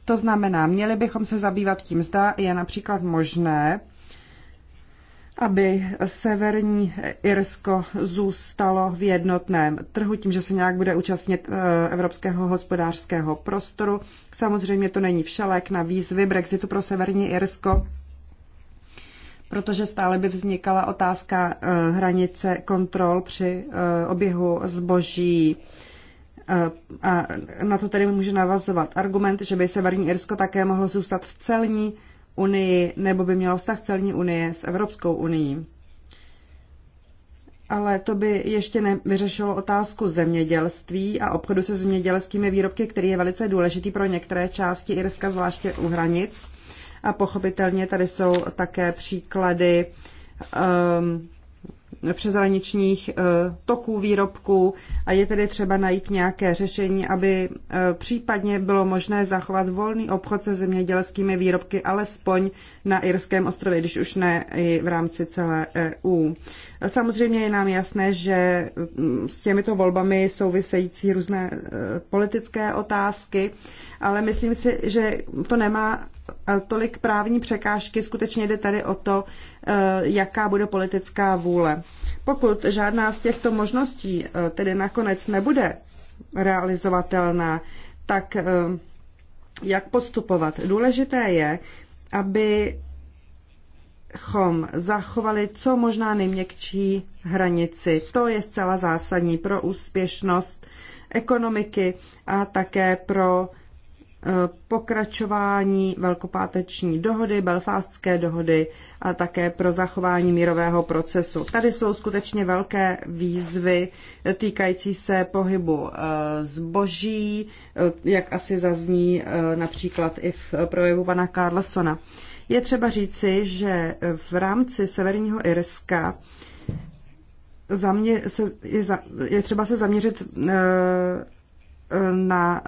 To znamená, měli bychom se zabývat tím, zda je například možné, aby severní Irsko zůstalo v jednotném trhu tím, že se nějak bude účastnit eh, evropského hospodářského prostoru. Samozřejmě to není všelek na výzvy Brexitu pro severní Irsko, protože stále by vznikala otázka eh, hranice kontrol při eh, oběhu zboží. A na to tedy může navazovat argument, že by Severní Irsko také mohlo zůstat v celní unii nebo by mělo vztah celní unie s Evropskou unii. Ale to by ještě nevyřešilo otázku zemědělství a obchodu se zemědělskými výrobky, který je velice důležitý pro některé části Irska, zvláště u hranic. A pochopitelně tady jsou také příklady um, přezraničních eh, toků výrobků a je tedy třeba najít nějaké řešení, aby eh, případně bylo možné zachovat volný obchod se zemědělskými výrobky alespoň na Irském ostrově, když už ne i v rámci celé EU. Samozřejmě je nám jasné, že mm, s těmito volbami související různé eh, politické otázky, ale myslím si, že to nemá tolik právní překážky, skutečně jde tady o to, eh, jaká bude politická vůle. Pokud žádná z těchto možností eh, tedy nakonec nebude realizovatelná, tak eh, jak postupovat? Důležité je, aby chom zachovali co možná nejměkčí hranici. To je zcela zásadní pro úspěšnost ekonomiky a také pro pokračování velkopáteční dohody, belfástské dohody a také pro zachování mírového procesu. Tady jsou skutečně velké výzvy týkající se pohybu eh, zboží, eh, jak asi zazní eh, například i v projevu pana Carlsona. Je třeba říci, že v rámci Severního Irska je, je třeba se zaměřit na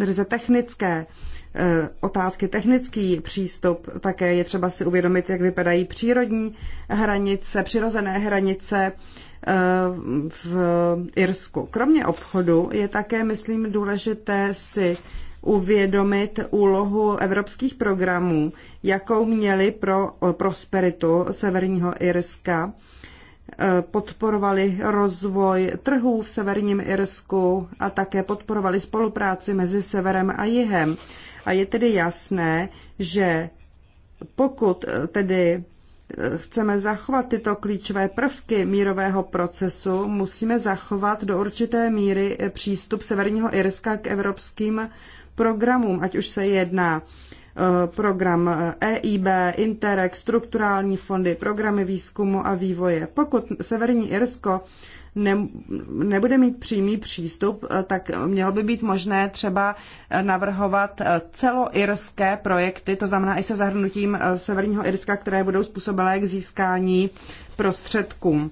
eh, ryze technické eh, otázky, technický přístup. Také je třeba si uvědomit, jak vypadají přírodní hranice, přirozené hranice eh, v Irsku. Kromě obchodu je také, myslím, důležité si uvědomit úlohu evropských programů, jakou měli pro prosperitu Severního Irska podporovali rozvoj trhů v severním Irsku a také podporovali spolupráci mezi severem a jihem. A je tedy jasné, že pokud eh, tedy eh, chceme zachovat tyto klíčové prvky mírového procesu, musíme zachovat do určité míry eh, přístup Severního Irska k evropským programům, ať už se jedná Eh, program EIB, eh, e Interreg, strukturální fondy, programy výzkumu a vývoje. Pokud Severní Irsko ne, nebude mít přímý přístup, eh, tak mělo by být možné třeba navrhovat celoirské projekty, to znamená i se zahrnutím Severního Irska, které budou způsobené k získání prostředků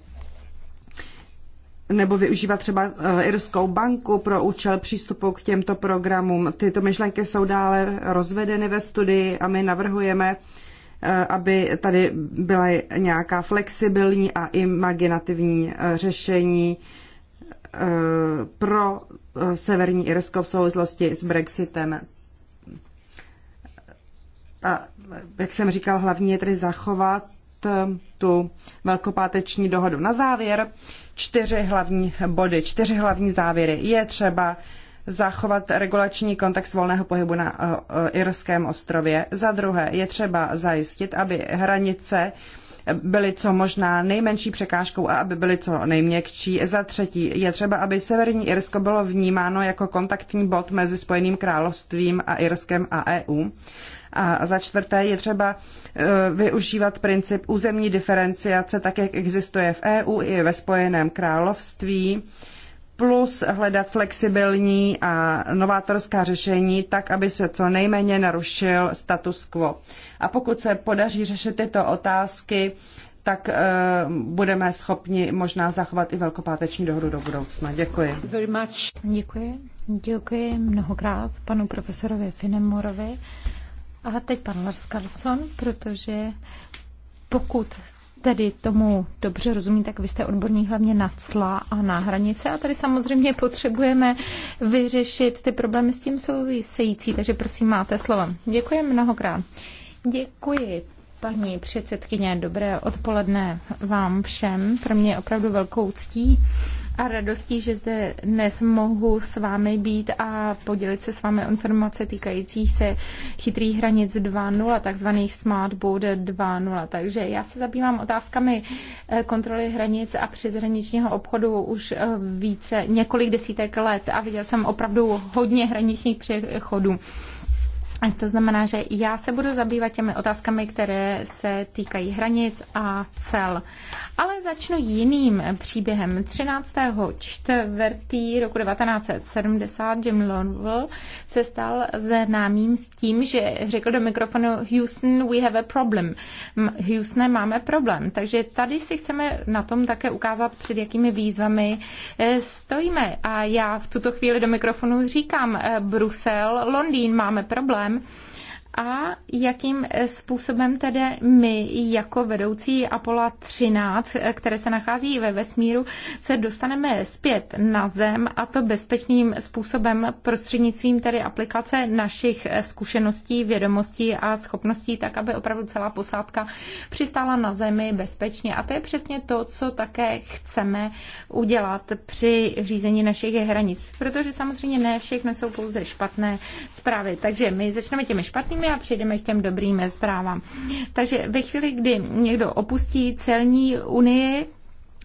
nebo využívat třeba eh, Irskou banku pro účel přístupu k těmto programům. Tyto myšlenky jsou dále rozvedeny ve studii a my navrhujeme, eh, aby tady byla nějaká flexibilní a imaginativní eh, řešení pro Severní Irsko v souvislosti s Brexitem. A jak jsem říkal, hlavně je tedy zachovat tu velkopáteční dohodu. Na závěr čtyři hlavní body, čtyři hlavní závěry. Je třeba zachovat regulační kontext volného pohybu na eh, eh, Irském ostrově. Za druhé, je třeba zajistit, aby hranice byly co možná nejmenší překážkou a aby byly co nejměkčí. Za třetí, je třeba, aby Severní Irsko bylo vnímáno jako kontaktní bod mezi Spojeným královstvím a Irskem a EU. A za čtvrté je třeba e, využívat princip územní diferenciace, tak jak existuje v EU i ve Spojeném království plus hledat flexibilní a novátorská řešení tak, aby se co nejméně narušil status quo. A pokud se podaří řešit tyto otázky, tak e, budeme schopni možná zachovat i velkopáteční dohodu do budoucna. Děkuji. Děkuji. Děkuji mnohokrát panu profesorovi Finemorovi. A teď pan Lars Karlsson, protože pokud tedy tomu dobře rozumí, tak vy jste odborník hlavně na cla a na hranice a tady samozřejmě potřebujeme vyřešit ty problémy s tím související, takže prosím, máte slovo. Děkuji mnohokrát. Děkuji. Paní předsedkyně, dobré odpoledne vám všem. Pro mě je opravdu velkou ctí a radostí, že zde dnes mohu s vámi být a podělit se s vámi informace týkající se chytrých hranic 2.0, takzvaných Smart Border 2.0. Takže já se zabývám otázkami eh, kontroly hranic a přeshraničního obchodu už eh, více, několik desítek let a viděl jsem opravdu hodně hraničních přechodů. To znamená, že já se budu zabývat těmi otázkami, které se týkají hranic a cel. Ale začnu jiným příběhem. 13. čtvrtý roku 1970 Jim Lonville se stal známým s tím, že řekl do mikrofonu Houston, we have a problem. Houston, máme problém. Takže tady si chceme na tom také ukázat, před jakými výzvami eh, stojíme. A já v tuto chvíli do mikrofonu říkám eh, Brusel, Londýn, máme problém problém a jakým eh, způsobem tedy my jako vedoucí Apollo 13, eh, které se nachází ve vesmíru, se dostaneme zpět na Zem a to bezpečným způsobem prostřednictvím tedy aplikace našich eh, zkušeností, vědomostí a schopností, tak aby opravdu celá posádka přistála na Zemi bezpečně. A to je přesně to, co také chceme udělat při řízení našich hranic. Protože samozřejmě ne všechno jsou pouze špatné zprávy. Takže my začneme těmi špatnými a přejdeme k těm dobrým zprávám. Takže ve chvíli, kdy někdo opustí celní unii,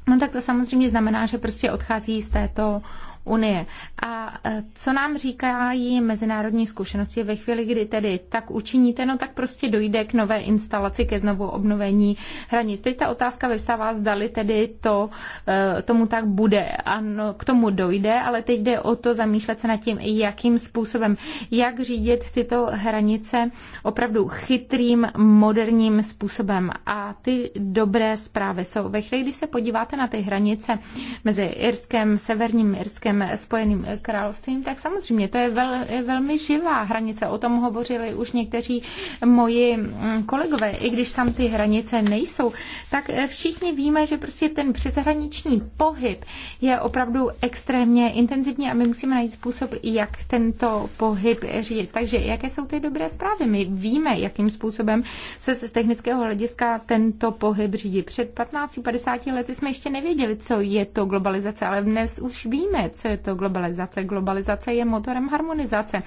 No tak to samozřejmě znamená, že prostě odchází z této unie. A e, co nám říkají mezinárodní zkušenosti ve chvíli, kdy tedy tak učiníte, no tak prostě dojde k nové instalaci, ke znovu obnovení hranic. Teď ta otázka vystává, zdali tedy to, e, tomu tak bude. Ano, k tomu dojde, ale teď jde o to zamýšlet se nad tím, jakým způsobem, jak řídit tyto hranice opravdu chytrým, moderním způsobem. A ty dobré zprávy jsou. Ve chvíli, kdy se podíváte na ty hranice mezi Irskem, Severním Irskem, našem spojeným královstvím, tak samozřejmě to je, vel, je velmi živá hranice. O tom hovořili už někteří moji mm, kolegové, i když tam ty hranice nejsou. Tak eh, všichni víme, že prostě ten přeshraniční pohyb je opravdu extrémně intenzivní a my musíme najít způsob, jak tento pohyb řídit. Takže jaké jsou ty dobré zprávy? My víme, jakým způsobem se z technického hlediska tento pohyb řídí. Před 15-50 lety jsme ještě nevěděli, co je to globalizace, ale dnes už víme, co co je to globalizace. Globalizace je motorem harmonizace.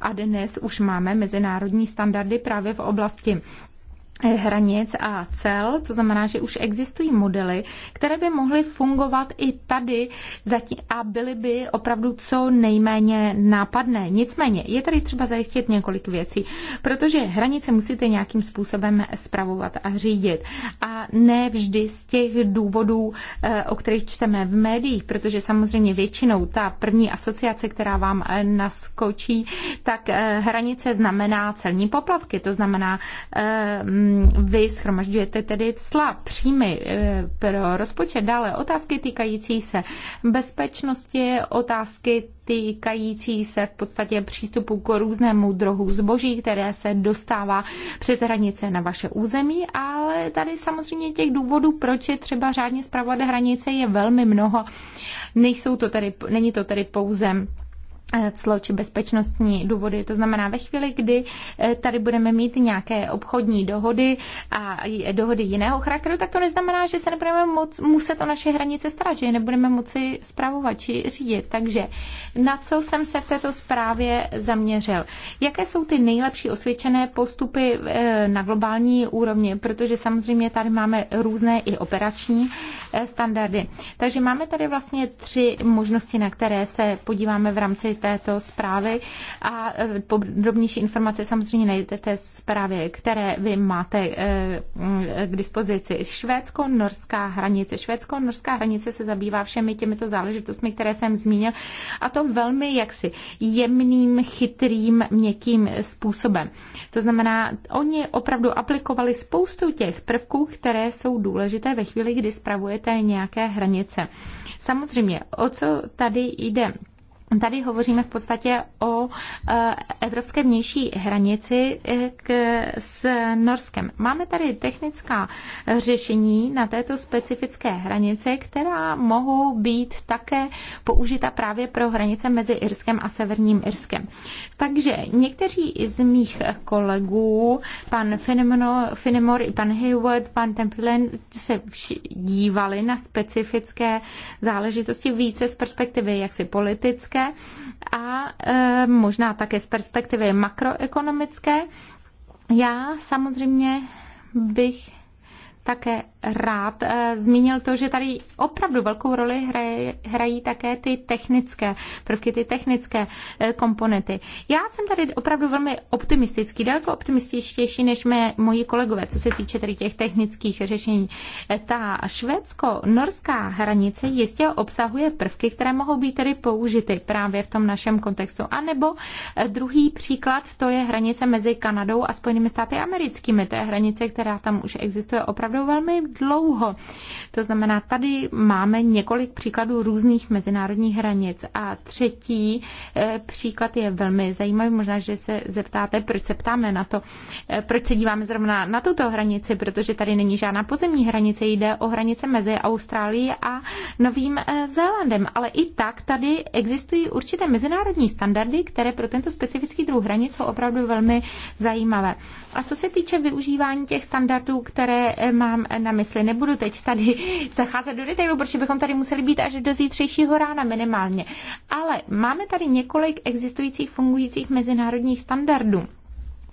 A dnes už máme mezinárodní standardy právě v oblasti hranic a cel, to znamená, že už existují modely, které by mohly fungovat i tady a byly by opravdu co nejméně nápadné. Nicméně je tady třeba zajistit několik věcí, protože hranice musíte nějakým způsobem spravovat a řídit. A ne vždy z těch důvodů, eh, o kterých čteme v médiích, protože samozřejmě většinou ta první asociace, která vám eh, naskočí, tak eh, hranice znamená celní poplatky, to znamená Mm, vy schromažďujete tedy cla, příjmy eh, pro rozpočet, dále otázky týkající se bezpečnosti, otázky týkající se v podstatě přístupu k různému druhu zboží, které se dostává přes hranice na vaše území, ale tady samozřejmě těch důvodů, proč je třeba řádně zpravovat hranice, je velmi mnoho. Nejsou to tedy, není to tedy pouze Eh, clo či bezpečnostní důvody. To znamená, ve chvíli, kdy eh, tady budeme mít nějaké obchodní dohody a dohody jiného charakteru, tak to neznamená, že se nebudeme moc, muset o naše hranice starat, že je nebudeme moci zpravovat či řídit. Takže na co jsem se v této zprávě zaměřil? Jaké jsou ty nejlepší osvědčené postupy eh, na globální úrovni? Protože samozřejmě tady máme různé i operační standardy. Takže máme tady vlastně tři možnosti, na které se podíváme v rámci této zprávy a e, podrobnější informace samozřejmě najdete zprávě, které vy máte e, k dispozici. Švédsko-norská hranice. Švédsko-norská hranice se zabývá všemi těmito záležitostmi, které jsem zmínil a to velmi jaksi jemným, chytrým, měkkým způsobem. To znamená, oni opravdu aplikovali spoustu těch prvků, které jsou důležité ve chvíli, kdy spravujete nějaké hranice. Samozřejmě, o co tady jde? Tady hovoříme v podstatě o e, evropské vnější hranici e, k, s Norskem. Máme tady technická řešení na této specifické hranici, která mohou být také použita právě pro hranice mezi Irskem a Severním Irskem. Takže někteří z mých kolegů, pan Finemor, pan Hayward, pan Templin, se dívali na specifické záležitosti více z perspektivy jaksi politické, a a e, možná také z perspektivy makroekonomické. Já samozřejmě bych také rád eh, zmínil to, že tady opravdu velkou roli hrají, hrají také ty technické prvky, ty technické eh, komponenty. Já jsem tady opravdu velmi optimistický, daleko optimističtější než mé, moji kolegové, co se týče tady těch technických řešení. Eh, ta švédsko-norská hranice jistě obsahuje prvky, které mohou být tedy použity právě v tom našem kontextu. A nebo druhý příklad, to je hranice mezi Kanadou a Spojenými státy americkými. To je hranice, která tam už existuje opravdu opravdu velmi dlouho. To znamená, tady máme několik příkladů různých mezinárodních hranic. A třetí eh, příklad je velmi zajímavý. Možná, že se zeptáte, proč se ptáme na to, eh, proč se díváme zrovna na tuto hranici, protože tady není žádná pozemní hranice, jde o hranice mezi Austrálií a Novým eh, Zélandem. Ale i tak tady existují určité mezinárodní standardy, které pro tento specifický druh hranic jsou opravdu velmi zajímavé. A co se týče využívání těch standardů, které má mám na mysli. Nebudu teď tady zacházet do detailu, protože bychom tady museli být až do zítřejšího rána minimálně. Ale máme tady několik existujících fungujících mezinárodních standardů.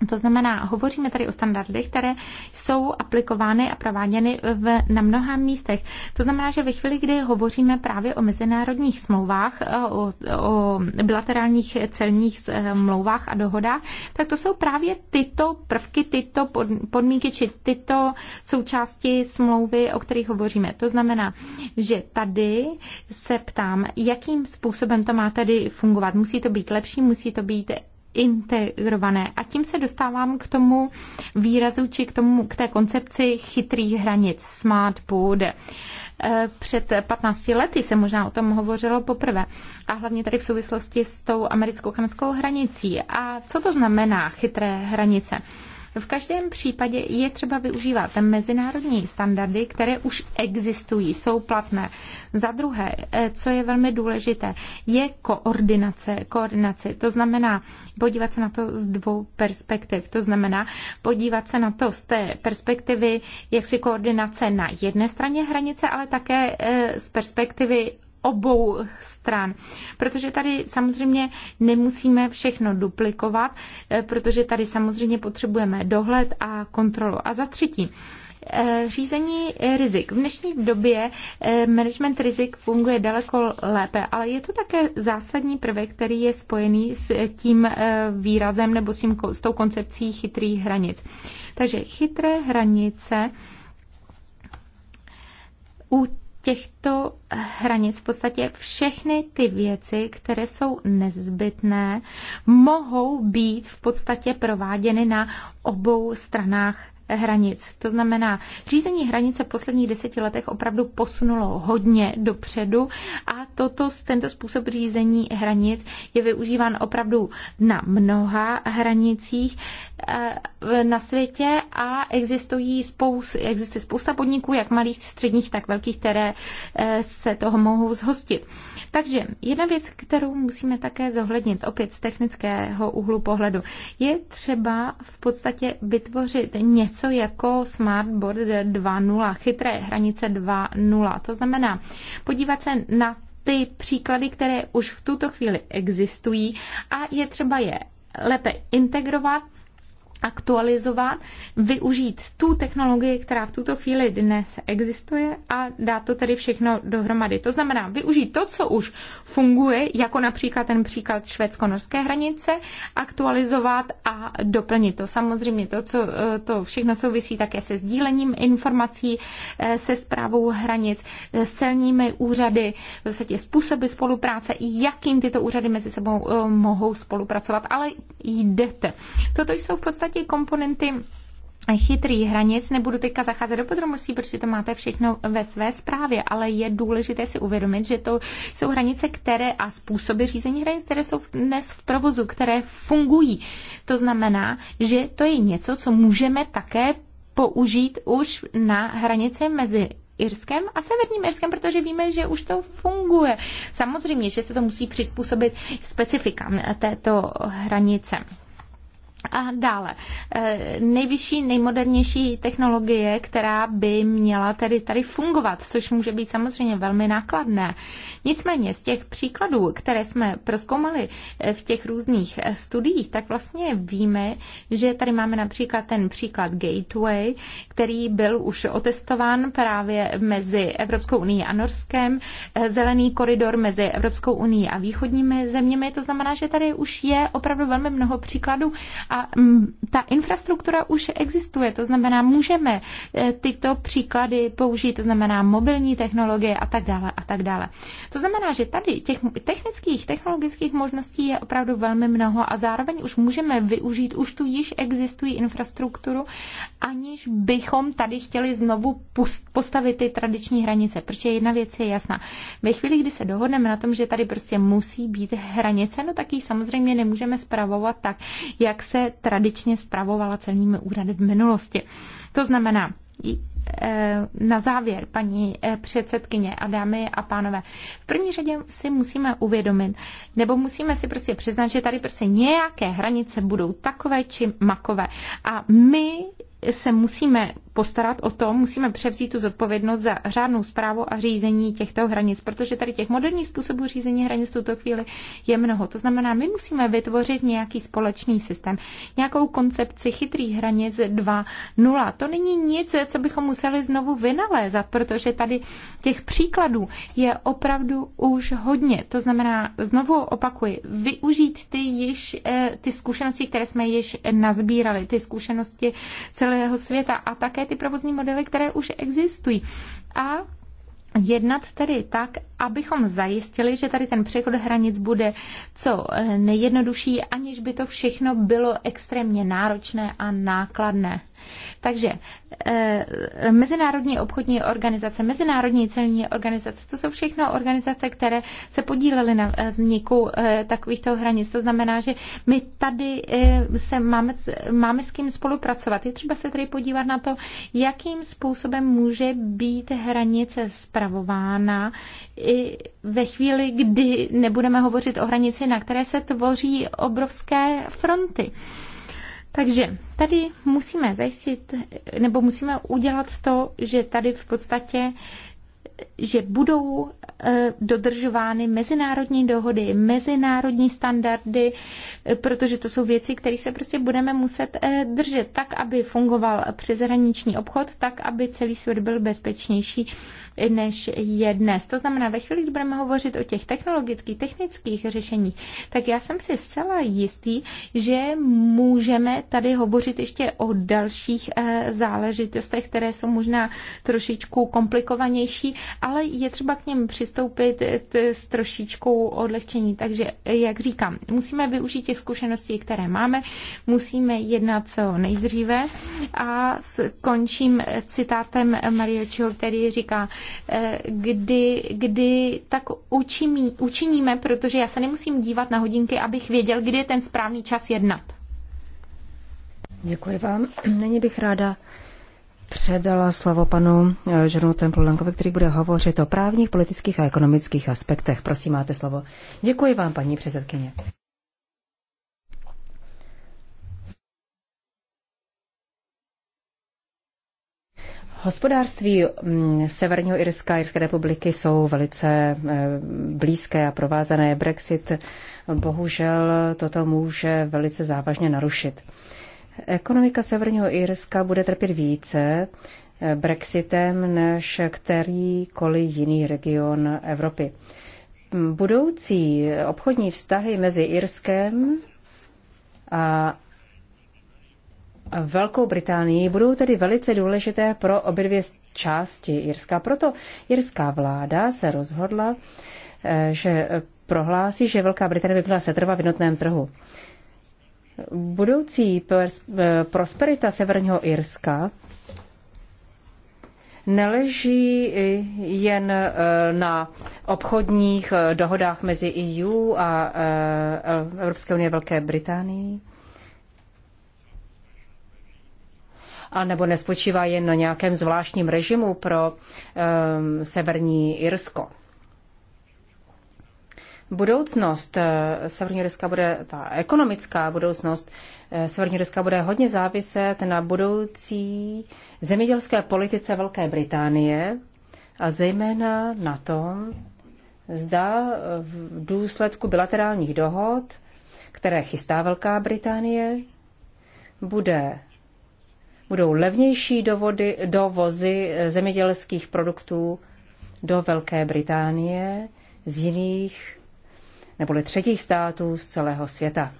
To znamená, hovoříme tady o standardech, které jsou aplikovány a prováděny v, na mnoha místech. To znamená, že ve chvíli, kdy hovoříme právě o mezinárodních smlouvách, eh, o, o bilaterálních celních eh, smlouvách a dohodách, tak to jsou právě tyto prvky, tyto podmínky či tyto součásti smlouvy, o kterých hovoříme. To znamená, že tady se ptám, jakým způsobem to má tady fungovat. Musí to být lepší, musí to být integrované. A tím se dostávám k tomu výrazu, či k, tomu, k té koncepci chytrých hranic, smart border eh, před 15 lety se možná o tom hovořilo poprvé. A hlavně tady v souvislosti s tou americko-kanadskou hranicí. A co to znamená chytré hranice? V každém případě je třeba využívat mezinárodní standardy, které už existují, jsou platné. Za druhé, eh, co je velmi důležité, je koordinace. koordinace. To znamená podívat se na to z dvou perspektiv. To znamená podívat se na to z té perspektivy jak si koordinace na jedné straně hranice, ale také eh, z perspektivy obou stran. Protože tady samozřejmě nemusíme všechno duplikovat, eh, protože tady samozřejmě potřebujeme dohled a kontrolu. A za třetí, eh, řízení rizik. V dnešní době eh, management rizik funguje daleko lépe, ale je to také zásadní prvek, který je spojený s tím výrazem nebo s, tím, s tou koncepcí chytrých hranic. Takže chytré hranice u těchto hranic v podstatě všechny ty věci, které jsou nezbytné, mohou být v podstatě prováděny na obou stranách hranic. To znamená, řízení hranice v posledních deseti letech opravdu posunulo hodně dopředu a toto, tento způsob řízení hranic je využíván opravdu na mnoha hranicích eh, na světě a existují spousta, existuje spousta podniků, jak malých, středních, tak velkých, které eh, se toho mohou zhostit. Takže jedna věc, kterou musíme také zohlednit opět z technického úhlu pohledu, je třeba v podstatě vytvořit něco, něco jako smartboard 2.0, chytré hranice 2.0. To znamená podívat se na ty příklady, které už v tuto chvíli existují a je třeba je lépe integrovat aktualizovat, využít tu technologii, která v tuto chvíli dnes existuje a dát to tedy všechno dohromady. To znamená využít to, co už funguje, jako například ten příklad švédsko-norské hranice, aktualizovat a doplnit to. Samozřejmě to, co eh, to všechno souvisí také se sdílením informací, eh, se zprávou hranic, eh, s celními úřady, v zase způsoby spolupráce, jakým tyto úřady mezi sebou mohou spolupracovat, ale jdete. Toto jsou v podstatě ty komponenty chytrých hranic, nebudu teďka zacházet do podrobností, protože to máte všechno ve své zprávě, ale je důležité si uvědomit, že to jsou hranice, které a způsoby řízení hranic, které jsou dnes v provozu, které fungují. To znamená, že to je něco, co můžeme také použít už na hranice mezi Irskem a Severním Irskem, protože víme, že už to funguje. Samozřejmě, že se to musí přizpůsobit specifikám této hranice. A dále, eh, nejvyšší, nejmodernější technologie, která by měla tedy tady fungovat, což může být samozřejmě velmi nákladné. Nicméně z těch příkladů, které jsme proskoumali eh, v těch různých eh, studiích, tak vlastně víme, že tady máme například ten příklad Gateway, který byl už otestován právě mezi Evropskou unii a Norskem, zelený koridor mezi Evropskou unii a východními zeměmi. To znamená, že tady už je opravdu velmi mnoho příkladů a mm, ta infrastruktura už existuje, to znamená, můžeme eh, tyto příklady použít, to znamená mobilní technologie a tak dále a tak dále. To znamená, že tady těch technických, technologických možností je opravdu velmi mnoho a zároveň už můžeme využít, už tu již existují infrastrukturu, aniž bychom tady chtěli znovu postavit ty tradiční hranice, protože jedna věc je jasná. Ve chvíli, kdy se dohodneme na tom, že tady prostě musí být hranice, no tak ji samozřejmě nemůžeme spravovat tak, jak se tradičně spravovala celními úřady v minulosti. To znamená, Eh, na závěr, paní eh, předsedkyně a dámy a pánové. V první řadě si musíme uvědomit, nebo musíme si prostě přiznat, že tady prostě nějaké hranice budou takové či makové. A my se musíme postarat o to, musíme převzít tu zodpovědnost za řádnou zprávu a řízení těchto hranic, protože tady těch moderních způsobů řízení hranic v tuto chvíli je mnoho. To znamená, my musíme vytvořit nějaký společný systém, nějakou koncepci chytrých hranic 2.0. To není nic, co bychom museli znovu vynalézat, protože tady těch příkladů je opravdu už hodně. To znamená, znovu opakuji, využít ty, již, eh, ty zkušenosti, které jsme již nazbírali, ty zkušenosti celého světa a také ty provozní modely, které už existují. A jednat tedy tak, abychom zajistili, že tady ten přechod hranic bude co eh, nejjednodušší, aniž by to všechno bylo extrémně náročné a nákladné. Takže eh, Mezinárodní obchodní organizace, Mezinárodní celní organizace, to jsou všechno organizace, které se podílely na vzniku eh, takovýchto hranic. To znamená, že my tady eh, se máme, máme s kým spolupracovat. Je třeba se tady podívat na to, jakým způsobem může být hranice spravována i ve chvíli, kdy nebudeme hovořit o hranici, na které se tvoří obrovské fronty. Takže tady musíme zajistit, nebo musíme udělat to, že tady v podstatě že budou eh, dodržovány mezinárodní dohody, mezinárodní standardy, eh, protože to jsou věci, které se prostě budeme muset eh, držet tak, aby fungoval přeshraniční obchod, tak, aby celý svět byl bezpečnější než je dnes. To znamená, ve chvíli, kdy budeme hovořit o těch technologických, technických řešeních, tak já jsem si zcela jistý, že můžeme tady hovořit ještě o dalších eh, záležitostech, které jsou možná trošičku komplikovanější, ale je třeba k něm přistoupit eh, s trošičkou odlehčení. Takže, eh, jak říkám, musíme využít těch zkušeností, které máme, musíme jednat co nejdříve a skončím citátem Mariočiho, který říká, Eh, kdy, kdy tak učiní, učiníme, protože já se nemusím dívat na hodinky, abych věděl, kdy je ten správný čas jednat. Děkuji vám. Nyní bych ráda předala slovo panu eh, Žernu Templenkovi, který bude hovořit o právních, politických a ekonomických aspektech. Prosím, máte slovo. Děkuji vám, paní předsedkyně. Hospodářství mm, Severního Irska a Irské republiky jsou velice eh, blízké a provázané. Brexit bohužel toto může velice závažně narušit. Ekonomika Severního Irska bude trpět více eh, Brexitem než kterýkoliv jiný region Evropy. Mm, budoucí obchodní vztahy mezi Irskem a Velkou Británii budou tedy velice důležité pro obě dvě části Jirska. Proto jirská vláda se rozhodla, eh, že prohlásí, že Velká Británie by byla setrvat v jednotném trhu. Budoucí eh, prosperita Severního Irska neleží jen eh, na obchodních dohodách mezi EU a Evropské unie Velké Británii a nebo nespočívá jen na nějakém zvláštním režimu pro um, Severní Irsko. Budoucnost eh, Severní Irska bude, ta ekonomická budoucnost eh, Severní Irska bude hodně záviset na budoucí zemědělské politice Velké Británie a zejména na tom, zda v důsledku bilaterálních dohod, které chystá Velká Británie, bude budou levnější dovody, dovozy eh, zemědělských produktů do Velké Británie z jiných neboli třetích států z celého světa.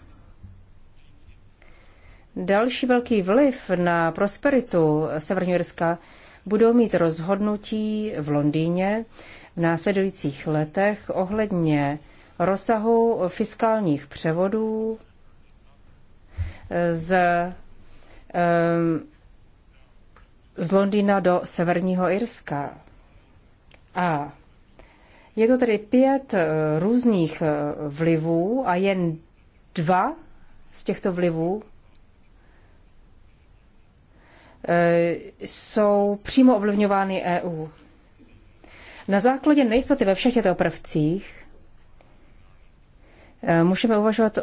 Další velký vliv na prosperitu Severního Irska budou mít rozhodnutí v Londýně v následujících letech ohledně rozsahu fiskálních převodů z um, z Londýna do Severního Irska. A je to tedy pět eh, různých eh, vlivů a jen dva z těchto vlivů eh, jsou přímo ovlivňovány EU. Na základě nejistoty ve všech těchto prvcích můžeme uvažovat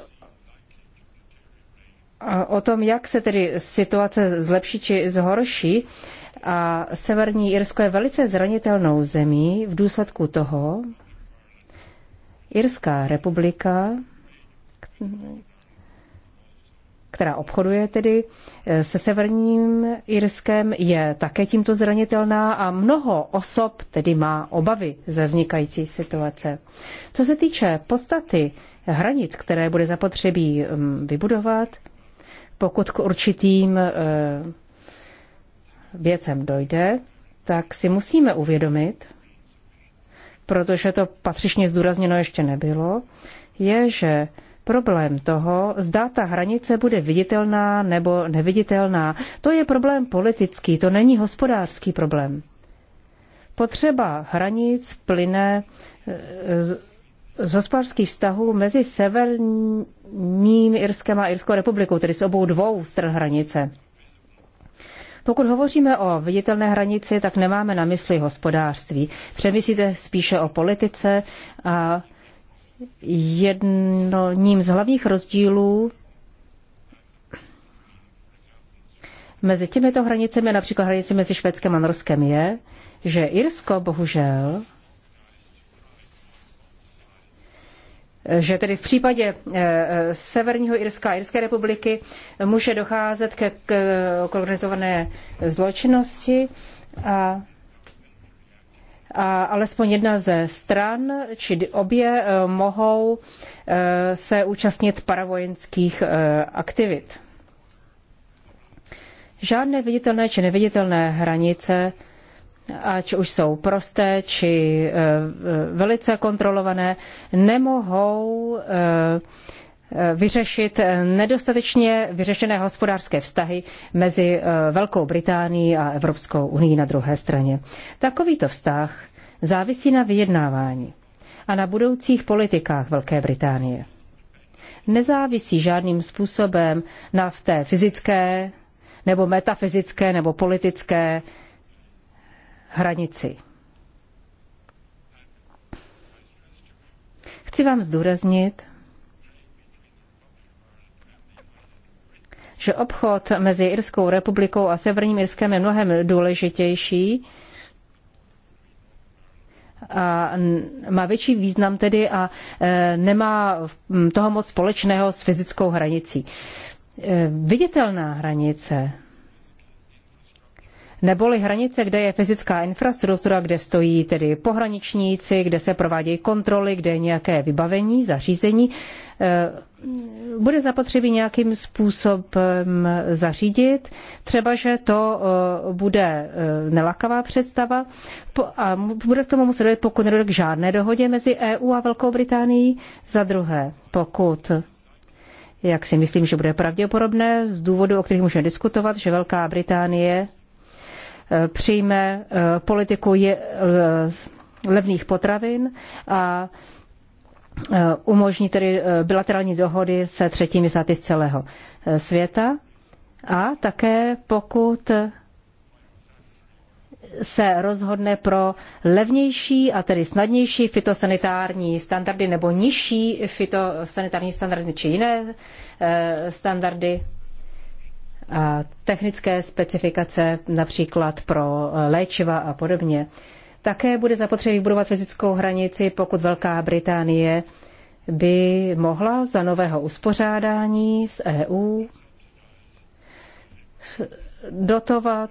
o tom, jak se tedy situace zlepší či zhorší. A Severní Irsko je velice zranitelnou zemí v důsledku toho, Irská republika, která obchoduje tedy e, se Severním Irskem, je také tímto zranitelná a mnoho osob tedy má obavy ze vznikající situace. Co se týče podstaty hranic, které bude zapotřebí mm, vybudovat, pokud k určitým eh, věcem dojde, tak si musíme uvědomit, protože to patřičně zdůrazněno ještě nebylo, je, že problém toho, zda ta hranice bude viditelná nebo neviditelná, to je problém politický, to není hospodářský problém. Potřeba hranic plyne eh, z hospodářských vztahů mezi Severním Irskem a Irskou republikou, tedy s obou dvou stran hranice. Pokud hovoříme o viditelné hranici, tak nemáme na mysli hospodářství. Přemyslíte spíše o politice a jedním z hlavních rozdílů mezi těmito hranicemi, například hranici mezi Švédskem a Norskem, je, že Irsko bohužel že tedy v případě eh, Severního Irska a Irské republiky může docházet k, organizované zločinnosti a a alespoň jedna ze stran, či obě, eh, mohou eh, se účastnit paravojenských aktivit. Žádné viditelné či neviditelné hranice ať už jsou prosté či eh, eh, velice kontrolované, nemohou eh, vyřešit nedostatečně vyřešené hospodářské vztahy mezi Velkou Británií a Evropskou unii na druhé straně. Takovýto vztah závisí na vyjednávání a na budoucích politikách Velké Británie. Nezávisí žádným způsobem na v té fyzické nebo metafyzické nebo politické hranici. Chci vám zdůraznit, že obchod mezi Irskou republikou a Severním Irskem je mnohem důležitější a má větší význam tedy a e, nemá toho moc společného s fyzickou hranicí. E, viditelná hranice neboli hranice, kde je fyzická infrastruktura, kde stojí tedy pohraničníci, kde se provádějí kontroly, kde je nějaké vybavení, zařízení, eh, bude zapotřebí nějakým způsobem zařídit. Třeba, že to eh, bude eh, nelakavá představa a bude k tomu muset dojít, pokud nedojde k žádné dohodě mezi EU a Velkou Británií. Za druhé, pokud jak si myslím, že bude pravděpodobné, z důvodu, o kterých můžeme diskutovat, že Velká Británie přijme eh, politiku eh, levných potravin a eh, umožní tedy bilaterální dohody se třetími státy z celého světa. A také pokud se rozhodne pro levnější a tedy snadnější fitosanitární standardy nebo nižší fitosanitární standardy či jiné standardy technické specifikace například pro e, léčiva a podobně. Také bude zapotřebí budovat fyzickou hranici, pokud Velká Británie by mohla za nového uspořádání z EU dotovat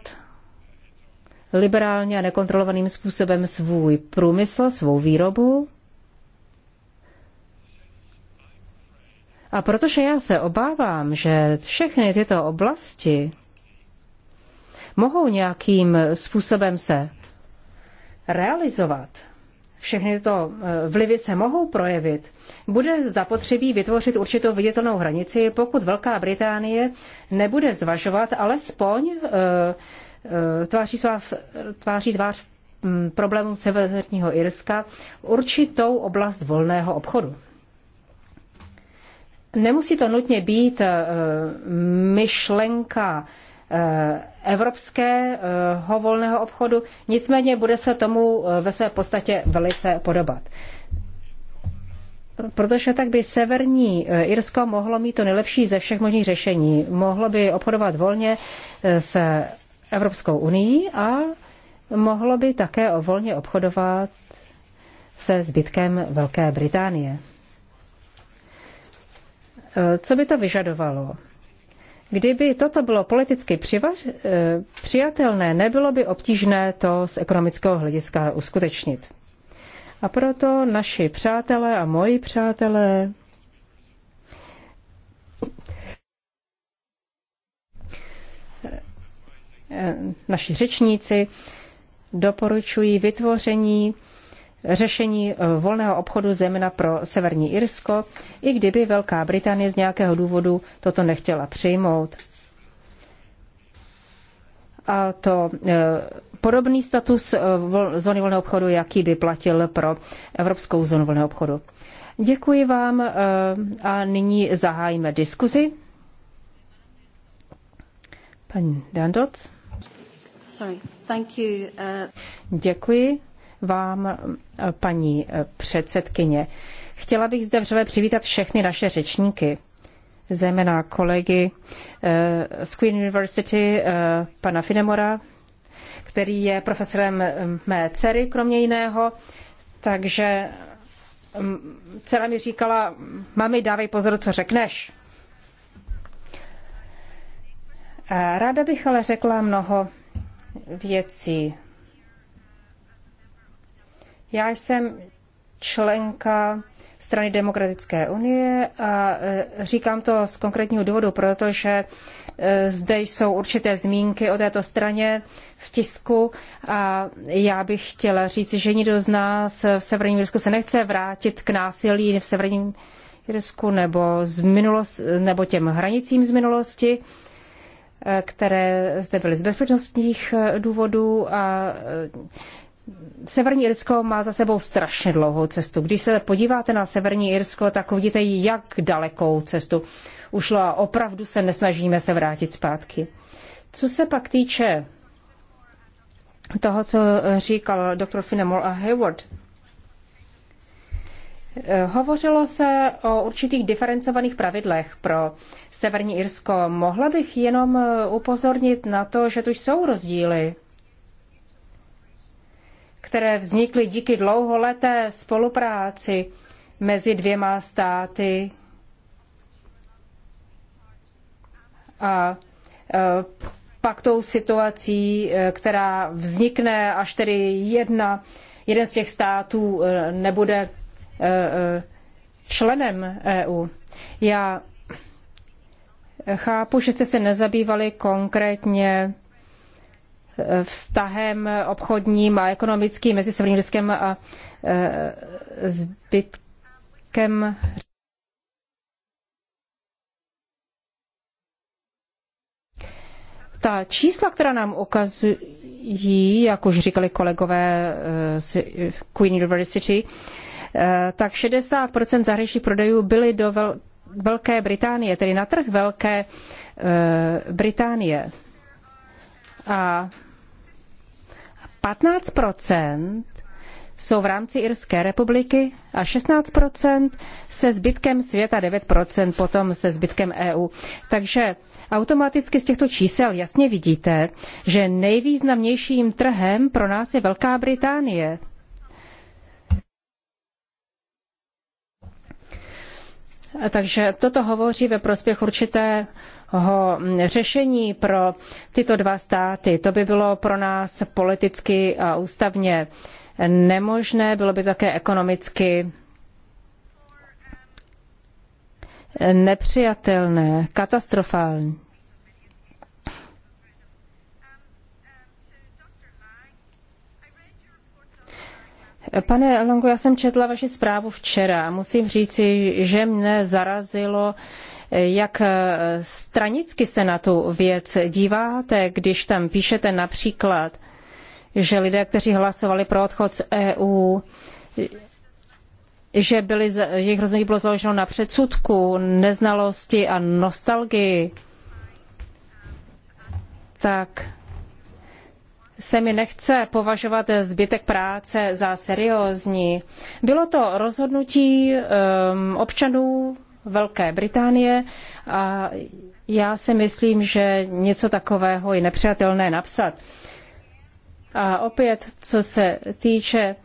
liberálně a nekontrolovaným způsobem svůj průmysl, svou výrobu A protože já se obávám, že všechny tyto oblasti mohou nějakým způsobem se realizovat, všechny tyto e, vlivy se mohou projevit, bude zapotřebí vytvořit určitou viditelnou hranici, pokud Velká Británie nebude zvažovat alespoň e, e, tváří, tváří tvář problémům Severního Irska určitou oblast volného obchodu. Nemusí to nutně být eh, myšlenka eh, evropského eh, volného obchodu, nicméně bude se tomu ve své podstatě velice podobat. Protože tak by severní Irsko mohlo mít to nejlepší ze všech možných řešení. Mohlo by obchodovat volně s Evropskou unii a mohlo by také volně obchodovat se zbytkem Velké Británie. Eh, co by to vyžadovalo? Kdyby toto bylo politicky přivaž, eh, přijatelné, nebylo by obtížné to z ekonomického hlediska uskutečnit. A proto naši přátelé a moji přátelé eh, naši řečníci doporučují vytvoření řešení eh, volného obchodu zejména pro Severní Irsko, i kdyby Velká Británie z nějakého důvodu toto nechtěla přijmout. A to eh, podobný status eh, zóny volného obchodu, jaký by platil pro Evropskou zónu volného obchodu. Děkuji vám a nyní zahájíme diskuzi. Paní Dandoc. Sorry, thank you. Uh... Děkuji vám, eh, paní eh, předsedkyně. Chtěla bych zde vřele přivítat všechny naše řečníky, zejména kolegy eh, z Queen University, pana Finemora, který je profesorem mé dcery, kromě jiného. Takže mm, dcera mi říkala, mami, dávej pozor, co řekneš. Ráda bych ale řekla mnoho věcí. Já jsem členka strany Demokratické unie a e, říkám to z konkrétního důvodu, protože e, zde jsou určité zmínky o této straně v tisku a já bych chtěla říct, že nikdo z nás v Severním Jirsku se nechce vrátit k násilí v Severním Jirsku nebo, z minulost, nebo těm hranicím z minulosti e, které zde byly z bezpečnostních důvodů a Severní Irsko má za sebou strašně dlouhou cestu. Když se podíváte na Severní Irsko, tak uvidíte, jak dalekou cestu ušlo a opravdu se nesnažíme se vrátit zpátky. Co se pak týče toho, co říkal doktor Finemore a Hayward, eh, Hovořilo se o určitých diferencovaných pravidlech pro Severní Irsko. Mohla bych jenom eh, upozornit na to, že tu jsou rozdíly které vznikly díky dlouholeté spolupráci mezi dvěma státy a e, pak tou situací, e, která vznikne, až tedy jedna, jeden z těch států e, nebude členem EU. Já chápu, že jste se nezabývali konkrétně Eh, vztahem obchodním a ekonomickým mezi Severním Řeckem a eh, zbytkem Ta čísla, která nám ukazují, jak už říkali kolegové eh, z Queen University, tak 60% zahraničních prodejů byly do Velké Británie, tedy na trh Velké Británie. A 15 jsou v rámci Irské republiky a 16 se zbytkem světa, 9 potom se zbytkem EU. Takže automaticky z těchto čísel jasně vidíte, že nejvýznamnějším trhem pro nás je Velká Británie Takže toto hovoří ve prospěch určitého řešení pro tyto dva státy. To by bylo pro nás politicky a ústavně nemožné, bylo by také ekonomicky nepřijatelné, katastrofální. Pane Longo, já jsem četla vaši zprávu včera a musím říci, že mne zarazilo, jak stranicky se na tu věc díváte, když tam píšete například, že lidé, kteří hlasovali pro odchod z EU, že byli, jejich rozhodnutí bylo založeno na předsudku, neznalosti a nostalgii. Tak se mi nechce považovat zbytek práce za seriózní. Bylo to rozhodnutí um, občanů Velké Británie a já si myslím, že něco takového je nepřijatelné napsat. A opět, co se týče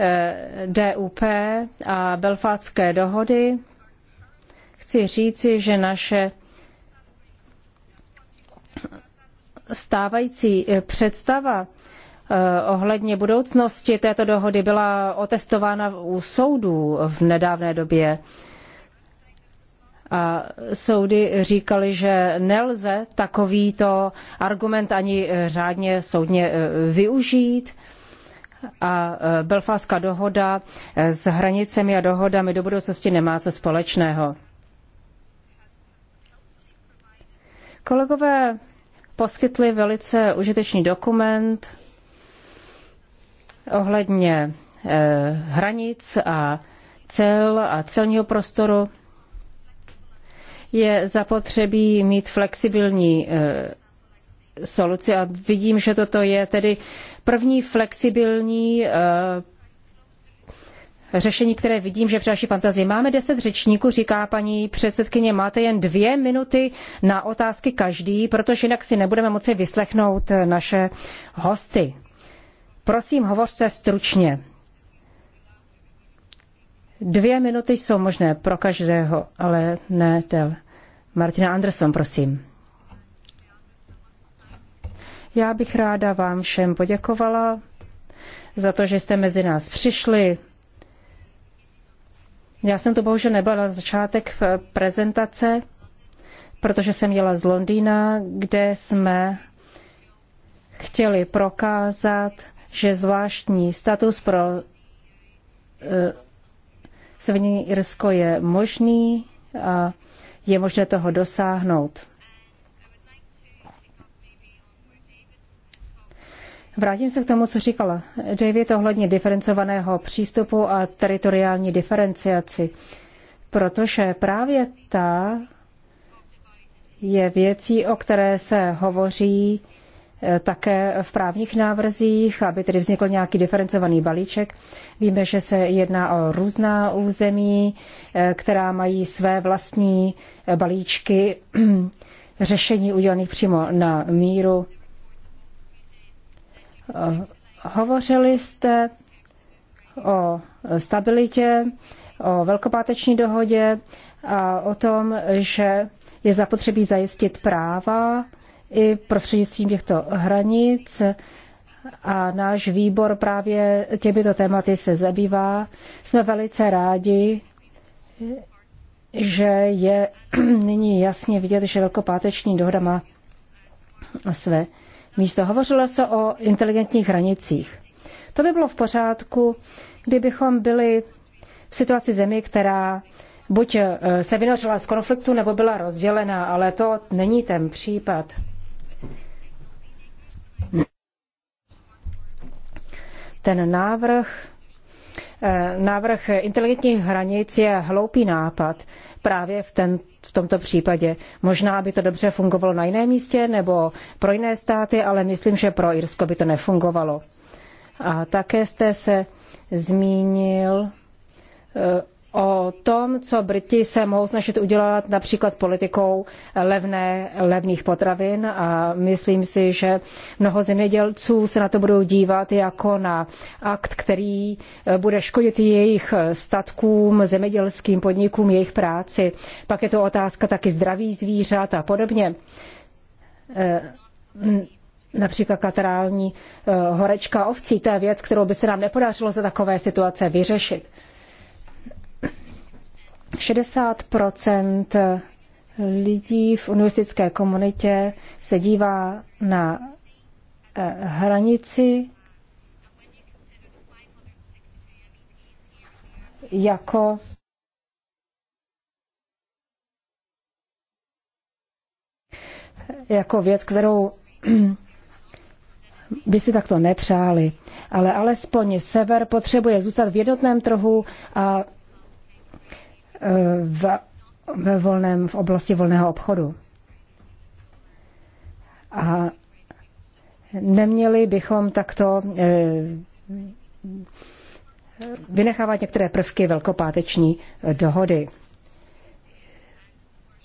eh, DUP a Belfátské dohody, chci říci, že naše stávající eh, představa eh, ohledně budoucnosti této dohody byla otestována u soudů v nedávné době. A soudy říkali, že nelze takovýto argument ani eh, řádně soudně využít a Belfastská dohoda s hranicemi a dohodami do budoucnosti nemá co společného. Kolegové poskytli velice užitečný dokument ohledně eh, hranic a cel a celního prostoru. Je zapotřebí mít flexibilní eh, soluci a vidím, že toto je tedy první flexibilní eh, řešení, které vidím, že v fantazii máme deset řečníků, říká paní předsedkyně, máte jen dvě minuty na otázky každý, protože jinak si nebudeme moci vyslechnout naše hosty. Prosím, hovořte stručně. Dvě minuty jsou možné pro každého, ale ne del. Martina Anderson, prosím. Já bych ráda vám všem poděkovala za to, že jste mezi nás přišli, já jsem to bohužel nebyla na začátek eh, prezentace, protože jsem jela z Londýna, kde jsme chtěli prokázat, že zvláštní status pro uh, Severní Irsko je možný a je možné toho dosáhnout. Vrátím se k tomu, co říkal David ohledně diferencovaného přístupu a teritoriální diferenciaci, protože právě ta je věcí, o které se hovoří eh, také v právních návrzích, aby tedy vznikl nějaký diferencovaný balíček. Víme, že se jedná o různá území, eh, která mají své vlastní eh, balíčky řešení udělaných přímo na míru Eh, hovořili jste o stabilitě, o velkopáteční dohodě a o tom, že je zapotřebí zajistit práva i prostřednictvím těchto hranic. A náš výbor právě těmito tématy se zabývá. Jsme velice rádi, že je nyní jasně vidět, že velkopáteční dohoda má své místo. Hovořilo se o inteligentních hranicích. To by bylo v pořádku, kdybychom byli v situaci zemi, která buď eh, se vynořila z konfliktu, nebo byla rozdělena, ale to není ten případ. Ten návrh eh, návrh inteligentních hranic je hloupý nápad právě v, ten, v tomto případě. Možná by to dobře fungovalo na jiném místě nebo pro jiné státy, ale myslím, že pro Irsko by to nefungovalo. A také jste se zmínil eh, o tom, co Briti se mohou snažit udělat například politikou levné, levných potravin a myslím si, že mnoho zemědělců se na to budou dívat jako na akt, který eh, bude škodit jejich eh, statkům, zemědělským podnikům, jejich práci. Pak je to otázka taky zdraví zvířat a podobně. Eh, například katarální horečka ovcí, to je věc, kterou by se nám nepodařilo za takové situace vyřešit. 60 lidí v univerzitské komunitě se dívá na eh, hranici jako jako věc, kterou by si takto nepřáli. Ale alespoň sever potřebuje zůstat v jednotném trhu a v, ve volném, v oblasti volného obchodu. A neměli bychom takto e, vynechávat některé prvky velkopáteční dohody.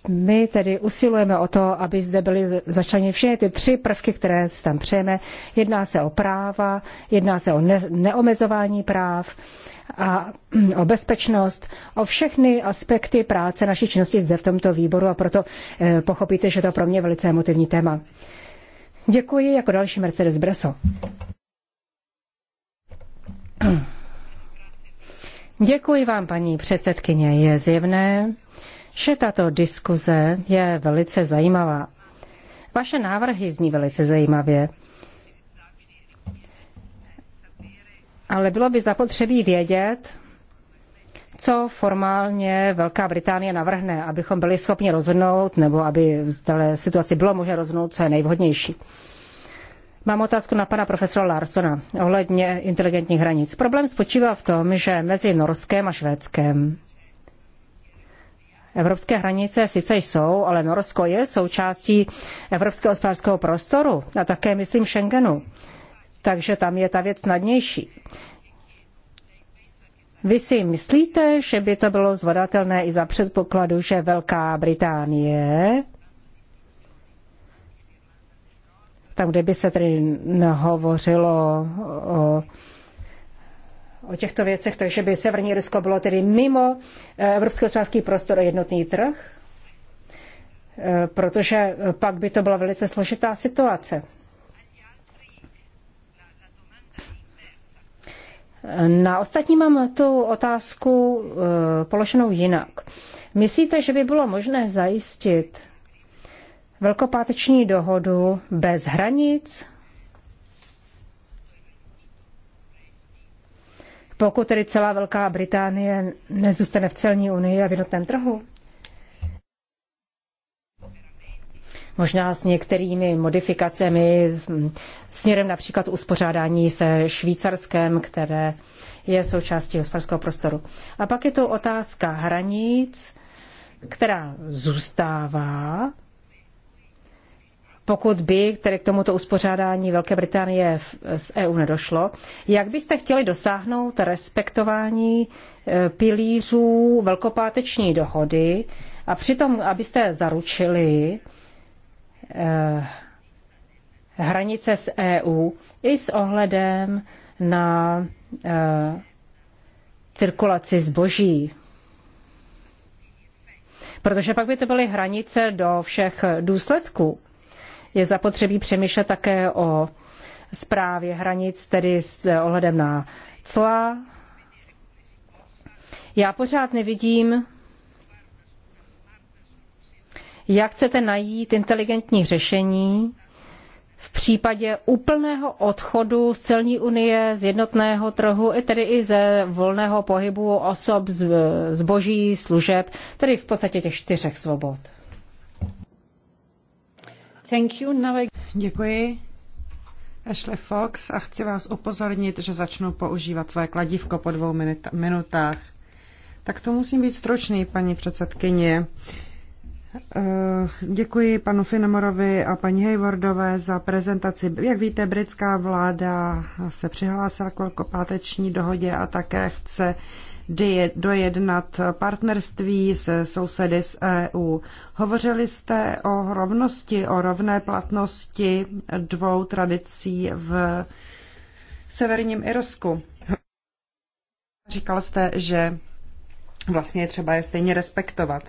My tedy usilujeme o to, aby zde byly začleněny všechny ty tři prvky, které si tam přejeme. Jedná se o práva, jedná se o ne- neomezování práv a o bezpečnost, o všechny aspekty práce naší činnosti zde v tomto výboru a proto eh, pochopíte, že to pro mě je velice emotivní téma. Děkuji jako další Mercedes Breso. Děkuji vám, paní předsedkyně. Je zjevné, že tato diskuze je velice zajímavá. Vaše návrhy zní velice zajímavě. Ale bylo by zapotřebí vědět, co formálně Velká Británie navrhne, abychom byli schopni rozhodnout, nebo aby v této situaci bylo možné rozhodnout, co je nejvhodnější. Mám otázku na pana profesora Larsona ohledně inteligentních hranic. Problém spočívá v tom, že mezi Norskem a Švédskem Evropské hranice sice jsou, ale Norsko je součástí Evropského hospodářského prostoru a také, myslím, Schengenu. Takže tam je ta věc snadnější. Vy si myslíte, že by to bylo zvladatelné i za předpokladu, že Velká Británie, tam, kde by se tedy hovořilo o o těchto věcech, takže by Severní Rusko bylo tedy mimo eh, Evropský hospodářský prostor a jednotný trh, eh, protože pak by to byla velice složitá situace. Na ostatní mám tu otázku eh, položenou jinak. Myslíte, že by bylo možné zajistit velkopáteční dohodu bez hranic, pokud tedy celá Velká Británie nezůstane v celní unii a v jednotném trhu? Možná s některými modifikacemi směrem například uspořádání se Švýcarskem, které je součástí hospodářského prostoru. A pak je to otázka hranic, která zůstává pokud by tedy k tomuto uspořádání Velké Británie z EU nedošlo, jak byste chtěli dosáhnout respektování e, pilířů velkopáteční dohody a přitom, abyste zaručili e, hranice s EU i s ohledem na e, cirkulaci zboží. Protože pak by to byly hranice do všech důsledků je zapotřebí přemýšlet také o zprávě hranic, tedy s ohledem na cla. Já pořád nevidím, jak chcete najít inteligentní řešení v případě úplného odchodu z celní unie, z jednotného trhu, i tedy i ze volného pohybu osob, zboží, služeb, tedy v podstatě těch čtyřech svobod. Thank you. Děkuji. Ashley Fox a chci vás upozornit, že začnu používat své kladívko po dvou minutách. Tak to musím být stručný, paní předsedkyně. Eh, děkuji panu Finemorovi a paní Haywardové za prezentaci. Jak víte, britská vláda se přihlásila k velkopáteční dohodě a také chce dojednat partnerství se sousedy z EU. Hovořili jste o rovnosti, o rovné platnosti dvou tradicí v severním Irsku. Říkal jste, že vlastně je třeba je stejně respektovat.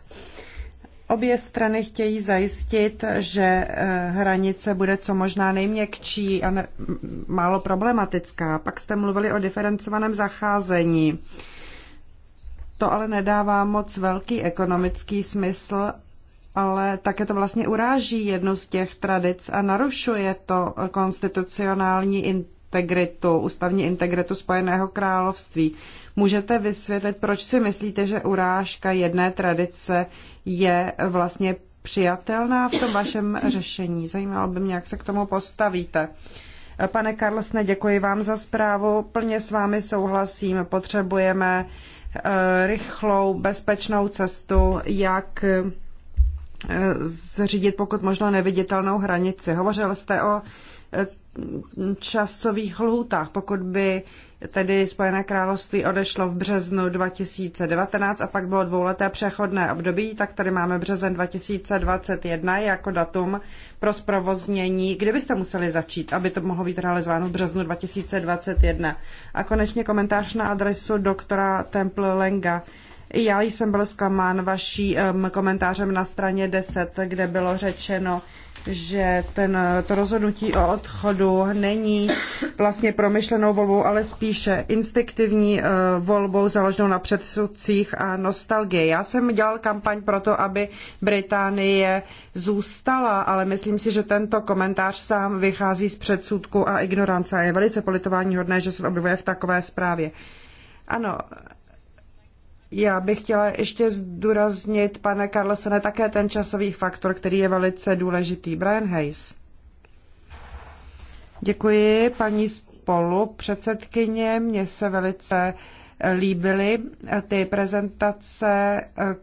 Obě strany chtějí zajistit, že eh, hranice bude co možná nejměkčí a ne, málo problematická. Pak jste mluvili o diferencovaném zacházení to ale nedává moc velký ekonomický smysl, ale také to vlastně uráží jednu z těch tradic a narušuje to konstitucionální integritu, ústavní integritu Spojeného království. Můžete vysvětlit, proč si myslíte, že urážka jedné tradice je vlastně přijatelná v tom vašem řešení? Zajímalo by mě, jak se k tomu postavíte. Pane Karlsne, děkuji vám za zprávu. Plně s vámi souhlasím. Potřebujeme uh, Eh, rychlou, bezpečnou cestu, jak eh, zřídit pokud možno neviditelnou hranici. Hovořil jste o eh, časových lhůtách. Pokud by tedy Spojené království odešlo v březnu 2019 a pak bylo dvouleté přechodné období, tak tady máme březen 2021 jako datum pro zprovoznění, kdy byste museli začít, aby to mohlo být realizováno v březnu 2021. A konečně komentář na adresu doktora Temple Lenga. Já jsem byl zklamán vaším komentářem na straně 10, kde bylo řečeno, že ten, to rozhodnutí o odchodu není vlastně promyšlenou volbou, ale spíše instinktivní eh, volbou založenou na předsudcích a nostalgii. Já jsem dělal kampaň pro to, aby Británie zůstala, ale myslím si, že tento komentář sám vychází z předsudku a ignorance a je velice politování, hodné, že se objevuje v takové zprávě. Ano, já bych chtěla ještě zdůraznit, pane Karlsene, také ten časový faktor, který je velice důležitý. Brian Hayes. Děkuji, paní spolu předsedkyně. Mně se velice líbily ty prezentace eh,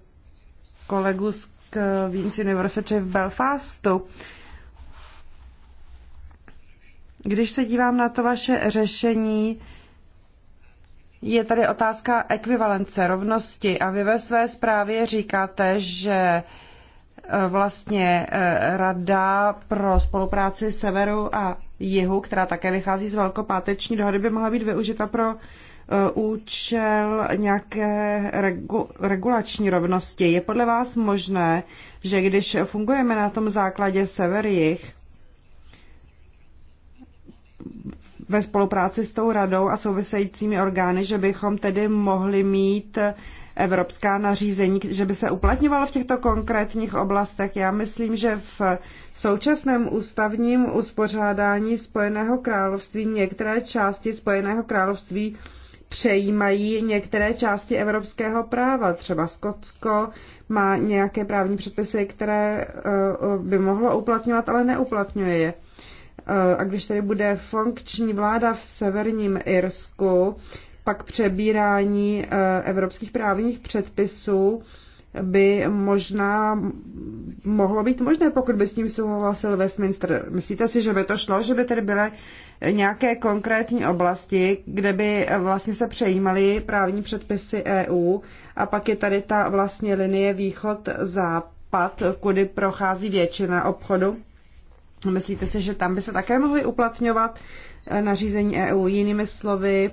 kolegů z Queen's eh, University v Belfastu. Když se dívám na to vaše řešení, je tady otázka ekvivalence, rovnosti a vy ve své zprávě říkáte, že e, vlastně e, Rada pro spolupráci severu a jihu, která také vychází z velkopáteční dohody, by mohla být využita pro e, účel nějaké regu, regulační rovnosti. Je podle vás možné, že když fungujeme na tom základě sever-jih, ve spolupráci s tou radou a souvisejícími orgány, že bychom tedy mohli mít evropská nařízení, že by se uplatňovala v těchto konkrétních oblastech. Já myslím, že v současném ústavním uspořádání Spojeného království některé části Spojeného království přejímají některé části evropského práva. Třeba Skotsko má nějaké právní předpisy, které eh, by mohlo uplatňovat, ale neuplatňuje je. Eh, a když tedy bude funkční vláda v severním Irsku, pak přebírání eh, evropských právních předpisů by možná mohlo být možné, pokud by s tím souhlasil Westminster. Myslíte si, že by to šlo, že by tedy byly nějaké konkrétní oblasti, kde by vlastně se přejímaly právní předpisy EU a pak je tady ta vlastně linie východ-západ, kudy prochází většina obchodu? Myslíte si, že tam by se také mohly uplatňovat eh, nařízení EU? Jinými slovy,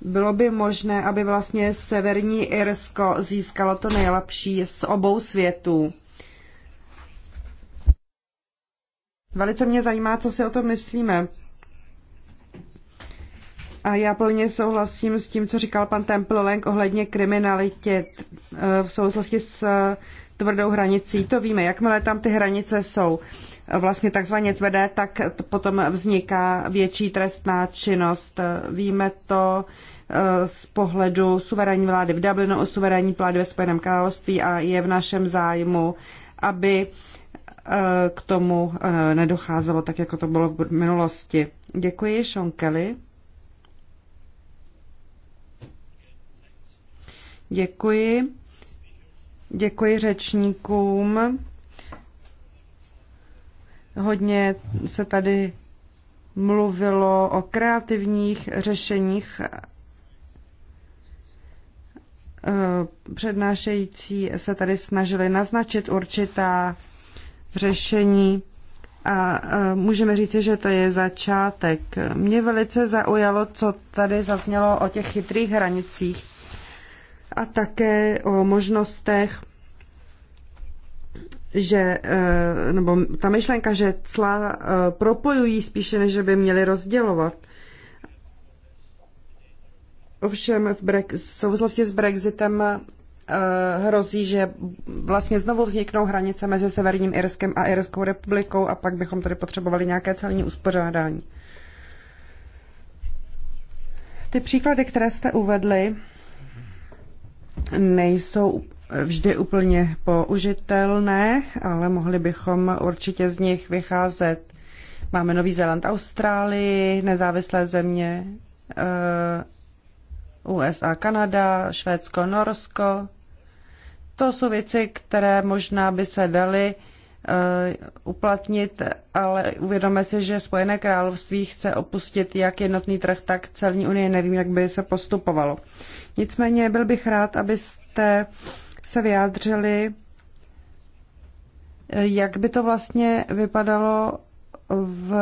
bylo by možné, aby vlastně Severní Irsko získalo to nejlepší z obou světů. Velice mě zajímá, co si o tom myslíme. A já plně souhlasím s tím, co říkal pan Templelenk ohledně kriminality eh, v souvislosti s eh, tvrdou hranicí. To víme, jakmile tam ty hranice jsou vlastně takzvaně tvrdé, tak potom vzniká větší trestná činnost. Víme to eh, z pohledu suverénní vlády v Dublinu, suverénní vlády ve Spojeném království a je v našem zájmu, aby eh, k tomu eh, nedocházelo, tak jako to bylo v minulosti. Děkuji, Sean Kelly. Děkuji. Děkuji řečníkům. Hodně se tady mluvilo o kreativních řešeních. Eh, přednášející se tady snažili naznačit určitá řešení a eh, můžeme říci, že to je začátek. Mě velice zaujalo, co tady zaznělo o těch chytrých hranicích a také o možnostech že, eh, nebo ta myšlenka, že cla eh, propojují spíše, než by měly rozdělovat. Ovšem v, brex, v souvislosti s Brexitem eh, hrozí, že vlastně znovu vzniknou hranice mezi Severním Irskem a Irskou republikou a pak bychom tady potřebovali nějaké celní uspořádání. Ty příklady, které jste uvedli, nejsou vždy úplně použitelné, ale mohli bychom určitě z nich vycházet. Máme Nový Zéland, Austrálii, nezávislé země, eh, USA, Kanada, Švédsko, Norsko. To jsou věci, které možná by se daly eh, uplatnit, ale uvědomme si, že Spojené království chce opustit jak jednotný trh, tak celní unie. Nevím, jak by se postupovalo. Nicméně byl bych rád, abyste uh, se vyjádřili, jak by to vlastně vypadalo v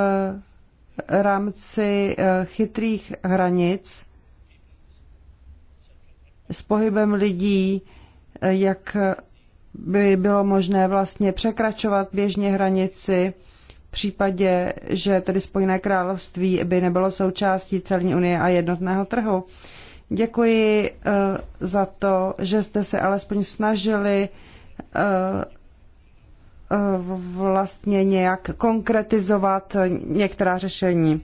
rámci eh, chytrých hranic s pohybem lidí, eh, jak by bylo možné vlastně překračovat běžně hranici v případě, že tedy Spojené království by nebylo součástí celní unie a jednotného trhu. Děkuji eh, za to, že jste se alespoň snažili eh, eh, vlastně nějak konkretizovat některá řešení.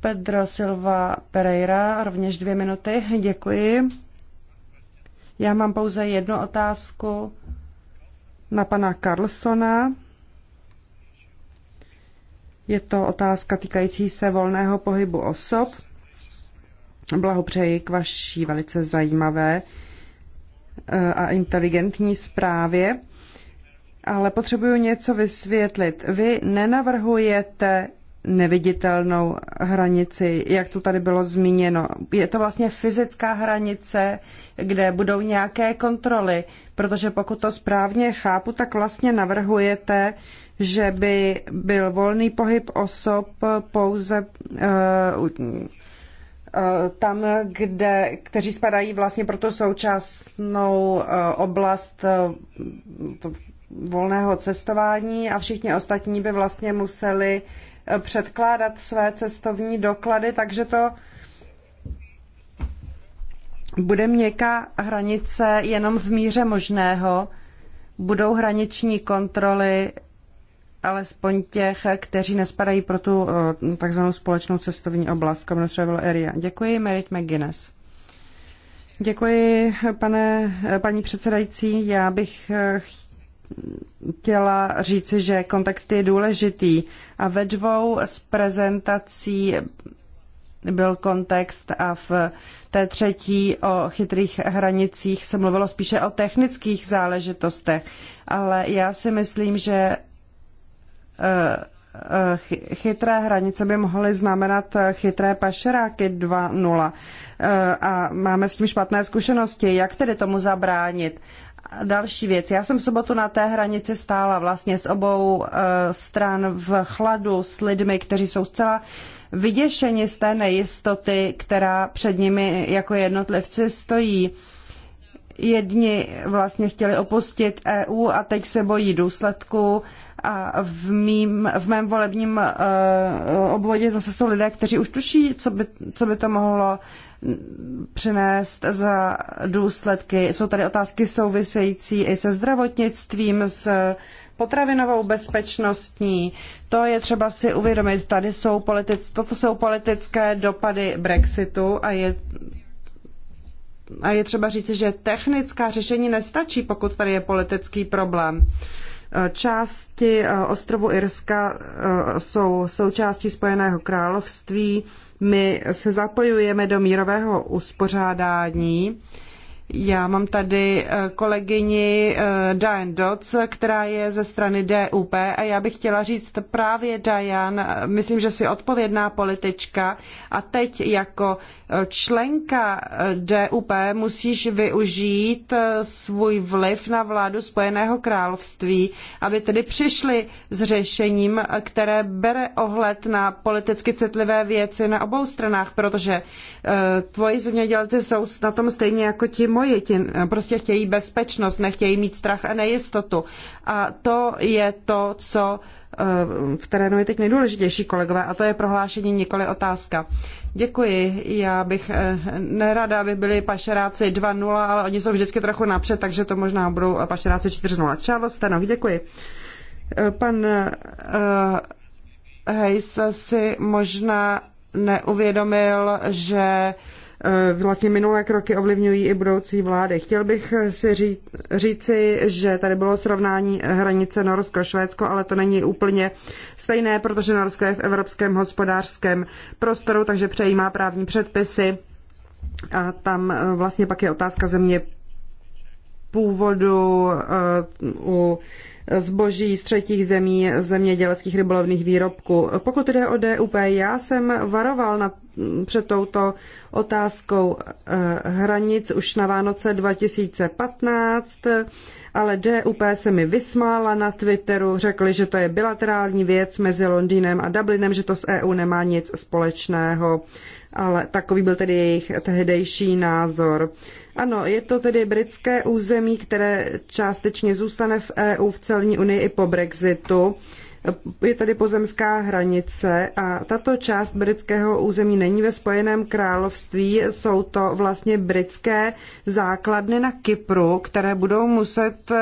Pedro Silva Pereira, rovněž dvě minuty. Děkuji. Já mám pouze jednu otázku na pana Carlsona. Je to otázka týkající se volného pohybu osob blahopřeji k vaší velice zajímavé eh, a inteligentní zprávě, ale potřebuju něco vysvětlit. Vy nenavrhujete neviditelnou hranici, jak to tady bylo zmíněno. Je to vlastně fyzická hranice, kde budou nějaké kontroly, protože pokud to správně chápu, tak vlastně navrhujete, že by byl volný pohyb osob pouze uh, Eh, tam, kde, kteří spadají vlastně pro tu současnou eh, oblast eh, volného cestování a všichni ostatní by vlastně museli předkládat své cestovní doklady, takže to bude měkká hranice jenom v míře možného. Budou hraniční kontroly alespoň těch, kteří nespadají pro tu eh, takzvanou společnou cestovní oblast Common Travel Area. Děkuji, Merit McGuinness. Děkuji, pane, eh, paní předsedající. Já bych eh, chtěla říci, že kontext je důležitý a ve dvou z prezentací byl kontext a v té třetí o chytrých hranicích se mluvilo spíše o technických záležitostech, ale já si myslím, že Eh, eh, chytré hranice by mohly znamenat eh, chytré pašeráky 2.0. A máme s tím špatné zkušenosti. Jak tedy tomu zabránit? Další věc. Já jsem v sobotu na té hranici stála vlastně s obou stran v chladu s lidmi, kteří jsou zcela vyděšeni z té nejistoty, která před nimi jako jednotlivci stojí jedni vlastně chtěli opustit EU a teď se bojí důsledků a v, mým, v mém volebním uh, obvodě zase jsou lidé, kteří už tuší, co by, co by to mohlo přinést za důsledky. Jsou tady otázky související i se zdravotnictvím, s potravinovou bezpečnostní. To je třeba si uvědomit. Tady jsou politic, toto jsou politické dopady Brexitu a je a je třeba říci, že technická řešení nestačí, pokud tady je politický problém. Části eh, ostrovu Irska eh, jsou součástí Spojeného království. My se zapojujeme do mírového uspořádání já mám tady eh, kolegyni eh, Diane Dodds, která je ze strany DUP a já bych chtěla říct právě Diane, eh, myslím, že si odpovědná politička a teď jako členka DUP musíš využít svůj vliv na vládu Spojeného království, aby tedy přišli s řešením, které bere ohled na politicky citlivé věci na obou stranách, protože tvoji zemědělci jsou na tom stejně jako ti ti eh, prostě chtějí bezpečnost, nechtějí mít strach a nejistotu. A to je to, co eh, v terénu je teď nejdůležitější, kolegové, a to je prohlášení, nikoli otázka. Děkuji. Já bych eh, nerada, aby byli pašeráci 2.0, ale oni jsou vždycky trochu napřed, takže to možná budou pašeráci 4.0. Čálo, Stanov, děkuji. Pan Hejs si možná neuvědomil, že Eh, vlastně minulé kroky ovlivňují i budoucí vlády. Chtěl bych eh, si ří, říci, že tady bylo srovnání hranice Norsko-Švédsko, ale to není úplně stejné, protože Norsko je v evropském hospodářském prostoru, takže přejímá právní předpisy a tam eh, vlastně pak je otázka země původu eh, u zboží z třetích zemí zemědělských rybolovných výrobků. Pokud jde o DUP, já jsem varoval na, před touto otázkou eh, hranic už na Vánoce 2015, ale DUP se mi vysmála na Twitteru, řekli, že to je bilaterální věc mezi Londýnem a Dublinem, že to s EU nemá nic společného ale takový byl tedy jejich tehdejší názor. Ano, je to tedy britské území, které částečně zůstane v EU, v celní unii i po Brexitu. Je tady pozemská hranice a tato část britského území není ve Spojeném království. Jsou to vlastně britské základny na Kypru, které budou muset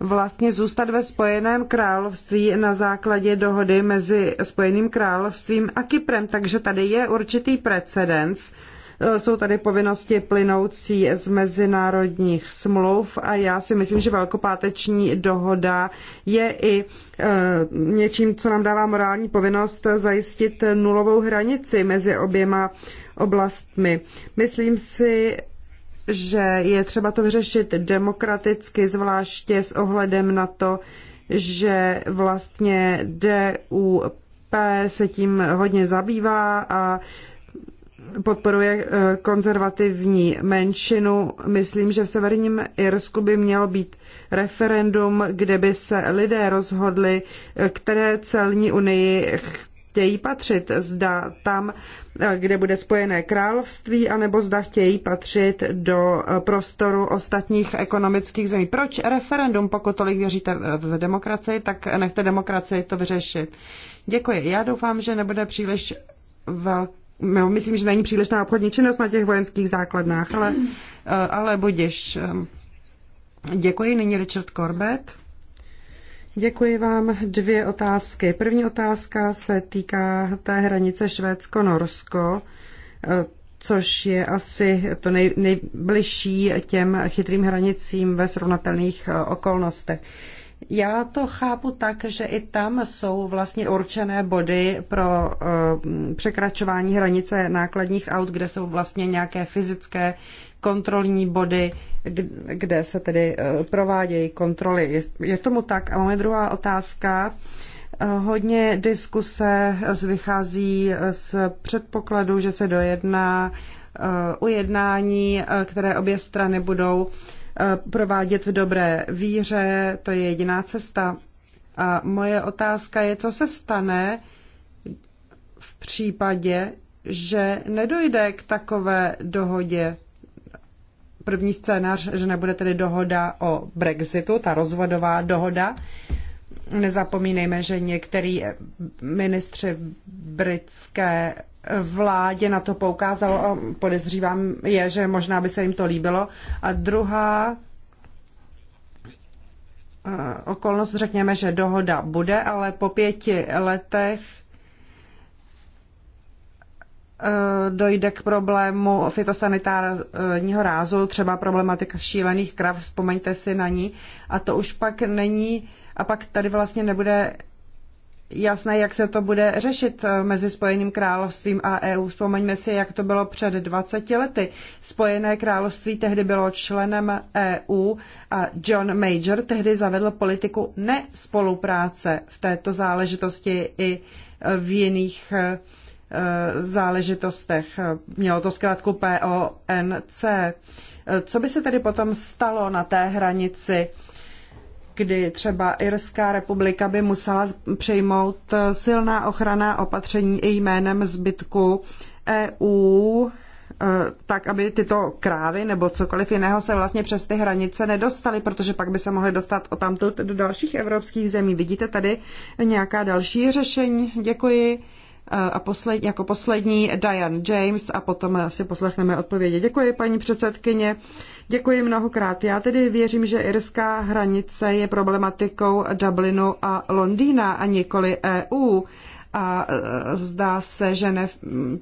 vlastně zůstat ve Spojeném království na základě dohody mezi Spojeným královstvím a Kyprem. Takže tady je určitý precedens Eh, jsou tady povinnosti plynoucí z mezinárodních smluv a já si myslím, že velkopáteční dohoda je i eh, něčím, co nám dává morální povinnost zajistit nulovou hranici mezi oběma oblastmi. Myslím si, že je třeba to vyřešit demokraticky, zvláště s ohledem na to, že vlastně DUP se tím hodně zabývá a podporuje eh, konzervativní menšinu. Myslím, že v severním Irsku by mělo být referendum, kde by se lidé rozhodli, eh, které celní unii chtějí patřit. Zda tam, eh, kde bude spojené království, anebo zda chtějí patřit do prostoru ostatních ekonomických zemí. Proč referendum, pokud tolik věříte v demokracii, tak nechte demokracii to vyřešit. Děkuji. Já doufám, že nebude příliš velký no, myslím, že není přílišná obchodní činnost na těch vojenských základnách, ale, eh, ale budiš. Eh, děkuji, nyní Richard Corbett. Děkuji vám. Dvě otázky. První otázka se týká té hranice Švédsko-Norsko, eh, což je asi to nej, nejbližší těm chytrým hranicím ve srovnatelných okolnostech. Já to chápu tak, že i tam jsou vlastně určené body pro eh, překračování hranice nákladních aut, kde jsou vlastně nějaké fyzické kontrolní body, kde se tedy eh, provádějí kontroly. Je tomu tak? A moje druhá otázka. Eh, hodně diskuse vychází z předpokladu, že se dojedná ujednání, které obě strany budou Eh, provádět v dobré víře, to je jediná cesta. A moje otázka je, co se stane v případě, že nedojde k takové dohodě. První scénář, že nebude tedy dohoda o Brexitu, ta rozvodová dohoda. Nezapomínejme, že některý ministři britské vládě na to poukázalo a podezřívám je, že možná by se jim to líbilo. A druhá eh, okolnost, řekněme, že dohoda bude, ale po pěti letech eh, dojde k problému fitosanitárního rázu, třeba problematika šílených krav, vzpomeňte si na ní, a to už pak není, a pak tady vlastně nebude jasné, jak se to bude řešit eh, mezi Spojeným královstvím a EU. Vzpomeňme si, jak to bylo před 20 lety. Spojené království tehdy bylo členem EU a John Major tehdy zavedl politiku nespolupráce v této záležitosti i eh, v jiných eh, záležitostech. Mělo to zkrátku PONC. Co by se tedy potom stalo na té hranici? kdy třeba Irská republika by musela přijmout silná ochrana opatření i jménem zbytku EU, eh, tak aby tyto krávy nebo cokoliv jiného se vlastně přes ty hranice nedostaly, protože pak by se mohly dostat odtamtud do dalších evropských zemí. Vidíte tady nějaká další řešení? Děkuji a posled, jako poslední Diane James a potom si poslechneme odpovědi. Děkuji, paní předsedkyně. Děkuji mnohokrát. Já tedy věřím, že irská hranice je problematikou Dublinu a Londýna a nikoli EU. A e, zdá se, že ne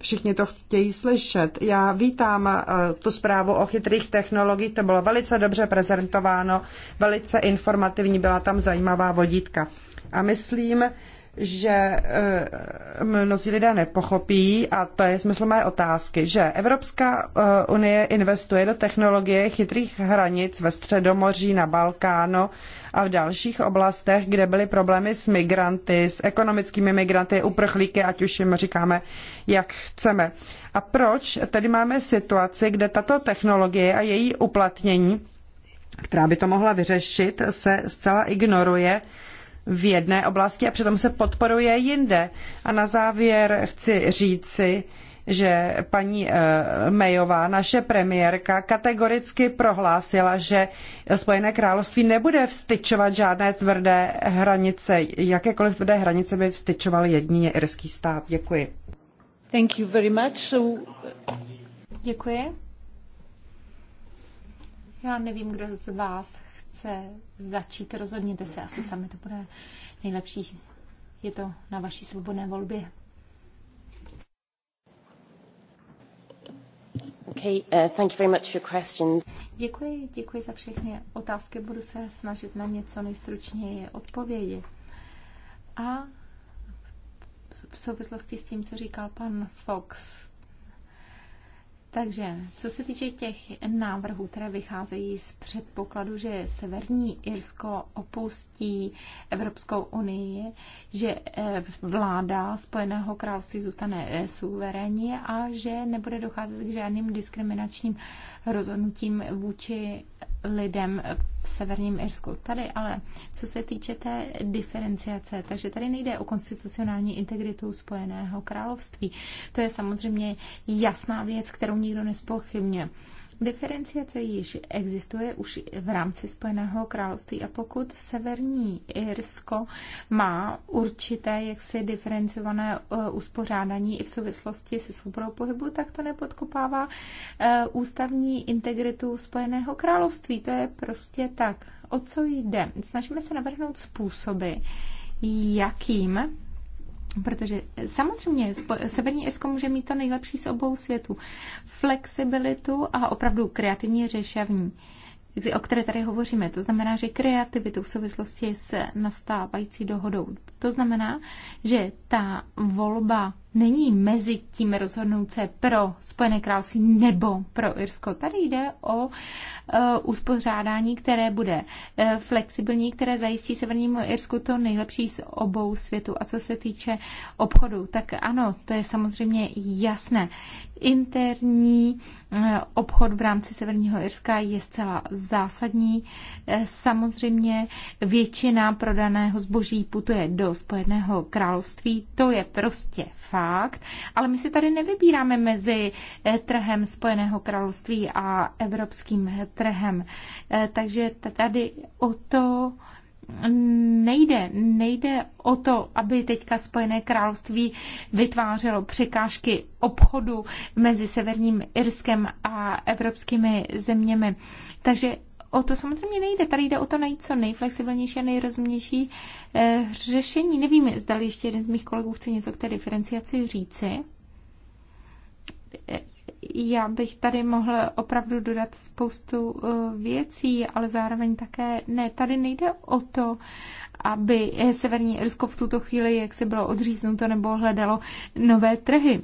všichni to chtějí slyšet. Já vítám e, tu zprávu o chytrých technologiích, to bylo velice dobře prezentováno, velice informativní, byla tam zajímavá vodítka. A myslím, že eh, mnozí lidé nepochopí, a to je smysl mé otázky, že Evropská eh, unie investuje do technologie chytrých hranic ve Středomoří, na Balkánu a v dalších oblastech, kde byly problémy s migranty, s ekonomickými migranty, uprchlíky, ať už jim říkáme, jak chceme. A proč tedy máme situaci, kde tato technologie a její uplatnění která by to mohla vyřešit, se zcela ignoruje v jedné oblasti a přitom se podporuje jinde. A na závěr chci říci, že paní eh, Mayová, naše premiérka, kategoricky prohlásila, že Spojené království nebude vstyčovat žádné tvrdé hranice. Jakékoliv tvrdé hranice by vstyčoval jedině irský stát. Děkuji. Thank you very much. So... Děkuji. Já nevím, kdo z vás chce začít, rozhodněte se asi sami, to bude nejlepší. Je to na vaší svobodné volbě. Okay, uh, thank you very much for questions. Děkuji, děkuji za všechny otázky. Budu se snažit na něco nejstručněji odpovědět. A v souvislosti s tím, co říkal pan Fox, takže co se týče těch návrhů, které vycházejí z předpokladu, že Severní Irsko opustí Evropskou unii, že eh, vláda Spojeného království zůstane eh, suverénní a že nebude docházet k žádným diskriminačním rozhodnutím vůči lidem v Severním Irsku. Tady ale, co se týče té diferenciace, takže tady nejde o konstitucionální integritu Spojeného království. To je samozřejmě jasná věc, kterou nikdo nespochybně. Diferenciace již existuje už v rámci Spojeného království a pokud Severní Irsko má určité jaksi diferenciované e, uspořádání i v souvislosti se svobodou pohybu, tak to nepodkopává e, ústavní integritu Spojeného království. To je prostě tak. O co jde? Snažíme se navrhnout způsoby, jakým Protože samozřejmě Severní Irsko může mít to nejlepší z obou světů. Flexibilitu a opravdu kreativní řešení o které tady hovoříme. To znamená, že kreativitu v souvislosti s nastávající dohodou. To znamená, že ta volba není mezi tím rozhodnout se pro Spojené království nebo pro Irsko. Tady jde o e, uspořádání, které bude e, flexibilní, které zajistí Severnímu Irsku to nejlepší z obou světů. A co se týče obchodu, tak ano, to je samozřejmě jasné. Interní e, obchod v rámci Severního Irska je zcela zásadní. Samozřejmě většina prodaného zboží putuje do Spojeného království. To je prostě fakt fakt, ale my si tady nevybíráme mezi eh, trhem Spojeného království a evropským trhem. Eh, takže tady o to nejde, nejde o to, aby teďka Spojené království vytvářelo překážky obchodu mezi Severním Irskem a evropskými zeměmi. Takže o to samozřejmě nejde. Tady jde o to najít co nejflexibilnější a nejrozumější e, eh, řešení. Nevím, zda ještě jeden z mých kolegů chce něco k té diferenciaci říci. Eh, já bych tady mohl opravdu dodat spoustu eh, věcí, ale zároveň také ne. Tady nejde o to, aby Severní Irsko v tuto chvíli, jak se bylo odříznuto nebo hledalo nové trhy.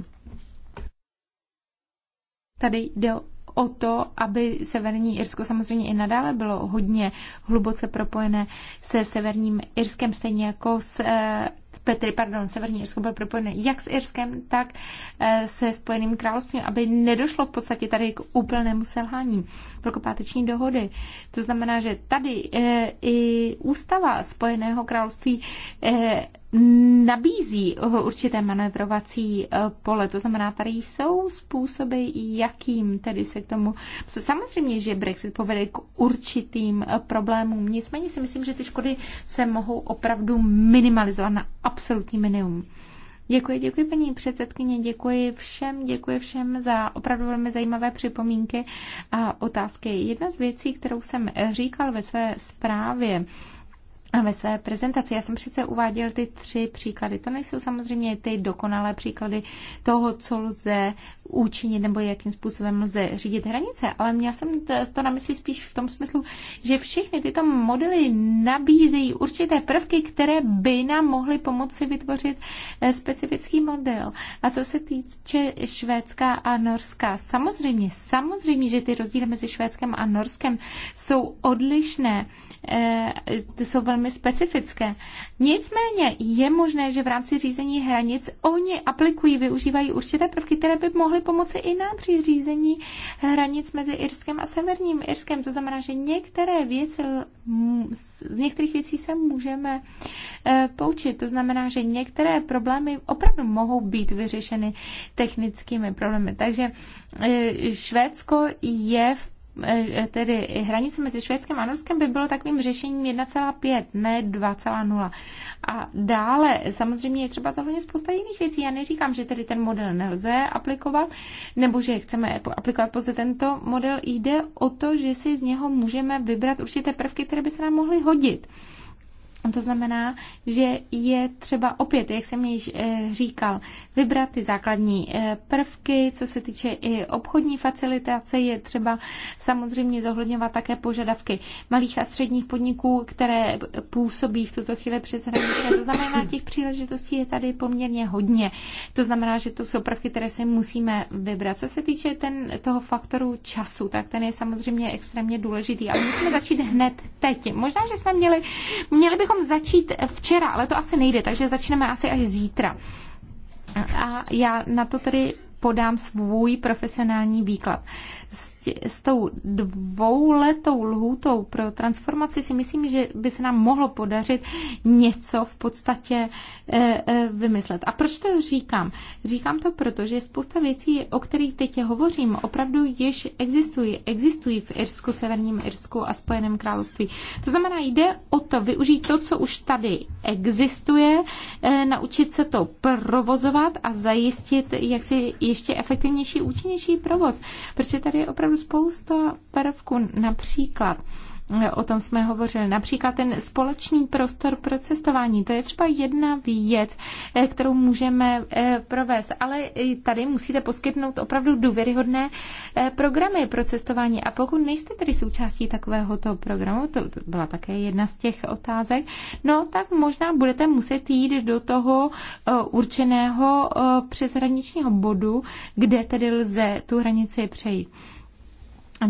Tady jde o to, aby Severní Irsko samozřejmě i nadále bylo hodně hluboce propojené se Severním Irskem, stejně jako s eh, Petry, pardon, Severní Irsko bylo propojené jak s Irskem, tak eh, se Spojeným královstvím, aby nedošlo v podstatě tady k úplnému selhání velkopáteční dohody. To znamená, že tady eh, i ústava Spojeného království eh, nabízí určité manévrovací pole. To znamená, tady jsou způsoby, jakým tedy se k tomu... Samozřejmě, že Brexit povede k určitým problémům, nicméně si myslím, že ty škody se mohou opravdu minimalizovat na absolutní minimum. Děkuji, děkuji paní předsedkyně, děkuji všem, děkuji všem za opravdu velmi zajímavé připomínky a otázky. Jedna z věcí, kterou jsem říkal ve své zprávě, ve své prezentaci. Já jsem přece uváděl ty tři příklady. To nejsou samozřejmě ty dokonalé příklady toho, co lze učinit nebo jakým způsobem lze řídit hranice, ale měl jsem to na mysli spíš v tom smyslu, že všechny tyto modely nabízejí určité prvky, které by nám mohly pomoci vytvořit eh, specifický model. A co se týče Švédska a Norska, samozřejmě, samozřejmě, že ty rozdíly mezi Švédskem a Norskem jsou odlišné. Eh, ty jsou velmi specifické. Nicméně je možné, že v rámci řízení hranic oni aplikují, využívají určité prvky, které by mohly pomoci i nám při řízení hranic mezi Irskem a Severním Irskem. To znamená, že některé věci, z některých věcí se můžeme eh, poučit. To znamená, že některé problémy opravdu mohou být vyřešeny technickými problémy. Takže eh, Švédsko je v E, tedy hranice mezi Švédskem a Norskem by bylo takovým řešením 1,5, ne 2,0. A dále samozřejmě je třeba zohlednit spousta jiných věcí. Já neříkám, že tedy ten model nelze aplikovat, nebo že chceme aplikovat pouze tento model. Jde o to, že si z něho můžeme vybrat určité prvky, které by se nám mohly hodit. To znamená, že je třeba opět, jak jsem již eh, říkal, vybrat ty základní eh, prvky, co se týče i obchodní facilitace, je třeba samozřejmě zohledňovat také požadavky malých a středních podniků, které působí v tuto chvíli přes hranice. To znamená, těch příležitostí je tady poměrně hodně. To znamená, že to jsou prvky, které si musíme vybrat. Co se týče ten, toho faktoru času, tak ten je samozřejmě extrémně důležitý, ale musíme začít hned teď. Možná, že jsme měli, měli bychom bychom začít včera, ale to asi nejde, takže začneme asi až zítra. A já na to tedy podám svůj profesionální výklad. S Prostě s tou dvouletou lhůtou pro transformaci si myslím, že by se nám mohlo podařit něco v podstatě eh, eh, vymyslet. A proč to říkám? Říkám to proto, že spousta věcí, o kterých teď hovořím, opravdu již existují. Existují v Irsku, Severním Irsku a Spojeném království. To znamená, jde o to využít to, co už tady existuje, eh, naučit se to provozovat a zajistit jaksi ještě efektivnější, účinnější provoz. Protože tady je opravdu opravdu spousta prvků, například eh, o tom jsme hovořili. Například ten společný prostor pro cestování, to je třeba jedna věc, eh, kterou můžeme eh, provést, ale tady musíte poskytnout opravdu důvěryhodné programy pro cestování. A pokud nejste tedy součástí takovéhoto programu, to, to byla také jedna z těch otázek, no tak možná budete muset jít do toho určeného přeshraničního bodu, kde tedy lze tu hranici přejít.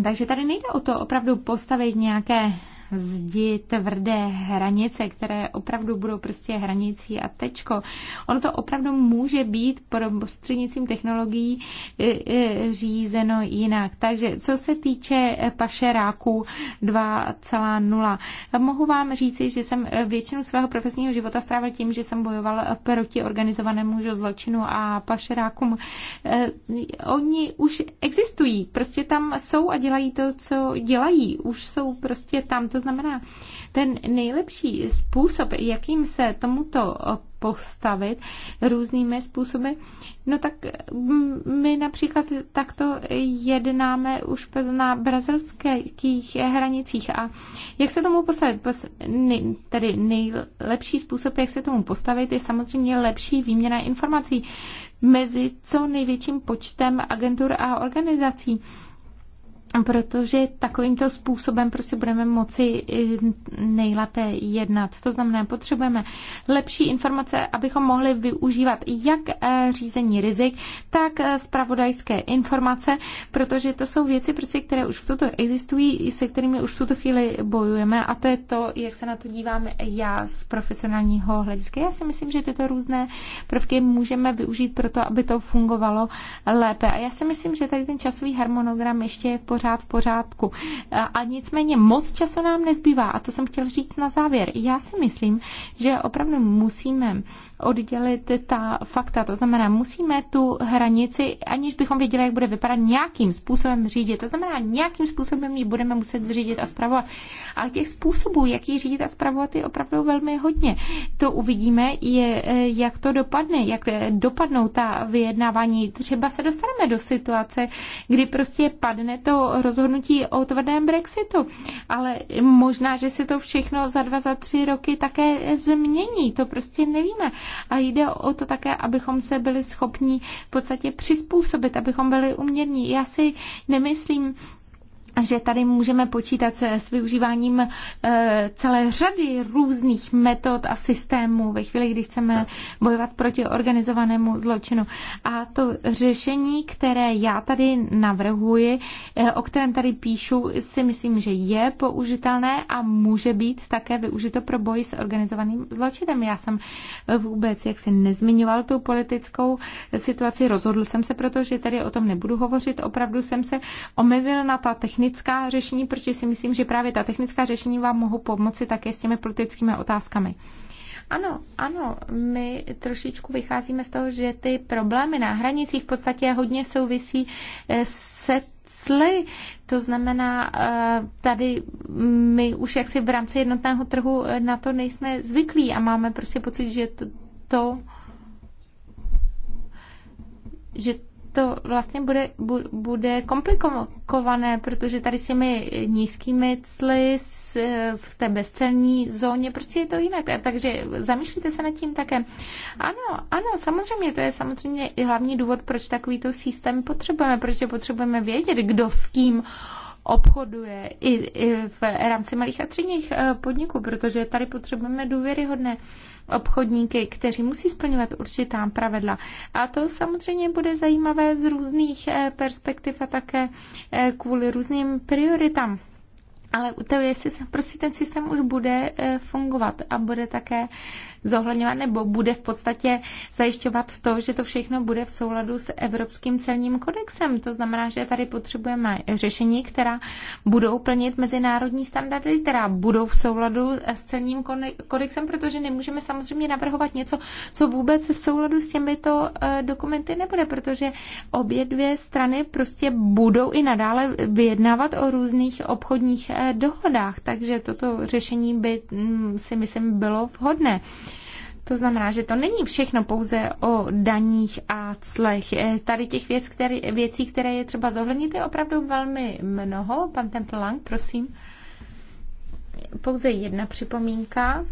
Takže tady nejde o to opravdu postavit nějaké zdi, tvrdé hranice, které opravdu budou prostě hranicí a tečko. Ono to opravdu může být prostřednictvím technologií e, e, řízeno jinak. Takže co se týče pašeráků 2,0, mohu vám říci, že jsem většinu svého profesního života strávil tím, že jsem bojoval proti organizovanému zločinu a pašerákům. E, oni už existují, prostě tam jsou a dělají to, co dělají. Už jsou prostě tam, to znamená, ten nejlepší způsob, jakým se tomuto postavit různými způsoby. No tak mm, my například takto jednáme už na brazilských hranicích a jak se tomu postavit? Tedy nejlepší způsob, jak se tomu postavit, je samozřejmě lepší výměna informací mezi co největším počtem agentur a organizací protože takovýmto způsobem prostě budeme moci eh, nejlépe jednat. To znamená, potřebujeme lepší informace, abychom mohli využívat jak eh, řízení rizik, tak spravodajské eh, informace, protože to jsou věci, prostě, které už v tuto existují, se kterými už v tuto chvíli bojujeme a to je to, jak se na to dívám já z profesionálního hlediska. Já si myslím, že tyto různé prvky můžeme využít pro to, aby to fungovalo lépe. A já si myslím, že tady ten časový harmonogram ještě je v pořádku pořád v pořádku. A nicméně moc času nám nezbývá a to jsem chtěl říct na závěr. Já si myslím, že opravdu musíme oddělit ta fakta. To znamená, musíme tu hranici, aniž bychom věděli, jak bude vypadat, nějakým způsobem řídit. To znamená, nějakým způsobem ji budeme muset řídit a zpravovat. Ale těch způsobů, jak ji řídit a zpravovat, je opravdu velmi hodně. To uvidíme, je, eh, jak to dopadne, jak eh, dopadnou ta vyjednávání. Třeba se dostaneme do situace, kdy prostě padne to rozhodnutí o tvrdém Brexitu. Ale možná, že se to všechno za dva, za tři roky také změní. To prostě nevíme a jde o to také, abychom se byli schopni v podstatě přizpůsobit, abychom byli uměrní. Já si nemyslím, že tady můžeme počítat se, s využíváním eh, celé řady různých metod a systémů ve chvíli, kdy chceme bojovat proti organizovanému zločinu. A to řešení, které já tady navrhuji, eh, o kterém tady píšu, si myslím, že je použitelné a může být také využito pro boj s organizovaným zločinem. Já jsem vůbec jaksi nezmiňoval tu politickou situaci, rozhodl jsem se proto, že tady o tom nebudu hovořit, opravdu jsem se omezil na ta technická technická řešení, protože si myslím, že právě ta technická řešení vám mohou pomoci také s těmi politickými otázkami. Ano, ano, my trošičku vycházíme z toho, že ty problémy na hranicích v podstatě hodně souvisí eh, se cly. To znamená, eh, tady my už jaksi v rámci jednotného trhu eh, na to nejsme zvyklí a máme prostě pocit, že to, to že to vlastně bude, bude komplikované, protože tady s těmi nízkými cly, s, v té bezcelní zóně, prostě je to jinak. Takže zamýšlíte se nad tím také. Ano, ano, samozřejmě, to je samozřejmě i hlavní důvod, proč takovýto systém potřebujeme, protože potřebujeme vědět, kdo s kým obchoduje i, i v rámci malých a středních eh, podniků, protože tady potřebujeme důvěryhodné obchodníky, kteří musí splňovat určitá pravidla. A to samozřejmě bude zajímavé z různých eh, perspektiv a také eh, kvůli různým prioritám. Ale toho, jestli prostě ten systém už bude eh, fungovat a bude také zohledňovat nebo bude v podstatě zajišťovat to, že to všechno bude v souladu s Evropským celním kodexem. To znamená, že tady potřebujeme řešení, která budou plnit mezinárodní standardy, která budou v souladu s celním kodexem, protože nemůžeme samozřejmě navrhovat něco, co vůbec v souladu s těmito eh, dokumenty nebude, protože obě dvě strany prostě budou i nadále vyjednávat o různých obchodních eh, dohodách, takže toto řešení by mm, si myslím bylo vhodné. To znamená, že to není všechno pouze o daních a clech. Eh, tady těch věc, který, věcí, které je třeba zohlednit, je opravdu velmi mnoho. Pan Lang, prosím. Pouze jedna připomínka.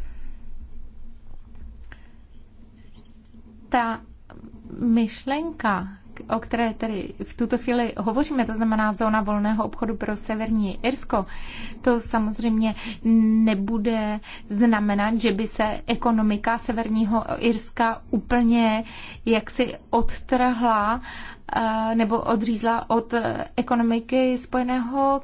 Ta myšlenka o které tedy v tuto chvíli hovoříme, to znamená zóna volného obchodu pro severní Irsko, to samozřejmě nebude znamenat, že by se ekonomika severního Irska úplně jaksi odtrhla eh, nebo odřízla od ekonomiky Spojeného